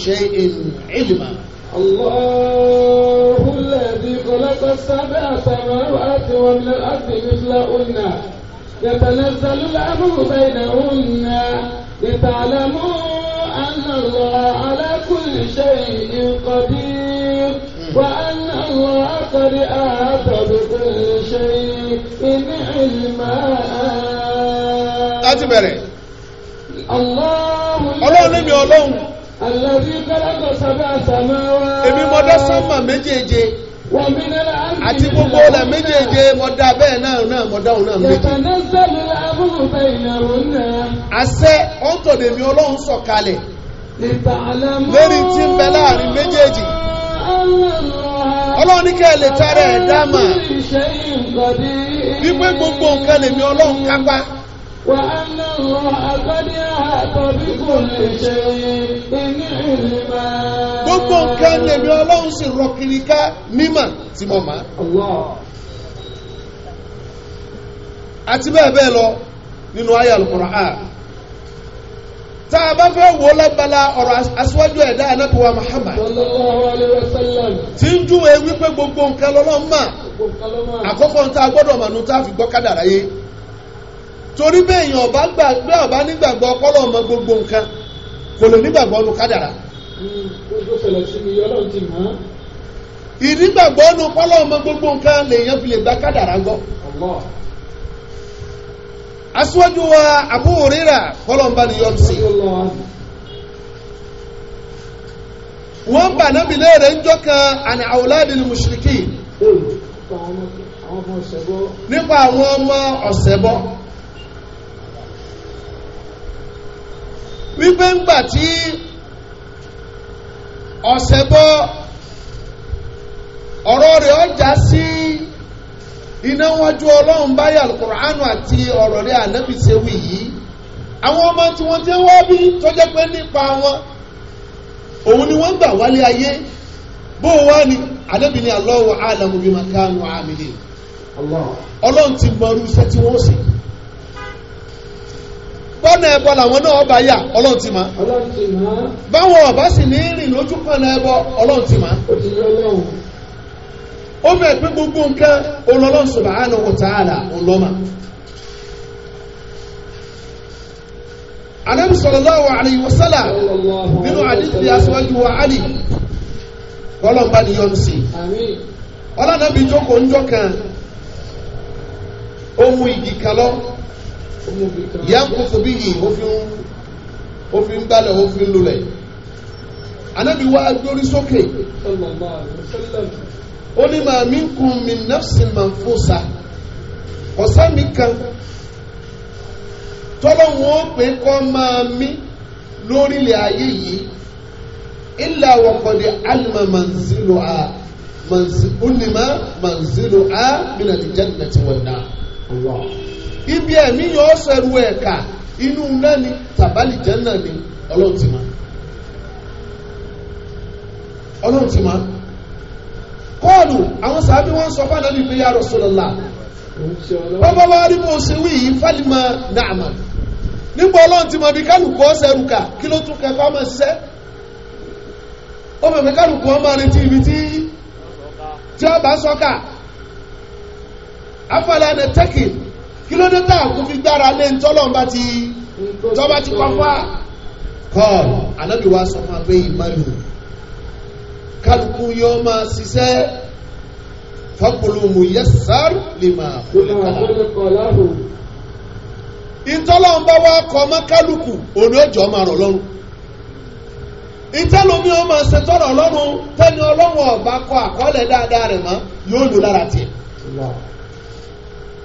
الله الذي خلق السبع سماوات ومن الأرض مثلهن يتنزل الأمر بينهن لتعلموا أن الله على كل شيء قدير وأن الله قد أعطى بكل شيء علما láti bẹ̀rẹ̀. ọlọ́run ní mi ọlọ́run Emi Èmi Àti gbogbo ọ̀là méjèèje mo dá bẹ́ẹ̀ náà náà mo dá òun náà méjèèje. Àṣẹ ọ̀tọ̀dẹ̀ ọlọ́run sọ̀kalẹ̀. Ìgbà tí ń bẹ láàrin méjèèjì. وأن الله قد أحاط بكل شيء علما gbogbo nǹkan lèmi ọlọ́run sì rọ kiri ká mímọ̀ tí mo máa. àti bẹ́ẹ̀ bẹ́ẹ̀ lọ nínú a bá fẹ́ wò lábala ọ̀rọ̀ aṣíwájú ẹ̀dá anábíwá Muhammad tí ń gbogbo nke lọ́lọ́ mà àkọ́kọ́ ń ta gbọ́dọ̀ mà nù tá a fi gbọ́ torí bẹ́ẹ̀ yàn ọba gbàgbé ọba nígbàgbọ́ ọpọlọ ọmọ gbogbo nǹkan kò lè nígbàgbọ́ ọnu kádàrà. ìnígbàgbọ́ ọnu ọpọlọ ọmọ gbogbo nǹkan lèèyàn fi lè gba kádàrà gbọ́. aṣíwájú wa Abu Hurairah kọlọmba ni yọtù sí. wọ́n bá nábì léèrè ńjọ́ kan àni awladil nípa àwọn ọmọ wípé ńgbà tí ọ̀sẹ̀ bọ́ ọ̀rọ̀ rẹ̀ ọjà sí iná wájú ọlọ́run báyà alukùránù àti ọ̀rọ̀ rẹ̀ ànábì ṣe wí yìí àwọn ọmọ tí wọ́n ti ń wá bí tó jẹ́ pé nípa wọn òun ni wọ́n gbà wálé ayé bó wá ni ànábì ni Allahu alamu ọlọ́run ti mọ irú iṣẹ́ tí wọ́n ṣe Ọ ẹbọ làwọn náà bá yà ọlọ́run ti mọ̀ báwọn ọba sì ní rìn lójú kan ẹbọ ọlọ́run ti ó fẹ́ pé gbogbo nǹkan Ọlọ́run subhanahu wa ta'ala ọlọ́mà Ànábì sallallahu alayhi wa sallam nínú àdíjì aṣíwájú wa ni yọ́n sí ọlọ́nàbí jókòó ń yà ń kókó bí yìí ó fi ń gbálẹ̀ ó fi ń lulẹ̀ anábì wá gbórí sókè ó ní màá mi kún mi nafsi màá fò sa ọ̀sán mi kan tọ́lọ́wọ́n ó pè kọ́ máa mí lórílẹ̀ ayé yìí ilà wọ̀kọ̀dé alima manzilu a manzilu manzilu a mina lìjẹ́ nàti wọ̀nà Allah. ibi ẹ̀mí yẹn ó ẹka ẹ̀ka inú náà ni tàbálì jẹ́ náà ni ọlọ́run ti máa ọlọ́run ti máa kọ́ọ̀lù sọ fún ya Rasulullah bọ́bá wá rí bó ṣe wí yìí fálímọ̀ nààmà nígbà ọlọ́run ti bí kálukú kí ló tún kẹfà máa ṣiṣẹ́ ó bẹ̀rẹ̀ kálukú ibi tí tí ọba afọlẹ́ ẹni tẹ́kì kí ló dé fi gbára lé ntọ́lọ́n bá ti tọ́ba ti pápá kọ́ ànábì sọ fún abẹ́ ìmánu kálukú yóò máa ṣiṣẹ́ fọ́pọ̀lù lima khuliqalahu ìtọ́lọ́n bá wá kọ́ mọ́ kálukú òní òjò máa rọ̀ lọ́rùn tẹ́ni ọba kọ àkọọ́lẹ̀ dáadáa rẹ̀ mọ́ yóò lò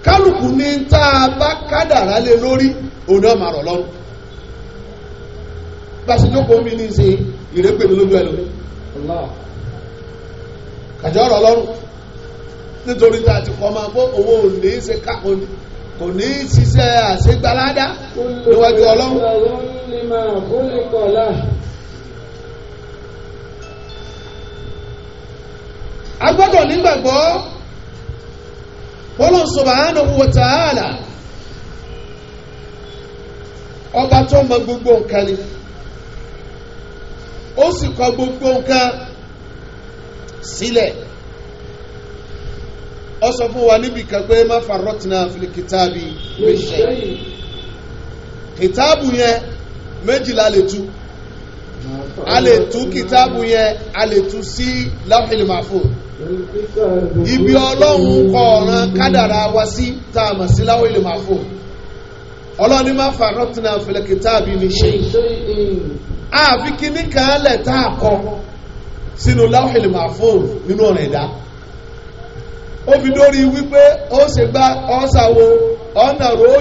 kálukú ní tá a bá kádàrá lé lórí òun náà máa rọ̀ lọ́rùn gbàsíjókòó mi ní ṣe ìrẹ́pẹ̀ mi lójú ẹlòmí kàjọ ọ̀rọ̀ lọ́rùn nítorí tá a ti kọ́ máa pé owó ò ṣe ká òní kò ní ṣiṣẹ́ àṣegbáládá níwájú ọlọ́run. a gbọ́dọ̀ nígbàgbọ́. Ọlọ́run subhanahu wa ta'ala ọba tó mọ gbogbo nǹkan ni ó sì kọ gbogbo nǹkan sílẹ̀ ó sọ fún wa níbi kan pé má farratna fil kitabi méjì kìtàbù yẹn méjìlá lè tu a lè tú kìtàbù yẹn a lè tú sí Lawhil Mahfuz ibi ọlọ́run kọ ọ̀ràn kádàrá wa sí tá a mọ̀ sí láwọn ilé máa fò ọlọ́ni máa fà rọ́tìnà A àbí ní ṣe àfi kíní kan lẹ̀ tá a kọ sínú láwọn ilé máa fò nínú ọ̀ràn ẹ̀dá ó fi dórí wípé ó ṣe gba ọ̀sàwò ọ̀nà rò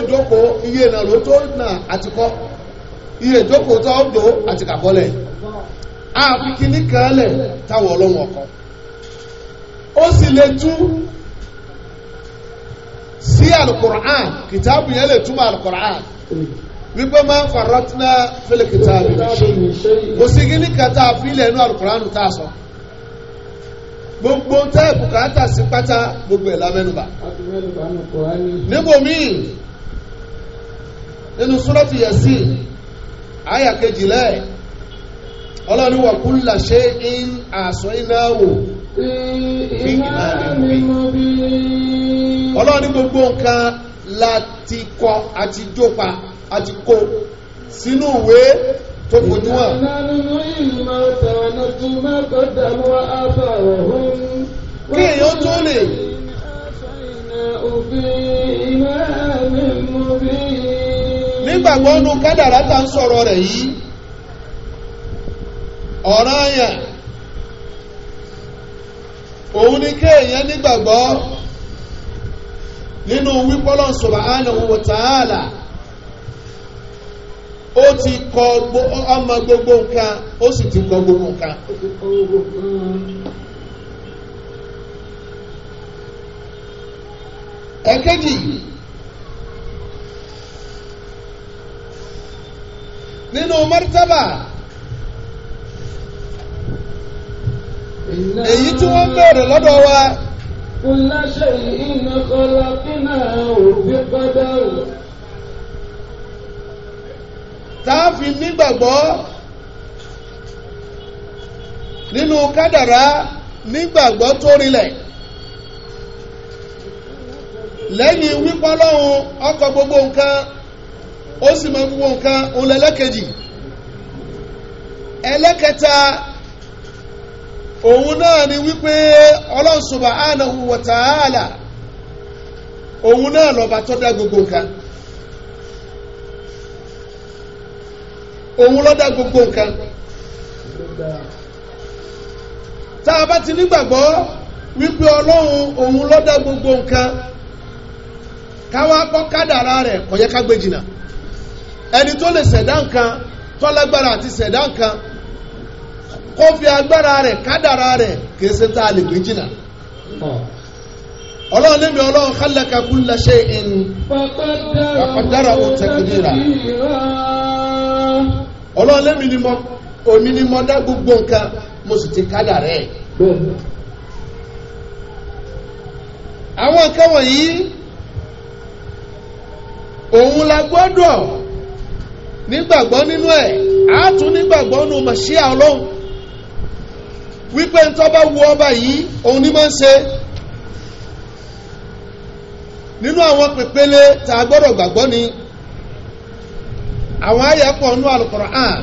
iye ìnàró tó nà àtikọ́ iye ìjókòó tó ń dò àtikàkọ́lẹ̀ àfi kíní kan lẹ̀ táwọn ọlọ́run ọkọ̀ ó sì lè tú sí alukur'an kìtàbù yẹn lè túmọ̀ alukur'an wípé máa ń faratna fẹ́lẹ̀ kìtàbù kò sí kí ní kàtà fílẹ̀ inú alukur'an tá a sọ gbogbo tẹ́ bùkátà sí pátá gbogbo ẹ̀ lábẹ́nubà níbo míì nínú súrọ́tù yẹ̀sí àyà kejìlẹ̀ ọlọ́run wà kulla shay'in àsọ iná wò. ọlọ́ni gbogbo nǹkan ti kọ àti jópa àti kó sínú ìwé tó fojú hàn. kí èèyàn tó lè nígbàgbọ́ nu kádàrá ta ń sọ̀rọ̀ rẹ̀ yìí ọ̀ranyàn òun ni kéèyàn nígbàgbọ́ nínú wípọ́lọ́ subhanahu wa o ó ti kọ ọmọ gbogbo nǹkan ó sì ti kọ gbogbo nǹkan. ẹ̀kejì nínú mọ́rítàbà. èyí tí wọ́n béèrè lọ́dọ̀ wa. kùnláṣẹ́ yìí ń kọ́lá kínà òbí padà rẹ̀. tá a fi nígbàgbọ́ nínú kádàrá nígbàgbọ́ tó rinlẹ̀ lẹ́yìn wípé ọlọ́run ọkọ̀ gbogbo nǹkan ó sì mọ gbogbo nǹkan òun lẹ́lẹ́kejì ẹlẹ́kẹta. òun náà ni wípé Ọlọ́hun subhanahu wa ta'ala òun náà lọ́ba tó dá gbogbo nǹkan òun ló dá gbogbo nǹkan tá a bá ti nígbàgbọ́ wípé ọlọ́run òun ló dá gbogbo nǹkan káwá bọ́ kádàrá rẹ̀ kò yẹ ká gbé jìnnà ẹni tó lè ṣẹ̀dá nǹkan tó àti ṣẹ̀dá nǹkan kó fi agbára rẹ̀ kádàrá rẹ̀ kì í ṣe tá a lè gbé jìnnà ọlọ́run níbi ọlọ́run ọlọ́run ni mo òní ni mo dá ti àwọn nǹkan wọ̀nyí òun la gbọ́dọ̀ nígbàgbọ́ nínú ẹ̀ àátún nígbàgbọ́ nínú wípé ń tọ́ bá wu ọba yìí òun ní máa ń ṣe nínú àwọn pèpele tá a gbọ́dọ̀ gbàgbọ́ ni àwọn àyà pọ̀ nínú Al-Qur'an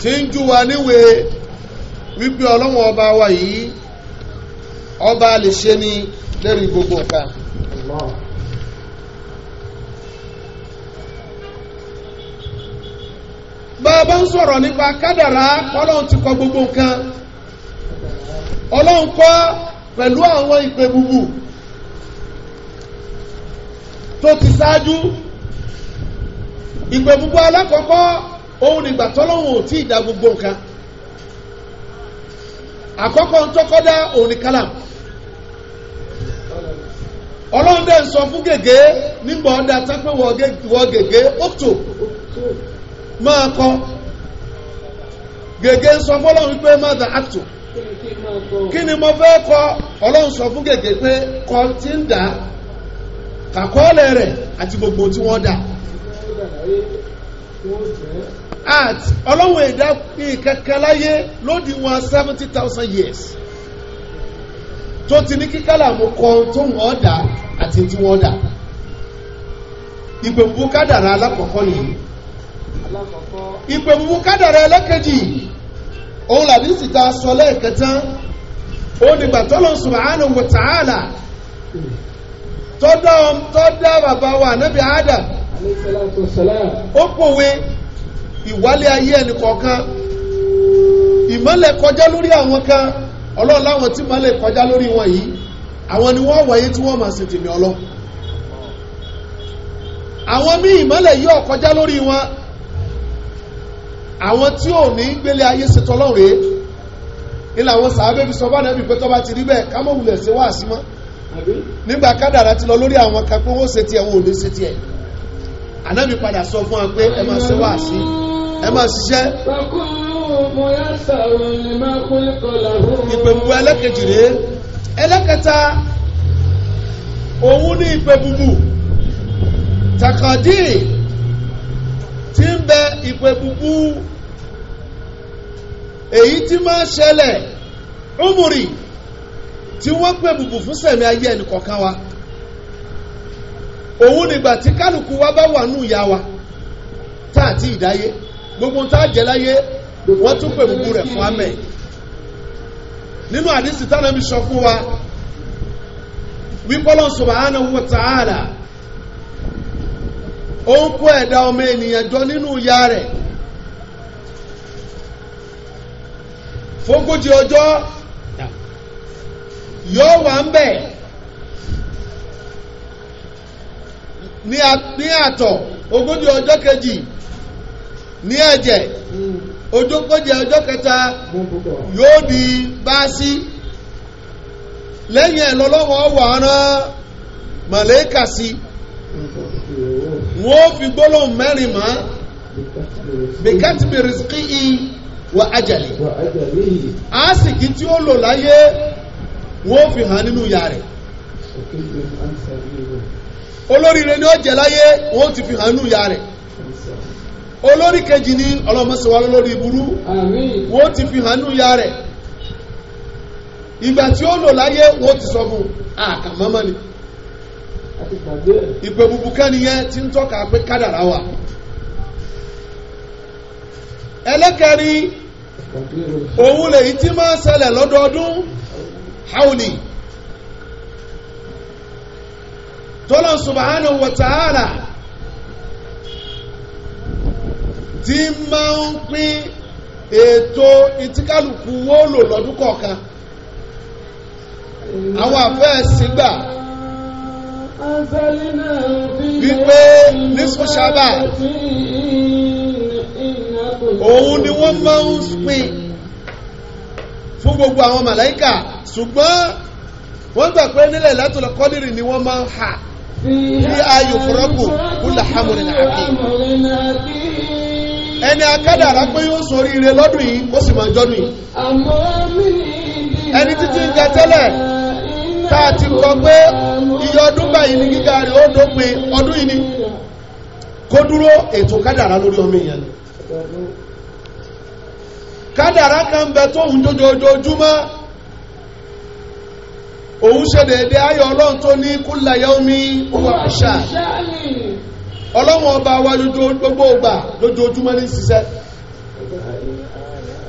tí ń jú wa níwèé wípé ọlọ́wọ́n ọba wa yìí ọba lè ṣe ni lẹ́rìí gbogbo nǹkan. Allah. bàbá ń sọ̀rọ̀ nípa kádàrá ọlọ́run ti kọ gbogbo nǹkan ọlọ́run kọ pẹ̀lú àwọn ìpè tó ti ṣáájú ìpè gbogbo alákọ̀ọ́kọ́ òun nígbà tọ́lọ́run ò tí ì dá gbogbo nǹkan àkọ́kọ́ ń tọ́kọ́ dá òun ní kálàm ọlọ́run dẹ̀ ń máa kọ gègé ń sọ fọlọ́run pé má dà áàtù kí ni mo fẹ́ kọ ọlọ́run sọ fún gègé pé kọ ti ń dà kàkọ́ọ̀lẹ̀ rẹ̀ àti gbogbo tí wọ́n dà at ọlọ́run ẹ̀dá lódì wọn seventy thousand years tó ti ní kíkálà mo kọ tó wọ́n dà àti tí wọ́n dà kádàrá alákọ̀ọ́kọ́ nìyí. ìpè búbú kádàrá ẹlẹ́kejì òun làbí sì ta sọ lẹ́ẹ̀kẹtán òun nígbà tọ́lọ́ subhanahu wa ta'ala tó dá bàbá wa nábì Adam ó pòwe ìwálé ayé ẹnì kọ̀ọ̀kan ìmọ́lẹ̀ kọjá lórí àwọn kan ọlọ́run láwọn tí mọ́lẹ̀ kọjá lórí wọn yìí àwọn ni wọ́n wáyé tí wọ́n máa ṣe tèmi ọlọ́ àwọn míì ìmọ́lẹ̀ yóò kọjá lórí wọn àwọn tí ò ní gbélé ayé ṣetán lọ́rùn rèé ilẹ̀ àwọn sàábẹ́ fi sọ bá nẹ́bí pé tọ́ba ti rí bẹ́ẹ̀ kámọ́ wulẹ̀ ṣe wá sí mọ́ nígbà kádàrá ti lọ lórí àwọn kan pé wọ́n ṣe tiẹ̀ wọn ò ní ṣe tiẹ̀ ànábì padà sọ fún wa pé ẹ máa ṣe wá sí ẹ máa ṣiṣẹ́. ìpèbùbù ẹlẹ́kejì rèé ẹlẹ́kẹta òun ní ìpèbùbù takọ̀díì. tí ń bẹ ìpè ti èyí tí máa ṣẹlẹ̀ umuri tí wọ́n pè bùbù fún sẹ̀mí ayé ẹnì kọ̀ọ̀kan wa òun nigba tí kálukú wa bá wà nù wa tá àti ìdáyé gbogbo tá a jẹ láyé wọ́n tún pè bùbù rẹ̀ fún amẹ́ nínú àdísì tánàbí sọ fún wa wípọ́lọ́ subhanahu ó ń kó ẹ̀dá ọmọ ènìyàn jọ nínú ìyá rẹ̀ fógójì ọjọ́ yóò wà ń bẹ̀ ní àtọ̀ ogójì ọjọ́ kejì ní ẹ̀jẹ̀ ojókòjì ọjọ́ kẹta yóò di báásí lẹ́yìn ẹ̀ lọ́lọ́wọ́ wà á rán màlẹ́kà sí wọ́n fi gbólóhùn mẹ́rin mọ́ bíkẹ́tìmì rìsíkì yìí wà ájàlè àásìkí tí ó lò láyé wọ́n fi hàn nínú ìyá rẹ̀ olóríire ni ó jẹ láyé wọ́n ti fi hàn nínú ìyá rẹ̀ olórí kejì ni ọlọ́mọsíwá lórí ìburú wọ́n ti fi hàn nínú ìyá rẹ̀ ìgbà tí ó lò láyé wọ́n ti sọ fún àkàmọ́mọ́ ni. ìpè bùbùkẹ́ nìyẹn ti ń tọ́ka pé kádàrá wà ẹlẹ́kẹ̀rin òun lèyí tí máa ṣẹlẹ̀ lọ́dọọdún hauni tọ́lọ̀ subhanahu wa ta'ala máa ń pín ètò ìtíkàlùkù wó lọ́dún kọ̀ọ̀kan àwọn àfẹ́ wípé nísùn sábà òun ni wọ́n máa ń pín fún gbogbo àwọn màláìkà ṣùgbọ́n wọ́n gbà pé nílẹ̀ látọ̀lá kọ́dìrì ni wọ́n máa ń hà ní ayò fọ́rọ́gbò kúlà hamurin àkè ẹni akádàrá pé yóò sọrí ire lọ́dún yìí ó sì máa jọ́dún yìí ẹni títí ń ga tẹ́lẹ̀ táà ti kọ pé iye ọdún báyìí ní gíga rẹ̀ ó dópin ọdún yìí ni kó dúró ètò kádàrá lórí ọmọ èèyàn kádàrá kan bẹ tó ń òun ṣe dédé ayọ̀ ọlọ́run tó ní kulla yaumi huwa àṣà ọlọ́run ọba wa gbogbo ògbà lójoojúmọ́ ní ṣiṣẹ́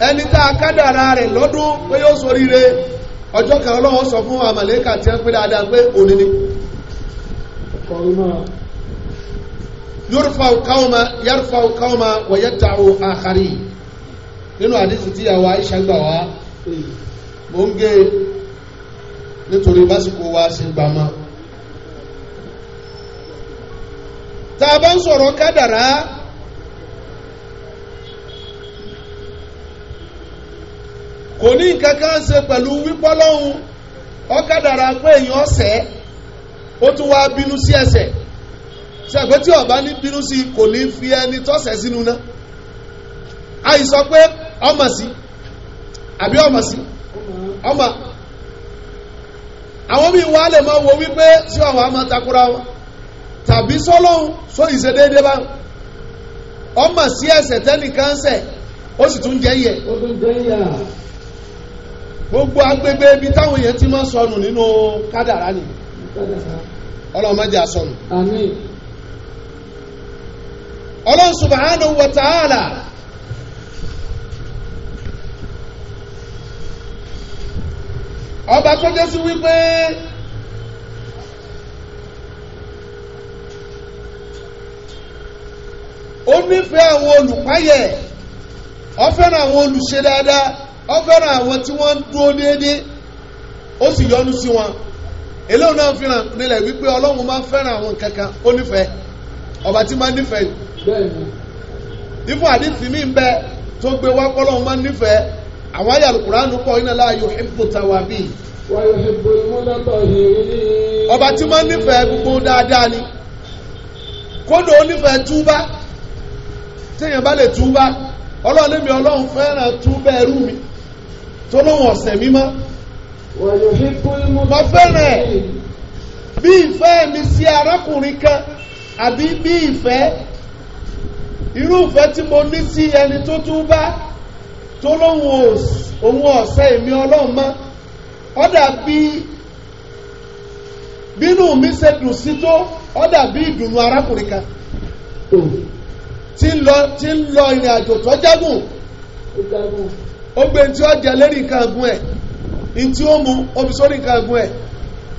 ẹni tá a kádàrá rẹ̀ lọ́dún ọjọ́ kan ọlọ́wọ́ sọ fún àmàlẹ́kà tí wọ́n pé dáadáa pé òní ni yorùfà káwọ́mà yorùfà káwọ́mà wọ̀yẹ́ tààrù àkàrí nínú àdísì tí àwa ìṣàgbà wa mò ń gé e nítorí básìkò wa sí gbàmọ́ tá a bá ń sọ̀rọ̀ kádàrá kò ní nǹkan kan ṣe pẹ̀lú wípọ́ lọ́hùn ọ̀kadàrà pé èèyàn ọ̀sẹ̀ ó tún wá bínú sí ẹsẹ̀ ṣàgbé tí ọba ní bínú sí kò ní fi ẹni tọ́sẹ̀ sínú náà àìsọ pé ọmọ sí àbí ọmọ sí ọmọ àwọn míì wá lè máa wo wípé tí àmọ́ wọn tàbí sọ ìṣedéédé bá ọmọ sí ẹsẹ̀ tẹ́nìkan ń ó sì tún jẹ́ yẹ. ó tún jẹ́ yẹ. gbogbo agbègbè ibi táwọn èèyàn ti máa sọnù nínú kádàrá ni ọlọ́mọdé àsọnù ọlọ́run subhanahu wa ta'ala ọba tó jẹ́ sí wípé ó nífẹ̀ẹ́ àwọn olùpáyẹ̀ ó fẹ́ràn àwọn olùṣe dáadáa Ọ fẹ́ràn àwọn tí wọ́n ń dúró déédéé ó sì yọ́nú sí wọn eléyìí náà fi hàn nílẹ̀ wípé ọlọ́run máa ń fẹ́ràn àwọn kankan ó nífẹ̀ẹ́ ọba tí máa ń nífẹ̀ẹ́ ìfún àdìsí mi ń bẹ tó gbé wá pọ́lọ́run máa ń nífẹ̀ẹ́ àwọn pọ̀ iná gbogbo dáadáa ni kódò ó nífẹ̀ẹ́ túbá tó lóhun ọ̀sẹ̀ bí ìfẹ́ mi sí arákùnrin kan àbí bí ìfẹ́ irú ìfẹ́ tí mo ní sí ẹni tó tún bá ọ̀sẹ̀ ọlọ́run mọ́ bínú mi ṣe dùn sí tó ó dàbí ìdùnnú arákùnrin kan tí ń lọ ìrìn àjò tó jágùn ó gbé tí ó jẹ lérí nǹkan ẹ̀gún ẹ̀ in ó mu ó sórí nǹkan ẹ̀gún ẹ̀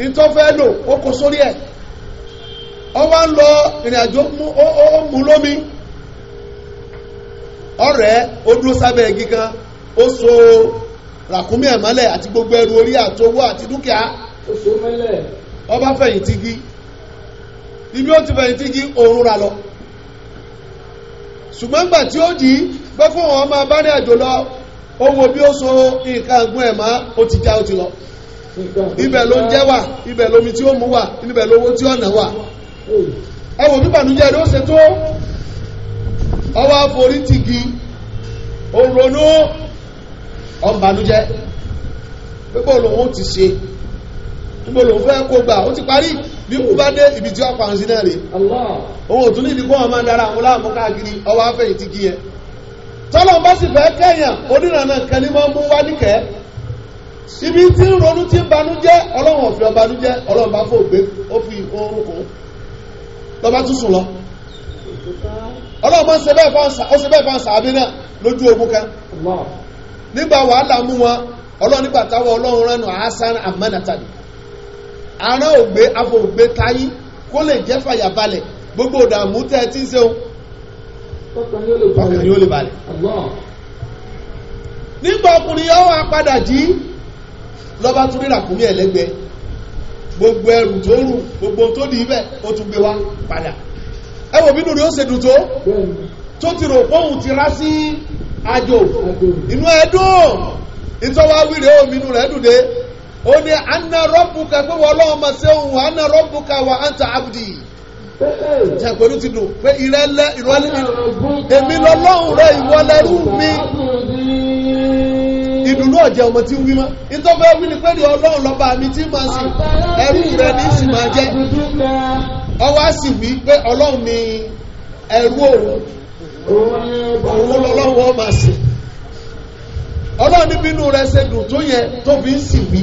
in tó fẹ́ lò ó kó sórí ó wá ń lọ ìrìn àjò ó mú lómi ó dúró igi kan ó so àti gbogbo ẹrù orí àtowó àti dúkìá ó so mọ́lẹ̀ ọba fẹ̀yìntì gi ibi ó ti gi òun ra lọ ṣùgbọ́n gbà tí ó dì í wọn àjò owó bí ó so nǹkan àgbọn ẹ̀ máa ó ti já ó ti lọ ibẹ̀ ló ń jẹ́ wà ibẹ̀ lomi tí ó mú wà ibẹ̀ lówó tí ọ̀nà wà ẹ wò bí bànújẹ́ rẹ̀ ó ṣe tó ọwọ́ àforí ti gi òrònú ọ̀bànújẹ́ pípọ̀ lòun ti ṣe pípọ̀ lòun fẹ́ kó gbà ó ti parí bí kò bá dé ibi tí ọ̀pàá ń náà rè òun ò ní ìdíkọ́ ọmọ dára òun láàmú káàkiri ọwọ́ àfẹ̀yìntì gi yẹn tọ́lọ̀ bá sì fẹ́ kẹ́yàn onírànà kan ní mú wá níkẹ́ ibi tí ń ronú tí ń banújẹ́ ọlọ́run òfin ọbanújẹ́ ọlọ́run bá fò gbé ó fi oorun kù lọ́ba tún sùn lọ ọlọ́run bá ṣe bẹ́ẹ̀ fún sàábí náà lójú ogun kan afọ kó lè jẹ́ fàyàbalẹ̀ gbogbo tẹ́ ẹ ọkàn yóò lè balẹ̀ nígbà ọkùnrin yóò wá padà jí lọ́ba tún rírà kúmí ẹ̀lẹ́gbẹ́ gbogbo ẹrù tó rù gbogbo tó dì í bẹ́ẹ̀ ó tún gbé wá padà ẹ wò ó ṣe tó ti rò fóun ti rá sí àjò inú ìtọ́wá omi inú rẹ̀ ó ní anna rọ́bùkà pé ṣàpẹ̀lú ti dùn pé ìrẹ́lẹ́ ìrọ̀lẹ́ èmi lọ́lọ́run rẹ ìwọlẹ́rú mi ìdùnnú ọ̀jẹ̀ ọmọ tí ń wí mọ́ ìtọ́fẹ́ wí ni pé ọlọ́run lọ́ba mi tí máa sì ẹrú rẹ ní sì máa jẹ́ ọwọ́ sì wí pé ọlọ́run ni ẹrú òun òun lọ́lọ́run ọmọ sí ọlọ́run níbi inú rẹ ṣe dùn tó yẹ tó ń sì wí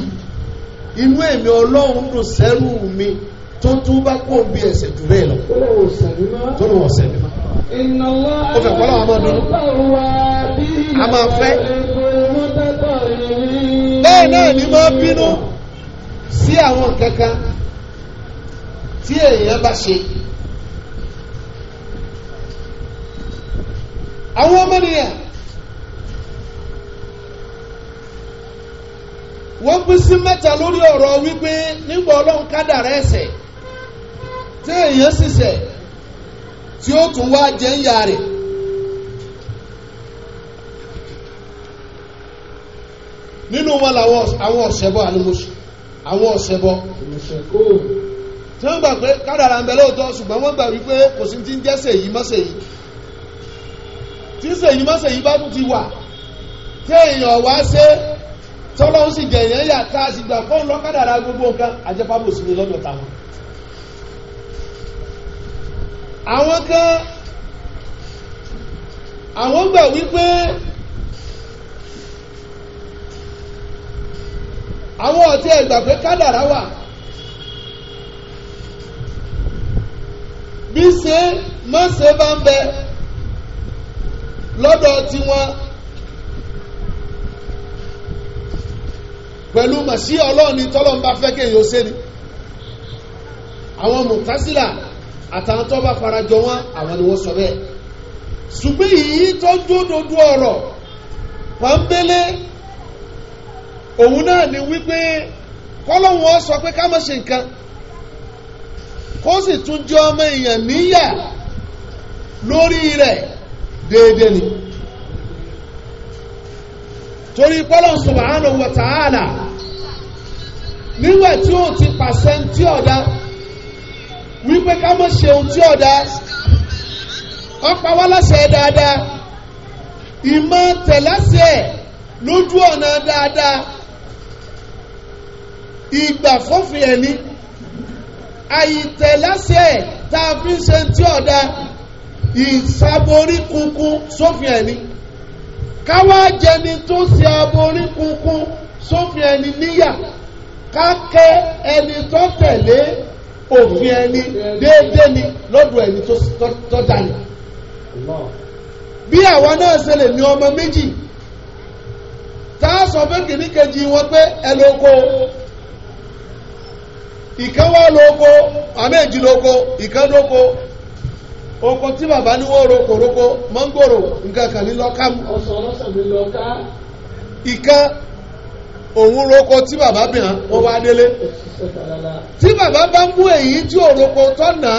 inú èmi ọlọ́run dùn sẹ́rù mi tó tún bá kó bí ẹ̀ṣẹ̀ jù bẹ́ẹ̀ lọ tó lọ ọ̀sẹ̀ mímọ́ ó fẹ́ pọ́lọ́ àmọ́ dúdú a máa fẹ́ bẹ́ẹ̀ náà ni máa bínú sí àwọn kankan tí èèyàn bá ṣe àwọn ọmọ nìyẹn wọ́n pín sí mẹ́ta lórí ọ̀rọ̀ wípé nígbà ọlọ́run kádàrá ẹ̀ṣẹ̀ tí èèyàn ṣiṣẹ́ tí ó tún wá jẹ́ ń ya rẹ̀. nínú wọn làwọn àwọn ọ̀sẹ̀bọ àlùmọ̀ṣù àwọn ọ̀sẹ̀bọ. tí wọ́n gbà pé kádàrà ń bẹ lóòótọ́ ṣùgbọ́n wọ́n gbà wípé kò sí ti ń jẹ́ sèyí mọ́sẹ̀ yìí tí sèyí mọ́sẹ̀ yìí bá tún ti wà tí èèyàn wá ṣe tọ́lọ́hún sì jẹ̀yàn yà ká sì gbà fóun lọ́kàdàrà gbogbo nǹkan àjẹpábò sí ni lọ́dọ̀ táwọn àwọn kan àwọn gbà wípé àwọn ọ̀tí ẹ̀gbà pé kádàrá wà bí ṣe mọ́ṣe bá ń bẹ lọ́dọ̀ tiwọn pẹ̀lú màsí ọlọ́ọ̀ni tọ́lọ́mbà fẹ́ kéèyàn ó ṣe ni àwọn mùtásílà àtàwọn tó bá farajọ wọn àwọn ni wọ́n sọ bẹ́ẹ̀ ṣùgbọ́n èyí tó jódodo ọ̀rọ̀ pọ́nbélé òun náà ni wípé kọ́lọ́wọ́n sọ pé ká má ṣe nǹkan kó sì tún jẹ́ ọmọ èèyàn níyà lórí rẹ̀ déédéé ni torí kọ́lọ́ subhanahu wa ta'ala nígbà tí ó ti pàṣẹ tí ọ̀dá wípé ká mọ̀ ṣe ohun tí ọ̀dà wọ́n pa wá láṣẹ dáadáa ìmọ̀ tẹ̀láṣẹ lójú ọ̀nà dáadáa ìgbà fọ́fin ẹ̀mí àìtẹ̀láṣẹ tá a fi ń ṣe tí ọ̀dà ìsaborí kunkun sófin ẹ̀mí káwá jẹni tó ṣe aborí kunkun sófin ẹ̀mí níyà ká kẹ́ ẹni tó tẹ̀lé òfin ẹni déédéé ni lọ́dọ̀ ẹni tó dání bí àwa náà ṣe lè ní ọmọ méjì tá a sọ pé kìíní kejì wọn pé ẹ lóko ìkan wá lóko àmẹ́jì lóko ìkan lóko oko tí bàbá ní wọ́n roko roko mọ́ngòrò nǹkan kan ní lọ́ka mú. ọ̀sán ọlọ́sàn mi lọ́ka. ìkan òun roko tí bàbá bìràn wọ́n wá délé tí bàbá bá mú èyí tí ò roko tọ́nà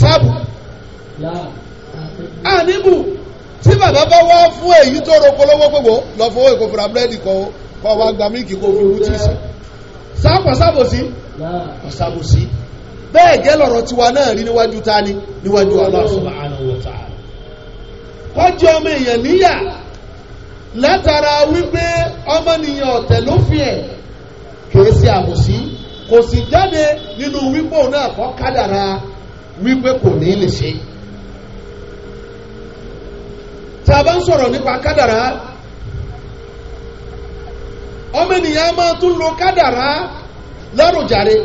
sábù àníbù tí bàbá bá wá fún èyí tó roko lọ́wọ́ gbogbo lọ fowó èkó fúra búrẹ́dì kọ́ kọ́ wá gba mílíkì kó fi wútí sí sáàpọ̀ sábòsí ọ̀sábòsí bẹ́ẹ̀ gẹ́ lọ̀rọ̀ tiwa náà rí níwájú tani níwájú Allah subhanahu wa ta'ala kọjú ọmọ èèyàn níyà látara wípé ọmọnìyàn ọ̀tẹ̀ ló fi ẹ̀ kìí ṣe àbòsí kò sì jáde nínú wípé òun náà kọ́ kádàrá wípé kò ní lè ṣe. tá a bá ń sọ̀rọ̀ nípa kádàrá ọmọnìyàn máa tún lo kádàrá láròjàre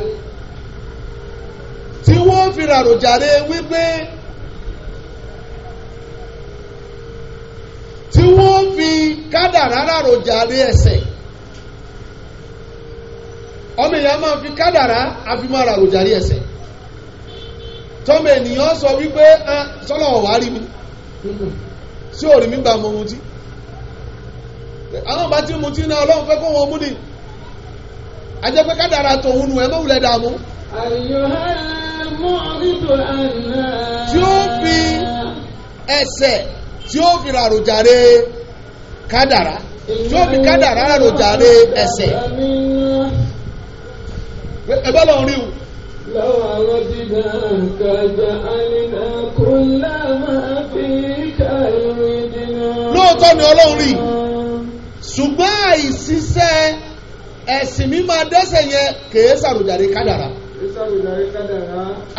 tí wọ́n fi ràròjàre wípé. tí wọ́n fi kádàrá ràròjà ese ẹsẹ̀ ọmọ èèyàn máa fi kádàrá àfimọ́ ràròjà rí ẹsẹ̀ tọ́mọ ènìyàn sọ wípé sọ́lọ̀ ọ̀wá rí mi sí òrì mi gba mọ ohun tí àwọn ti ná ọlọ́run fẹ́ kó wọn mú ni ajẹ́ pé kádàrá tòun nù ẹ̀ mọ́wulẹ̀ dààmú. àyùhán mọ́ àná. fi ẹsẹ̀ tí ó fi ràròjàre kádàrá tí ó fi kádàrá ràròjàre ẹ̀ṣẹ̀ ẹgbẹ́ lọ rí o. lọ́wọ́ àwọn jìnnà kọjá àlìná kò lámà fi kàlùmí dínà. lóòótọ́ ni ọlọ́run rí ṣùgbọ́n àìsísẹ́ ẹ̀sìn mi máa dẹ́ṣẹ̀ yẹn kèé sàròjàre kádàrá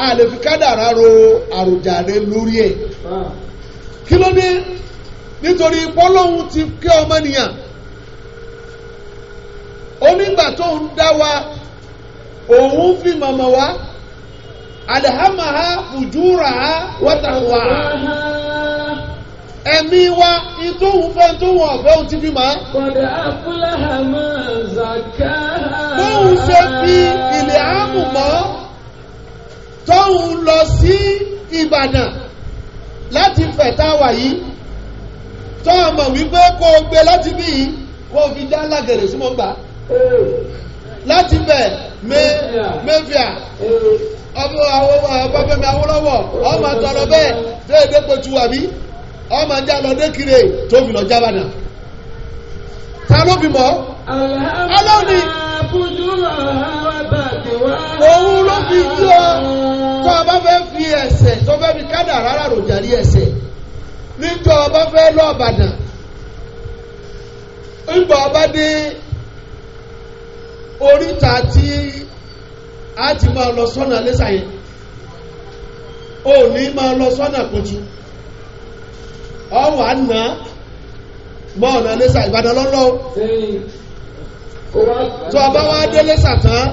a lè fi kádàrá ro àròjàre lórí ẹ̀. Ah kí ló dé nítorí bọ́lọ́hún ti kẹ́ ọmọnìyàn onígbà tó ń dá wa òun fi mọ̀mọ̀ wá alihamaha fujuraha watawaha ẹ̀mí wa ìtòhun fẹ́ tóhun ọ̀fẹ́ òun ti fi mọ̀ kọ̀dà afúláhà zàkà. bóun ṣe fi ilẹ̀ àmùmọ́ tóhun lọ sí Ìbàdàn. láti fẹ̀tà wà yìí tó ọmọ wípé kó o gbé láti bí yìí o fi dá lágẹ̀rẹ̀ sí mo gbà láti bẹ̀ mẹ́fìà ọmọ Babáfẹ́mi Awólọ́wọ̀ ọmọ tọrọ bẹ́ẹ̀ tó èdè pẹ̀tù wà bí ọmọ jà lọ dé kiri tó fi lọ ta ọlọ́ni òun ló fi yí ọ tó o bá fẹ́ fi ẹsẹ̀ tó fẹ́ fi kádà rárá ròjàrí ẹsẹ̀ níjọ ọba fẹ́ lọ Ìbàdàn ńgbà ọba dé oríta tí a ti máa lọ sọ́nà lẹ́sàyẹn O ní máa lọ sọ́nà kùtù ọ̀wà náà mọ́ ọ̀nà lẹ́sà Ìbàdàn lọ́lọ́ tó ọba wá délé sàtán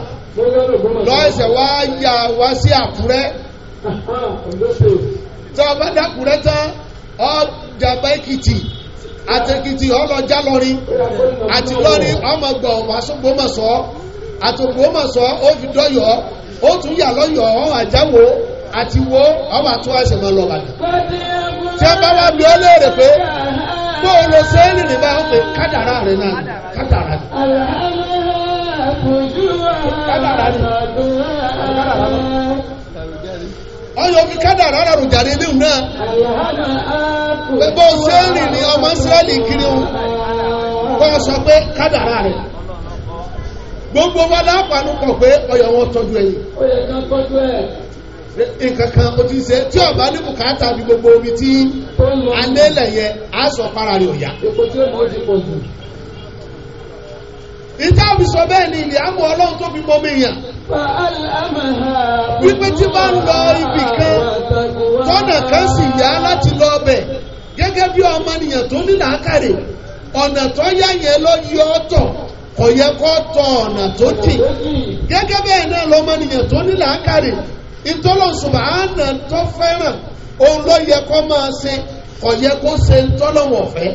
lọ́ọ̀sẹ̀ wá yà wá sí àkúrẹ́ tó ọba dàkúrẹ́ tán ọjàgbá èkìtì àtẹkìtì ọlọjà lọrin àti lọrin ọmọgbọ wàsógbòmọsọ àtògbòmọsọ ó fi dọyọ ó tún yà lọyọ ọ àjáwò àti wo ọmọ àtúwàṣẹmọ lọ bàdàn tí a bá wà bí ó léèrè pé bó o lọ ṣe é rìnrìn báyìí ó pè kádàrá náà ni. kádàrá ni kádàrá ni ọyọ fi kádàrá rà rùjàre léwu náà pé kádàrá gbogbo wa lápá ló pé ọyọ̀ wọn tọ́jú ẹ̀yìn. nǹkan kan ise ti ṣe tí ọba ní bùkátà ní gbogbo omi tí anélẹ̀ yẹ á sọ para ọ̀yà. epo tí sọ bẹ́ẹ̀ ni ìlẹ̀ àmọ́ ọlọ́run tó fi mọ́ mi wípé tí bá ń lọ ibì kan tọ́nà kan sì yá lọ gẹ́gẹ́ bí tó ní làákàrè ọ̀nà tó yá yẹn yí tọ̀ ọ̀nà tó ìtọ́lọ̀ subhana tó fẹ́ràn òun ló yẹ kó máa ṣe kò yẹ kó ṣe ìtọ́lọ̀ wọ̀ fẹ́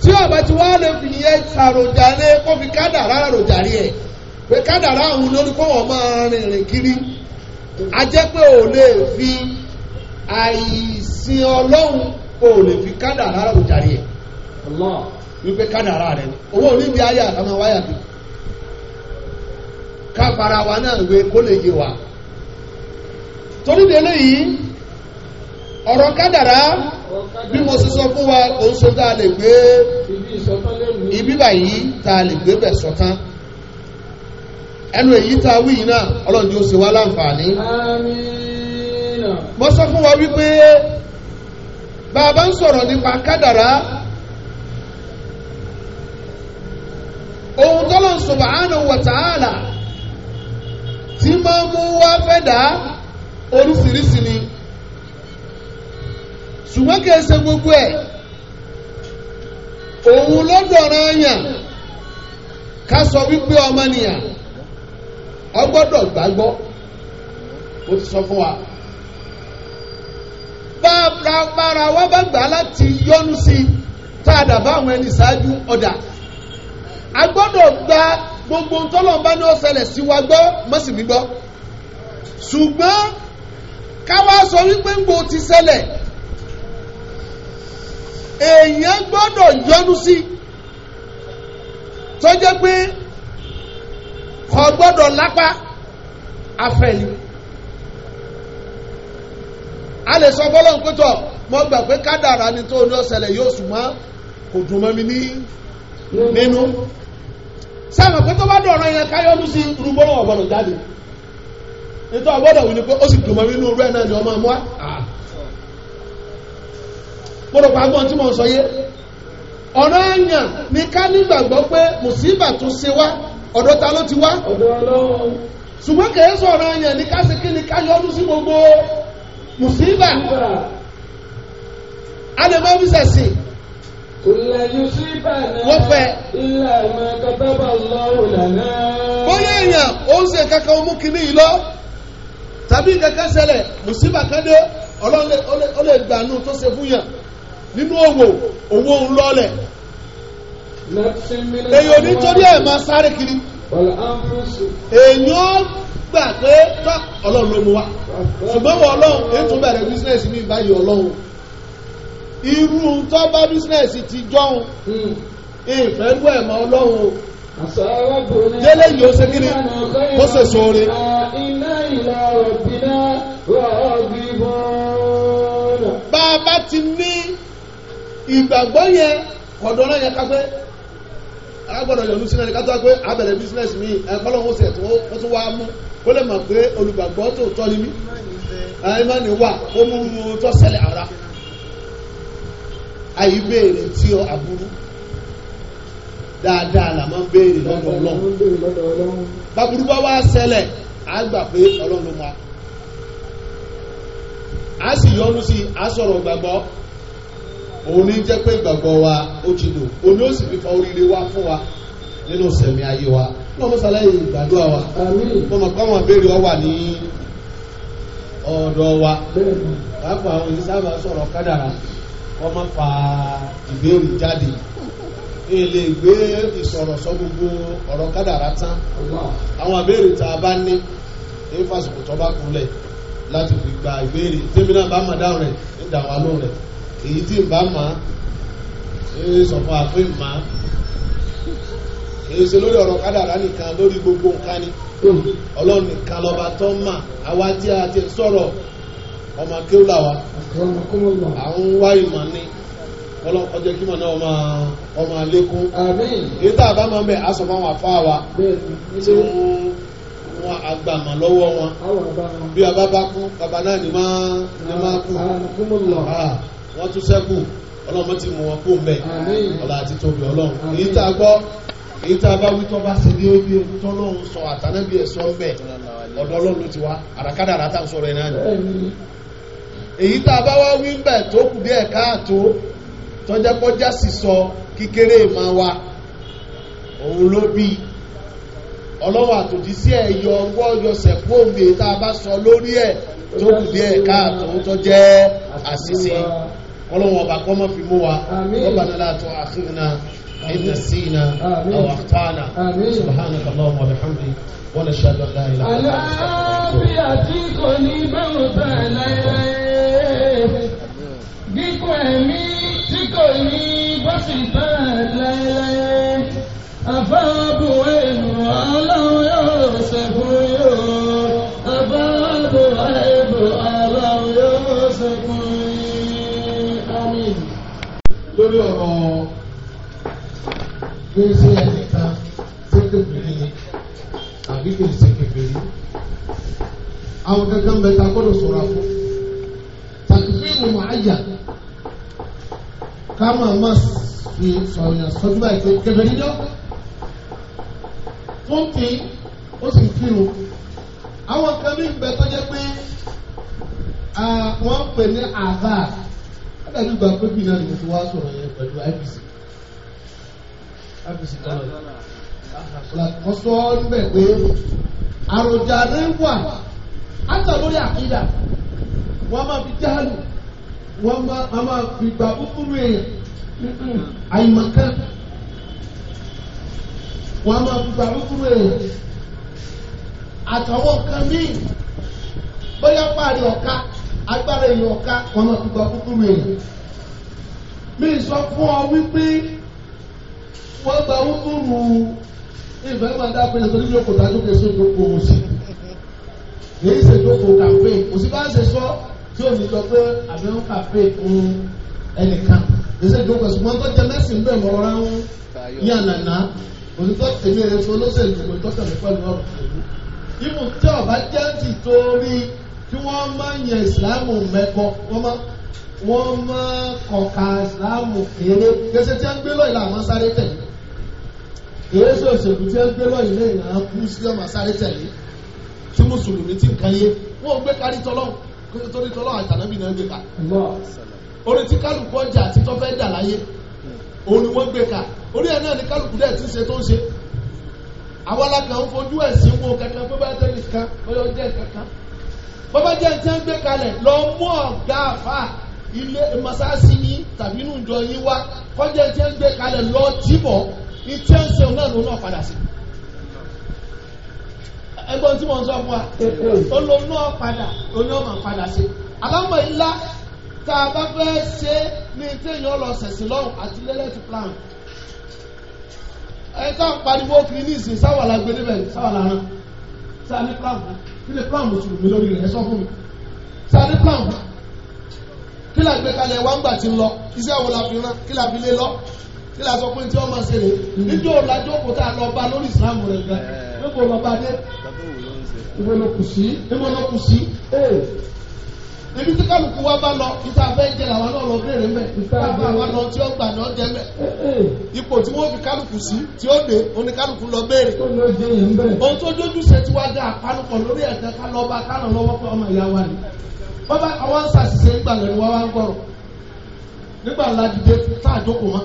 tí ọba tí wọ́n lè fi yẹ àròjà lé kó fi kádàrá àròjà rí ẹ̀ pé kádàrá òun lórí kó wọ́n máa rìnrìn kiri a jẹ́ pé ò lè fi àìsìn ọlọ́run ò lè fi kádàrá àròjà rí ẹ̀ wípé kádàrá rẹ̀ owó oníbi ayé àtàwọn wáyà bíi. ká wa náà wé kó lè yé wa torí délé yìí ọ̀rọ̀ kádàrá bí mo sì sọ fún wa kò sọ tá a lè gbé ibi báyìí tá a lè gbé bẹ̀ sọ̀tán ẹnu èyí tá a wí yìí náà ọlọ́run yóò ṣe wá láǹfààní. mo sọ fún wa wípé bàbá ń sọ̀rọ̀ nípa kádàrá ohun tọ́lọ̀ subhanahu tí máa mú wá fẹ́dà oríṣiríṣi ni ṣùgbọ́n kìí ṣe gbogbo ẹ̀ òun ló dọ̀rọ̀ yàn ká sọ wípé ọmọnìyàn ọgbọ́dọ̀ gbàgbọ́ ó ti sọ fún wa bá a para wa bá gbà láti yọnu sí tá a dà bá àwọn ẹni ṣáájú ọ̀dà a gbọ́dọ̀ gba gbogbo ntọ́lọ́n bá ní ó ṣẹlẹ̀ sí wa gbọ́ mọ́sí mi gbọ́ ṣùgbọ́n káwá sọ wípé ń gbo ti ṣẹlẹ̀ èèyàn gbọ́dọ̀ yọnu sí tó jẹ́ pé kò gbọ́dọ̀ lápá afẹ́yìn a lè sọ bọ́lọ́n pé tọ̀ mo gbà pé kádàrá ni tó ní ó ṣẹlẹ̀ yóò sùn mọ́ kò dùn mọ́ mi ní nínú. sáwọn pé tó bá dọ̀rọ̀ yẹn káyọ́nú sí rúgbọ́rọ̀ ọ̀gbọ̀nà jáde nítorí wí ni pé ó sì dùnmọ́ inú rẹ̀ náà ni ọmọ gbọ́dọ̀ pa agbọ́n tí mo sọ yé ọ̀rọ̀ àyàn ni ká nígbàgbọ́ pé mùsíbà tún ṣe wá ọ̀dọ̀ ta ló ti wá ṣùgbọ́n kìí sọ ọ̀rọ̀ àyàn ni ká ṣe kí ni sí gbogbo mùsíbà a lè wọ́n fẹ́ bóyá èèyàn ó ń ṣe kankan ó mú kinní yìí lọ tàbí kankan ṣẹlẹ̀ mùsíbà kan dé ọlọ́run ó lè gbàánú tó ṣe fún yàn nínú òwò owó ń lọ́lẹ̀ èyí ò ní torí ẹ̀ máa sáré kiri èèyàn gbà pé ọlọ́run ló mú wa ṣùgbọ́n wọ ọlọ́run ètò bẹ̀rẹ̀ bísíǹnẹ̀sì mi báyìí ọlọ́run irú tó bá bísínẹ́sì ti jọ́hun ìfẹ́ hmm. lú ẹ̀mọ́ ọlọ́run o délé yìí ó ṣe kí ni ó ṣe sóore. bá a bá ti ní ìgbàgbọ́ yẹn kọ̀dọ̀ náà yẹ ká pé agbọ́dọ̀ yọ̀lú sínú ẹni ká tó wá pé abẹ̀rẹ̀ bísínẹ́sì mi ẹ̀kọ́ lọ́wọ́ sí ẹ̀tún ó tún wá mú kó lè mọ̀ pé olùgbàgbọ́ tó tọ́ ni mí ẹ̀ẹ́mọ́ni wà ó mú un tó ṣẹlẹ̀ ara. àyè béèrè tí ó aburú dáadáa là máa ń béèrè lọ́dọ̀ ọlọ́run bàbúrú bá wá á gbà pé ọlọ́run wa a sì wa ó ti lò òun ni ó sì fi fa oríire wá fún wa nínú sẹ̀mí ayé wa wọ́n mọ́ sálẹ̀ ìgbàdúrà wa wọ́n mọ̀ ọ wà ní ọ̀dọ̀ wa pàápàá àwọn sọ̀rọ̀ wọ́n má fa ìbéèrè jáde èlè gbé ìsọ̀rọ̀ sọ gbogbo ọ̀rọ̀ kádàrá tán àwọn àbéèrè tá a bá ní ní fásitì tó bá kúnlẹ̀ láti fi gba ìbéèrè tèmi náà bá mọ̀ dáhùn rẹ̀ ní dàwọn aló rẹ̀ èyí tí ń bá mọ̀ ní sọ̀fọ̀ àpé mọ̀ èyí ṣe lórí ọ̀rọ̀ kádàrá nìkan lórí gbogbo nǹkan ni hmm. ọlọ́run nìkan lọ́ba tó mà àwa tí a ti sọ̀rọ̀ ọmọ akéwùlà wa àwọn wá ìmọ̀ ni ọlọ́kọjẹ́ kí màá náà ọmọ ọmọ alékún èyí tá a bá máa ń bẹ̀ aṣọ máa wa tí wọn agbàmọ̀ lọ́wọ́ wọn bí a bá bá kú bàbá náà ni máa kú wọ́n tún sẹ́kù ọlọ́mọ ti mú wọn kú mẹ́ ọ̀la àti tóbi ọlọ́run èyí tá a gbọ́ èyí tá a bá wí tọ́ bá ṣe ní orí ewu tọ́ lóhun sọ àtàlẹ́bí ẹ̀sọ́ ń bẹ̀ ọ̀dọ́ ọlọ́run ti wá àràkádà àràtà sọ̀rọ̀ ẹ̀ náà èyí tá a bá wá wí bẹ̀ tó kù bí ẹ̀ka àtó tọ́jẹ́kọ́já sì sọ kíkéré ma wa òun ló bí ọlọ́wọ́ àtòjí sí ẹ̀yọ ọgbọ́ yọsẹ̀ fóòmù èyí tá a bá sọ lórí ẹ̀ tó kù bí ẹ̀ka àtó tó jẹ́ àṣìṣe ọlọ́wọ́ ọba kọ́ mọ́ fi mú wa lọ́ba náà látọ̀ àfihàn إن نسينا أو أخطأنا سبحانك اللهم وبحمدك ونشهد أن لا إلا أنت نستغفرك ونتوب إليك Dípò ẹ̀mí tí kò ní bó sì bá láéláé. Àbábò ẹ̀mù ọlọ́run yóò ṣe yóò. Àbábò ẹ̀mù ọlọ́run yóò ṣe fún Lórí ọ̀rọ̀ gbé sí ẹnìkan ni àbí kò sí Àwọn kankan bẹ̀ta kó lè sọ̀rọ̀ fún. ṣẹ́kùn máa yà ká máa má fi sọ̀rọ̀ yàn báyìí pé kẹfẹ́ níjọ́ tó ń ó sì kírun àwọn kan ní ìgbẹ́ tó jẹ́ pé wọ́n pè ní àbá ẹ̀dàbí gba pé bí náà ni mo fi wá sọ̀rọ̀ yẹn pẹ̀lú IBC IBC tọ́lọ̀ yìí sọ níbẹ̀ pé àròjà rẹ̀ wà á tà lórí àkídà wọ́n máa fi wọ́n máa a máa fi gbà búburú èèyàn àyìnmọ̀kẹ́ wọ́n a máa fi gbà búburú èèyàn àtàwọn kan míì bóyá parí ọ̀ka agbára èèyàn ọ̀ka wọ́n máa fi gbà búburú èèyàn mi sọ fún ọ wípé wọ́n gbà búburú ìfẹ́ máa dá pé nítorí yóò kò dájú kí èso ìdókòwò sí èyí ṣèdókòwò kàmpé òsínbáṣe sọ tí ò ní sọ pé àbí wọn kà pé fún ẹnìkan ìṣe ìdókòwò ṣùgbọ́n tó jẹ mẹ́sìn bẹ́ẹ̀ mọ̀ rárá ń ní ànàná òtítọ́ èmi rẹ̀ fún olóṣèlú òtítọ́ tẹ̀lé pẹ̀lú ọ̀rọ̀ ìṣèlú. ibù tí ọba jẹ́ ti torí tí wọ́n máa ń yan ìsìláàmù mẹ́kọ wọ́n máa kọ̀ka ìsìláàmù kéré kéṣe tí wọ́n gbé lọ́yìn làwọn sáré tẹ̀lé èyí sọ òṣèlú tí wọ́n gbé lọ́yìn lẹ́yìn làwọn kú sí ọmọ sáré tẹ̀lé tí mùsùlùmí ti ń kan yé wọ́n gbé kárí tọ́lọ́run torí tọ́lọ́ àtànábì náà gbé ká orí tí kálukú ọjà àti tọ́fẹ́ dà láyé òun ni wọ́n gbé ká orí ẹ̀ náà ni kálukú dẹ̀ ti ṣe tó ń ṣe àwọn alákan fojú ẹ̀sìn wo kankan pé bá tẹ́lẹ̀ kan bóyá ó jẹ́ kankan bọ́bá jẹ́ ti ń gbé kalẹ̀ lọ mú ọ̀gá àfà ilé masasi yín tàbí inú ìjọ yín wá kọ́jẹ́ ti ń gbé kalẹ̀ lọ tìbọ̀ ní tí ń ṣe òun náà lòun padà sí i ẹgbọ́n tí wọ́n sọ fún wa olóńgbò padà oníwọ̀n padà sí àbámọ̀ ńlá tá a bá fẹ́ ṣe ní téèyàn lọ sẹ̀sìn lọ́hùn àti lẹ́lẹ́tì plan ẹ tá à ń pariwo kiri ní ìsìn sáwà la gbé níbẹ̀ sáwà la rán sáà ní plan kí ni plan mùsùlùmí lórí rẹ̀ ẹ sọ fún mi sáà ní plan fún kí la gbé kalẹ̀ wá ń gbà tí ń lọ iṣẹ́ àwọn la fi rán kí la fi lé lọ kí la sọ pé tí wọ́n máa ṣe rè níjó lajó kó tá a lọ bá lórí ìsìlámù rẹ̀ gan níbo lọ dé ìwé ló kù sí ìwé ló kù sí ee ibi tí kálukú wa bá lọ ìta fẹ́ jẹ làwọn náà lọ béèrè mẹ́ káfá wa lọ tí ó gbà ní ọjẹ mẹ́ ipò tí wọ́n fi kálukú sí tí ó dé oníkálukú lọ béèrè ohun tó dójú ṣe tí wàá dá àpánukọ lórí ẹ̀jẹ̀ ká lọ́ọ́ ká lọ lọ́wọ́ pé ọmọ ìyá wa ni bàbá àwọn ń ṣàṣìṣe nígbà lẹ́nu wá ń gbọ́rọ̀ nígbà ládìde tá àjókòó mọ́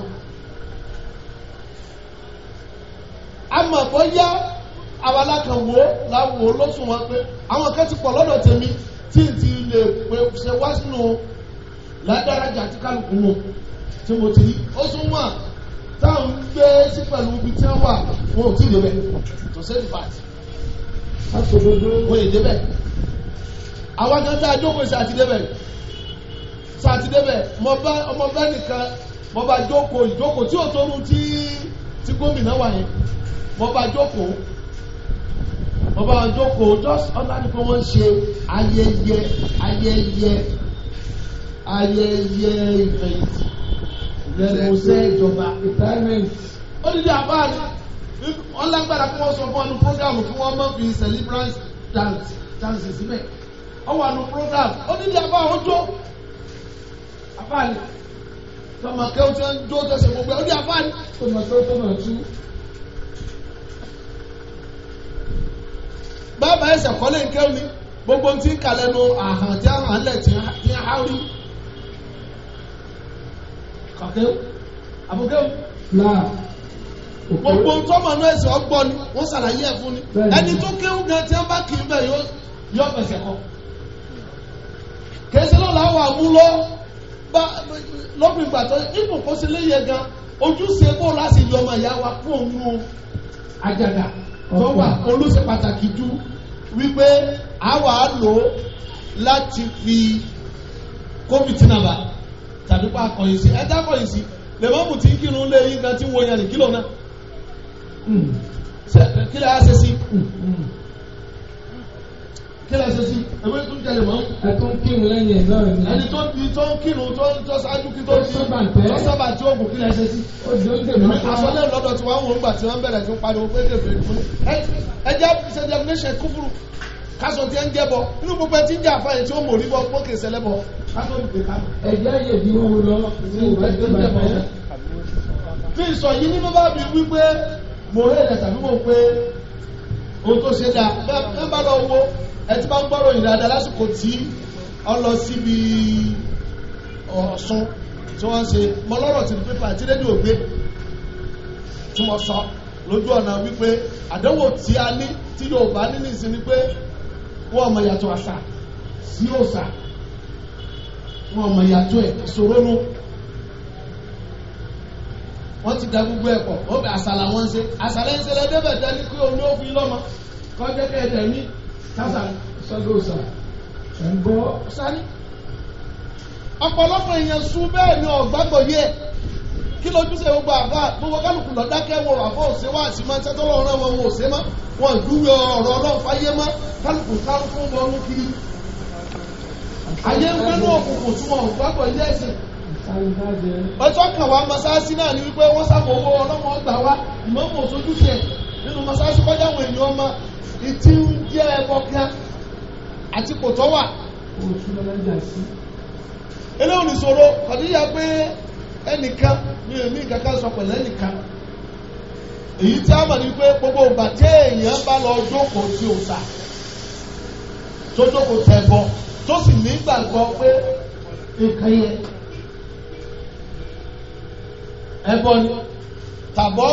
àmọ̀ bọ́ yá àwọn alákànwó láwò lọ́sùn wọn pé àwọn kan ti pọ̀ lọ́dọ̀ tèmi tí n ti lè pè ṣe wá sínú ládàrájà tí kálukú wọn tí mo ti rí ó sún wọn táwọn ń gbé sí pẹ̀lú ibi tí wọ́n wà wọn ò tí ì débẹ̀ tó sẹ́yìn bàtì wọn ì débẹ̀ àwọn kan tá a jókòó sí àti débẹ̀ sí àti débẹ̀ ọmọ bẹ́ẹ̀ nìkan mo bá jókòó ìjókòó tí ò tó rú tí gómìnà wà yẹn mo bá jókòó mo bá wọn jókòó just under the pé wọ́n ń ṣe ayẹyẹ ayẹyẹ ayẹyẹ ìfẹ̀yìntì lẹ́kọ̀ọ́sẹ́ ìjọba retirement. ó ní ní àbáyé wọ́n lágbára kí wọ́n sọ fún ọdún program kí wọ́n má fi celebrant dance dance síbẹ̀ wọ́n wà ní program ó ní ní àbáyé ó jó àbáyé tọmọkẹ́ ó ti ń jó tẹ̀sẹ̀ gbogbo ó ní àbáyé tọmọkẹ́ tọmọ tú. bàbá ẹsẹ̀ kọ́lé nkéwù ni gbogbo ti ń kalẹ̀ nu àhàn tí lẹ̀ ti ń hárí kàkéwù àbúkéwù là gbogbo ntọ́mọ náà ẹsẹ̀ ọgbọ́ ni wọ́n ṣàlàyé ẹ̀ fún ni ẹni tó gan tí wọ́n bá kì í bẹ̀ yọ ẹsẹ̀ kọ́ kèsì náà làwọn àmúlò lọ́gbìn gbàtọ́ ipò kó wípé a wà á lò ó láti fi kófìtì nàbà tàbí pa akọ̀yìn sí ẹja akọ̀yìn sí lèmọ́mù tí kírun lé yín kan tí ń wo yẹn nìkìlọ̀ náà hmm. kí lè á ṣe sí. Hmm. Hmm kílẹ̀ ṣe sí ewé tó jẹ lè mọ́. ẹ tó ń kírun lẹ́yìn ẹ̀ lọ́rẹ̀ mi. ẹni tó di tó ń kírun tó ń tọ́ ṣáájú kí tó di tó sábà tí oògùn kílẹ̀ ṣe sí. àsọlẹ̀ lọ́dọ̀ tí wọ́n ń wò ń tí wọ́n bẹ̀rẹ̀ tí pariwo pé kèfè fún ẹ jẹ́ ṣe definition kúfùrù kásọ tí ẹ ń jẹ́bọ inú gbogbo ti ń jẹ́ àfáyé tí ó mọ̀ ní bábá mo rẹ̀ lẹ̀ tàbí mo pé ohun tó ṣe dáa bẹ́ẹ̀ bá lọ wo ẹ ti bá ń gbọ́rọ̀ yìí dáadáa lásìkò tí ọ lọ síbi ọ̀sán tí wọ́n ṣe mọ lọ́rọ̀ sí ní pépà tí rédíò gbé tí wọ́n sọ lójú ọ̀nà wípé àdánwò tí a ní tí yóò bá ní nìsín ni pé wọ́n mọ yàtọ̀ àṣà sí òòṣà wọ́n mọ yàtọ̀ ẹ̀ ìṣòro nù wọ́n ti da gbogbo ẹ̀ pọ̀ wọ́n bẹ àṣà làwọn ń ṣe àṣà lẹ́yìn ṣẹlẹ̀ débẹ̀ dání kí olóògùn lọ́mọ kọ́jẹ́kẹ́ ẹ̀dẹ̀ ní sasa sọlọsà ẹ ń gbọ́ sáré ọ̀pọ̀lọpọ̀ èèyàn sún bẹ́ẹ̀ ni ọgbàgbọ yẹ kí lójú ṣe gbogbo àbá gbogbo kálukú lọ dákẹ́ wọn òsè wá àti máa ń sẹ́tọ́ lọ́wọ́ náà wọn òsè mọ́ wọn ìdúwé ọ̀rọ̀ ọlọ́run mọ́ kálukú kálukú kiri ayé ń gbẹ́nu òkùnkùn tí wọn ò gbàgbọ́ ilé ẹ̀sìn ọjọ́ kan náà ni wípé wọ́n owó ọgbà ìmọ̀ọ́mọ̀ nínú ìtí ń jẹ́ ẹbọ gan àti kò wà. eléwọ̀n ìṣòro kọ̀díyà pé ẹnìkan sọ pẹ̀lú ẹnìkan èyí tí a mọ̀ ní pé gbogbo ìgbà tí èèyàn bá lọ jókòó sí tó jókòó tẹ̀bọ tó sì ni tàbọ̀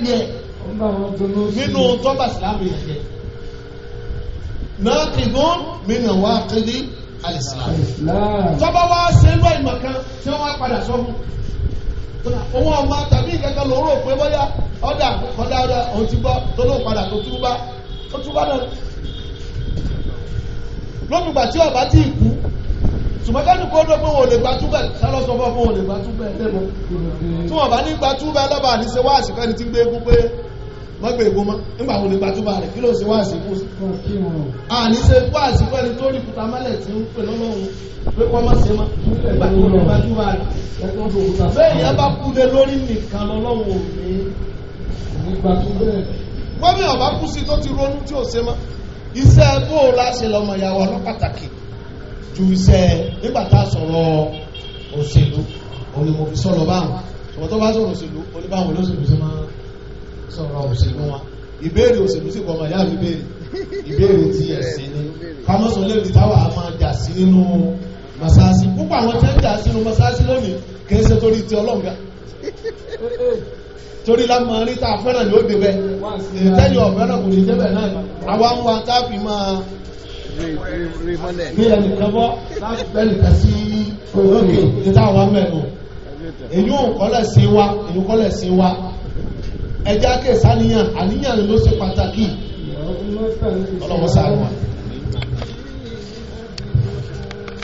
ń nínú tọ́ba ìsìlámù yẹn jẹ́ náà kìdún mí nà wá kéde àìsìlámù tọ́ba wá ṣe ń lọ ìmọ̀ kan tí wọ́n wá padà sọ fún òun ọmọ tàbí ìkẹ́kẹ́ lòun rò pé bóyá ọ̀dà ọ̀dà ọ̀dà òun ti gbọ́ tó lóun padà tó túbá tó túbá náà lónìgbà tí ọba ti kú sùmọ́kánù kó dọ́ pé wọn ò lè gbàtúbẹ̀ sálọ́sọ fọ́ fún wọn ò lè gbàtúbẹ̀ lẹ́nu tí wọn bá ní gbàtúbẹ̀ lọ́ba àníṣe wá àṣìkẹ́ni ti gbé egún pé mọ́gbẹ̀ ìbò mọ́ nígbà wọn nígbà tó bá rẹ̀ kí ló ṣe wáàsí fún sí. a ní ṣe wáàsí fún ẹni tó rí kúta mọ́lẹ̀ tí ń pè lọ́lọ́run pé kọ́ mọ́ ṣe mọ́ nígbà tó rẹ̀ bá rẹ̀. bẹ́ẹ̀ yẹn bá kú lé lórí nìkan lọ́lọ́run ò ní. wọ́n ní ọ̀bá kú sí tó ti ronú tí ò ṣe mọ́ iṣẹ́ bó o la ṣe lọ́mọ ìyàwó ọlọ́pàtàkì ju iṣẹ́ nígbà tá a sọ̀rọ̀ òṣèlú sọ̀rọ̀ òṣèlú wọn ìbéèrè òṣèlú sì kọ́ ọmọ ìyá mi béèrè ìbéèrè tí ẹ̀sìn ni kámọ́sọ lè rí táwa a máa jà sí nínú masasi púpọ̀ àwọn tẹ́ ń jà sínú masasi lónìí kì í ṣe torí ti ọlọ́ǹgà torí lámọ̀ rí tá a fẹ́ràn ní ó débẹ̀ ìtẹ́yọ̀ ọ̀fẹ́ràn kò ní débẹ̀ náà àwa ń wa tá fi máa bí ẹnìkan bọ́ láti bẹ́nìkan sí òkè níta àwọn èyí ò kọ́lẹ̀ sí wa èyí kọ́lẹ̀ sí wa ẹjẹ́ akẹ́sàníyàn àníyàn ló ṣe pàtàkì ọlọ́wọ́sàn wa.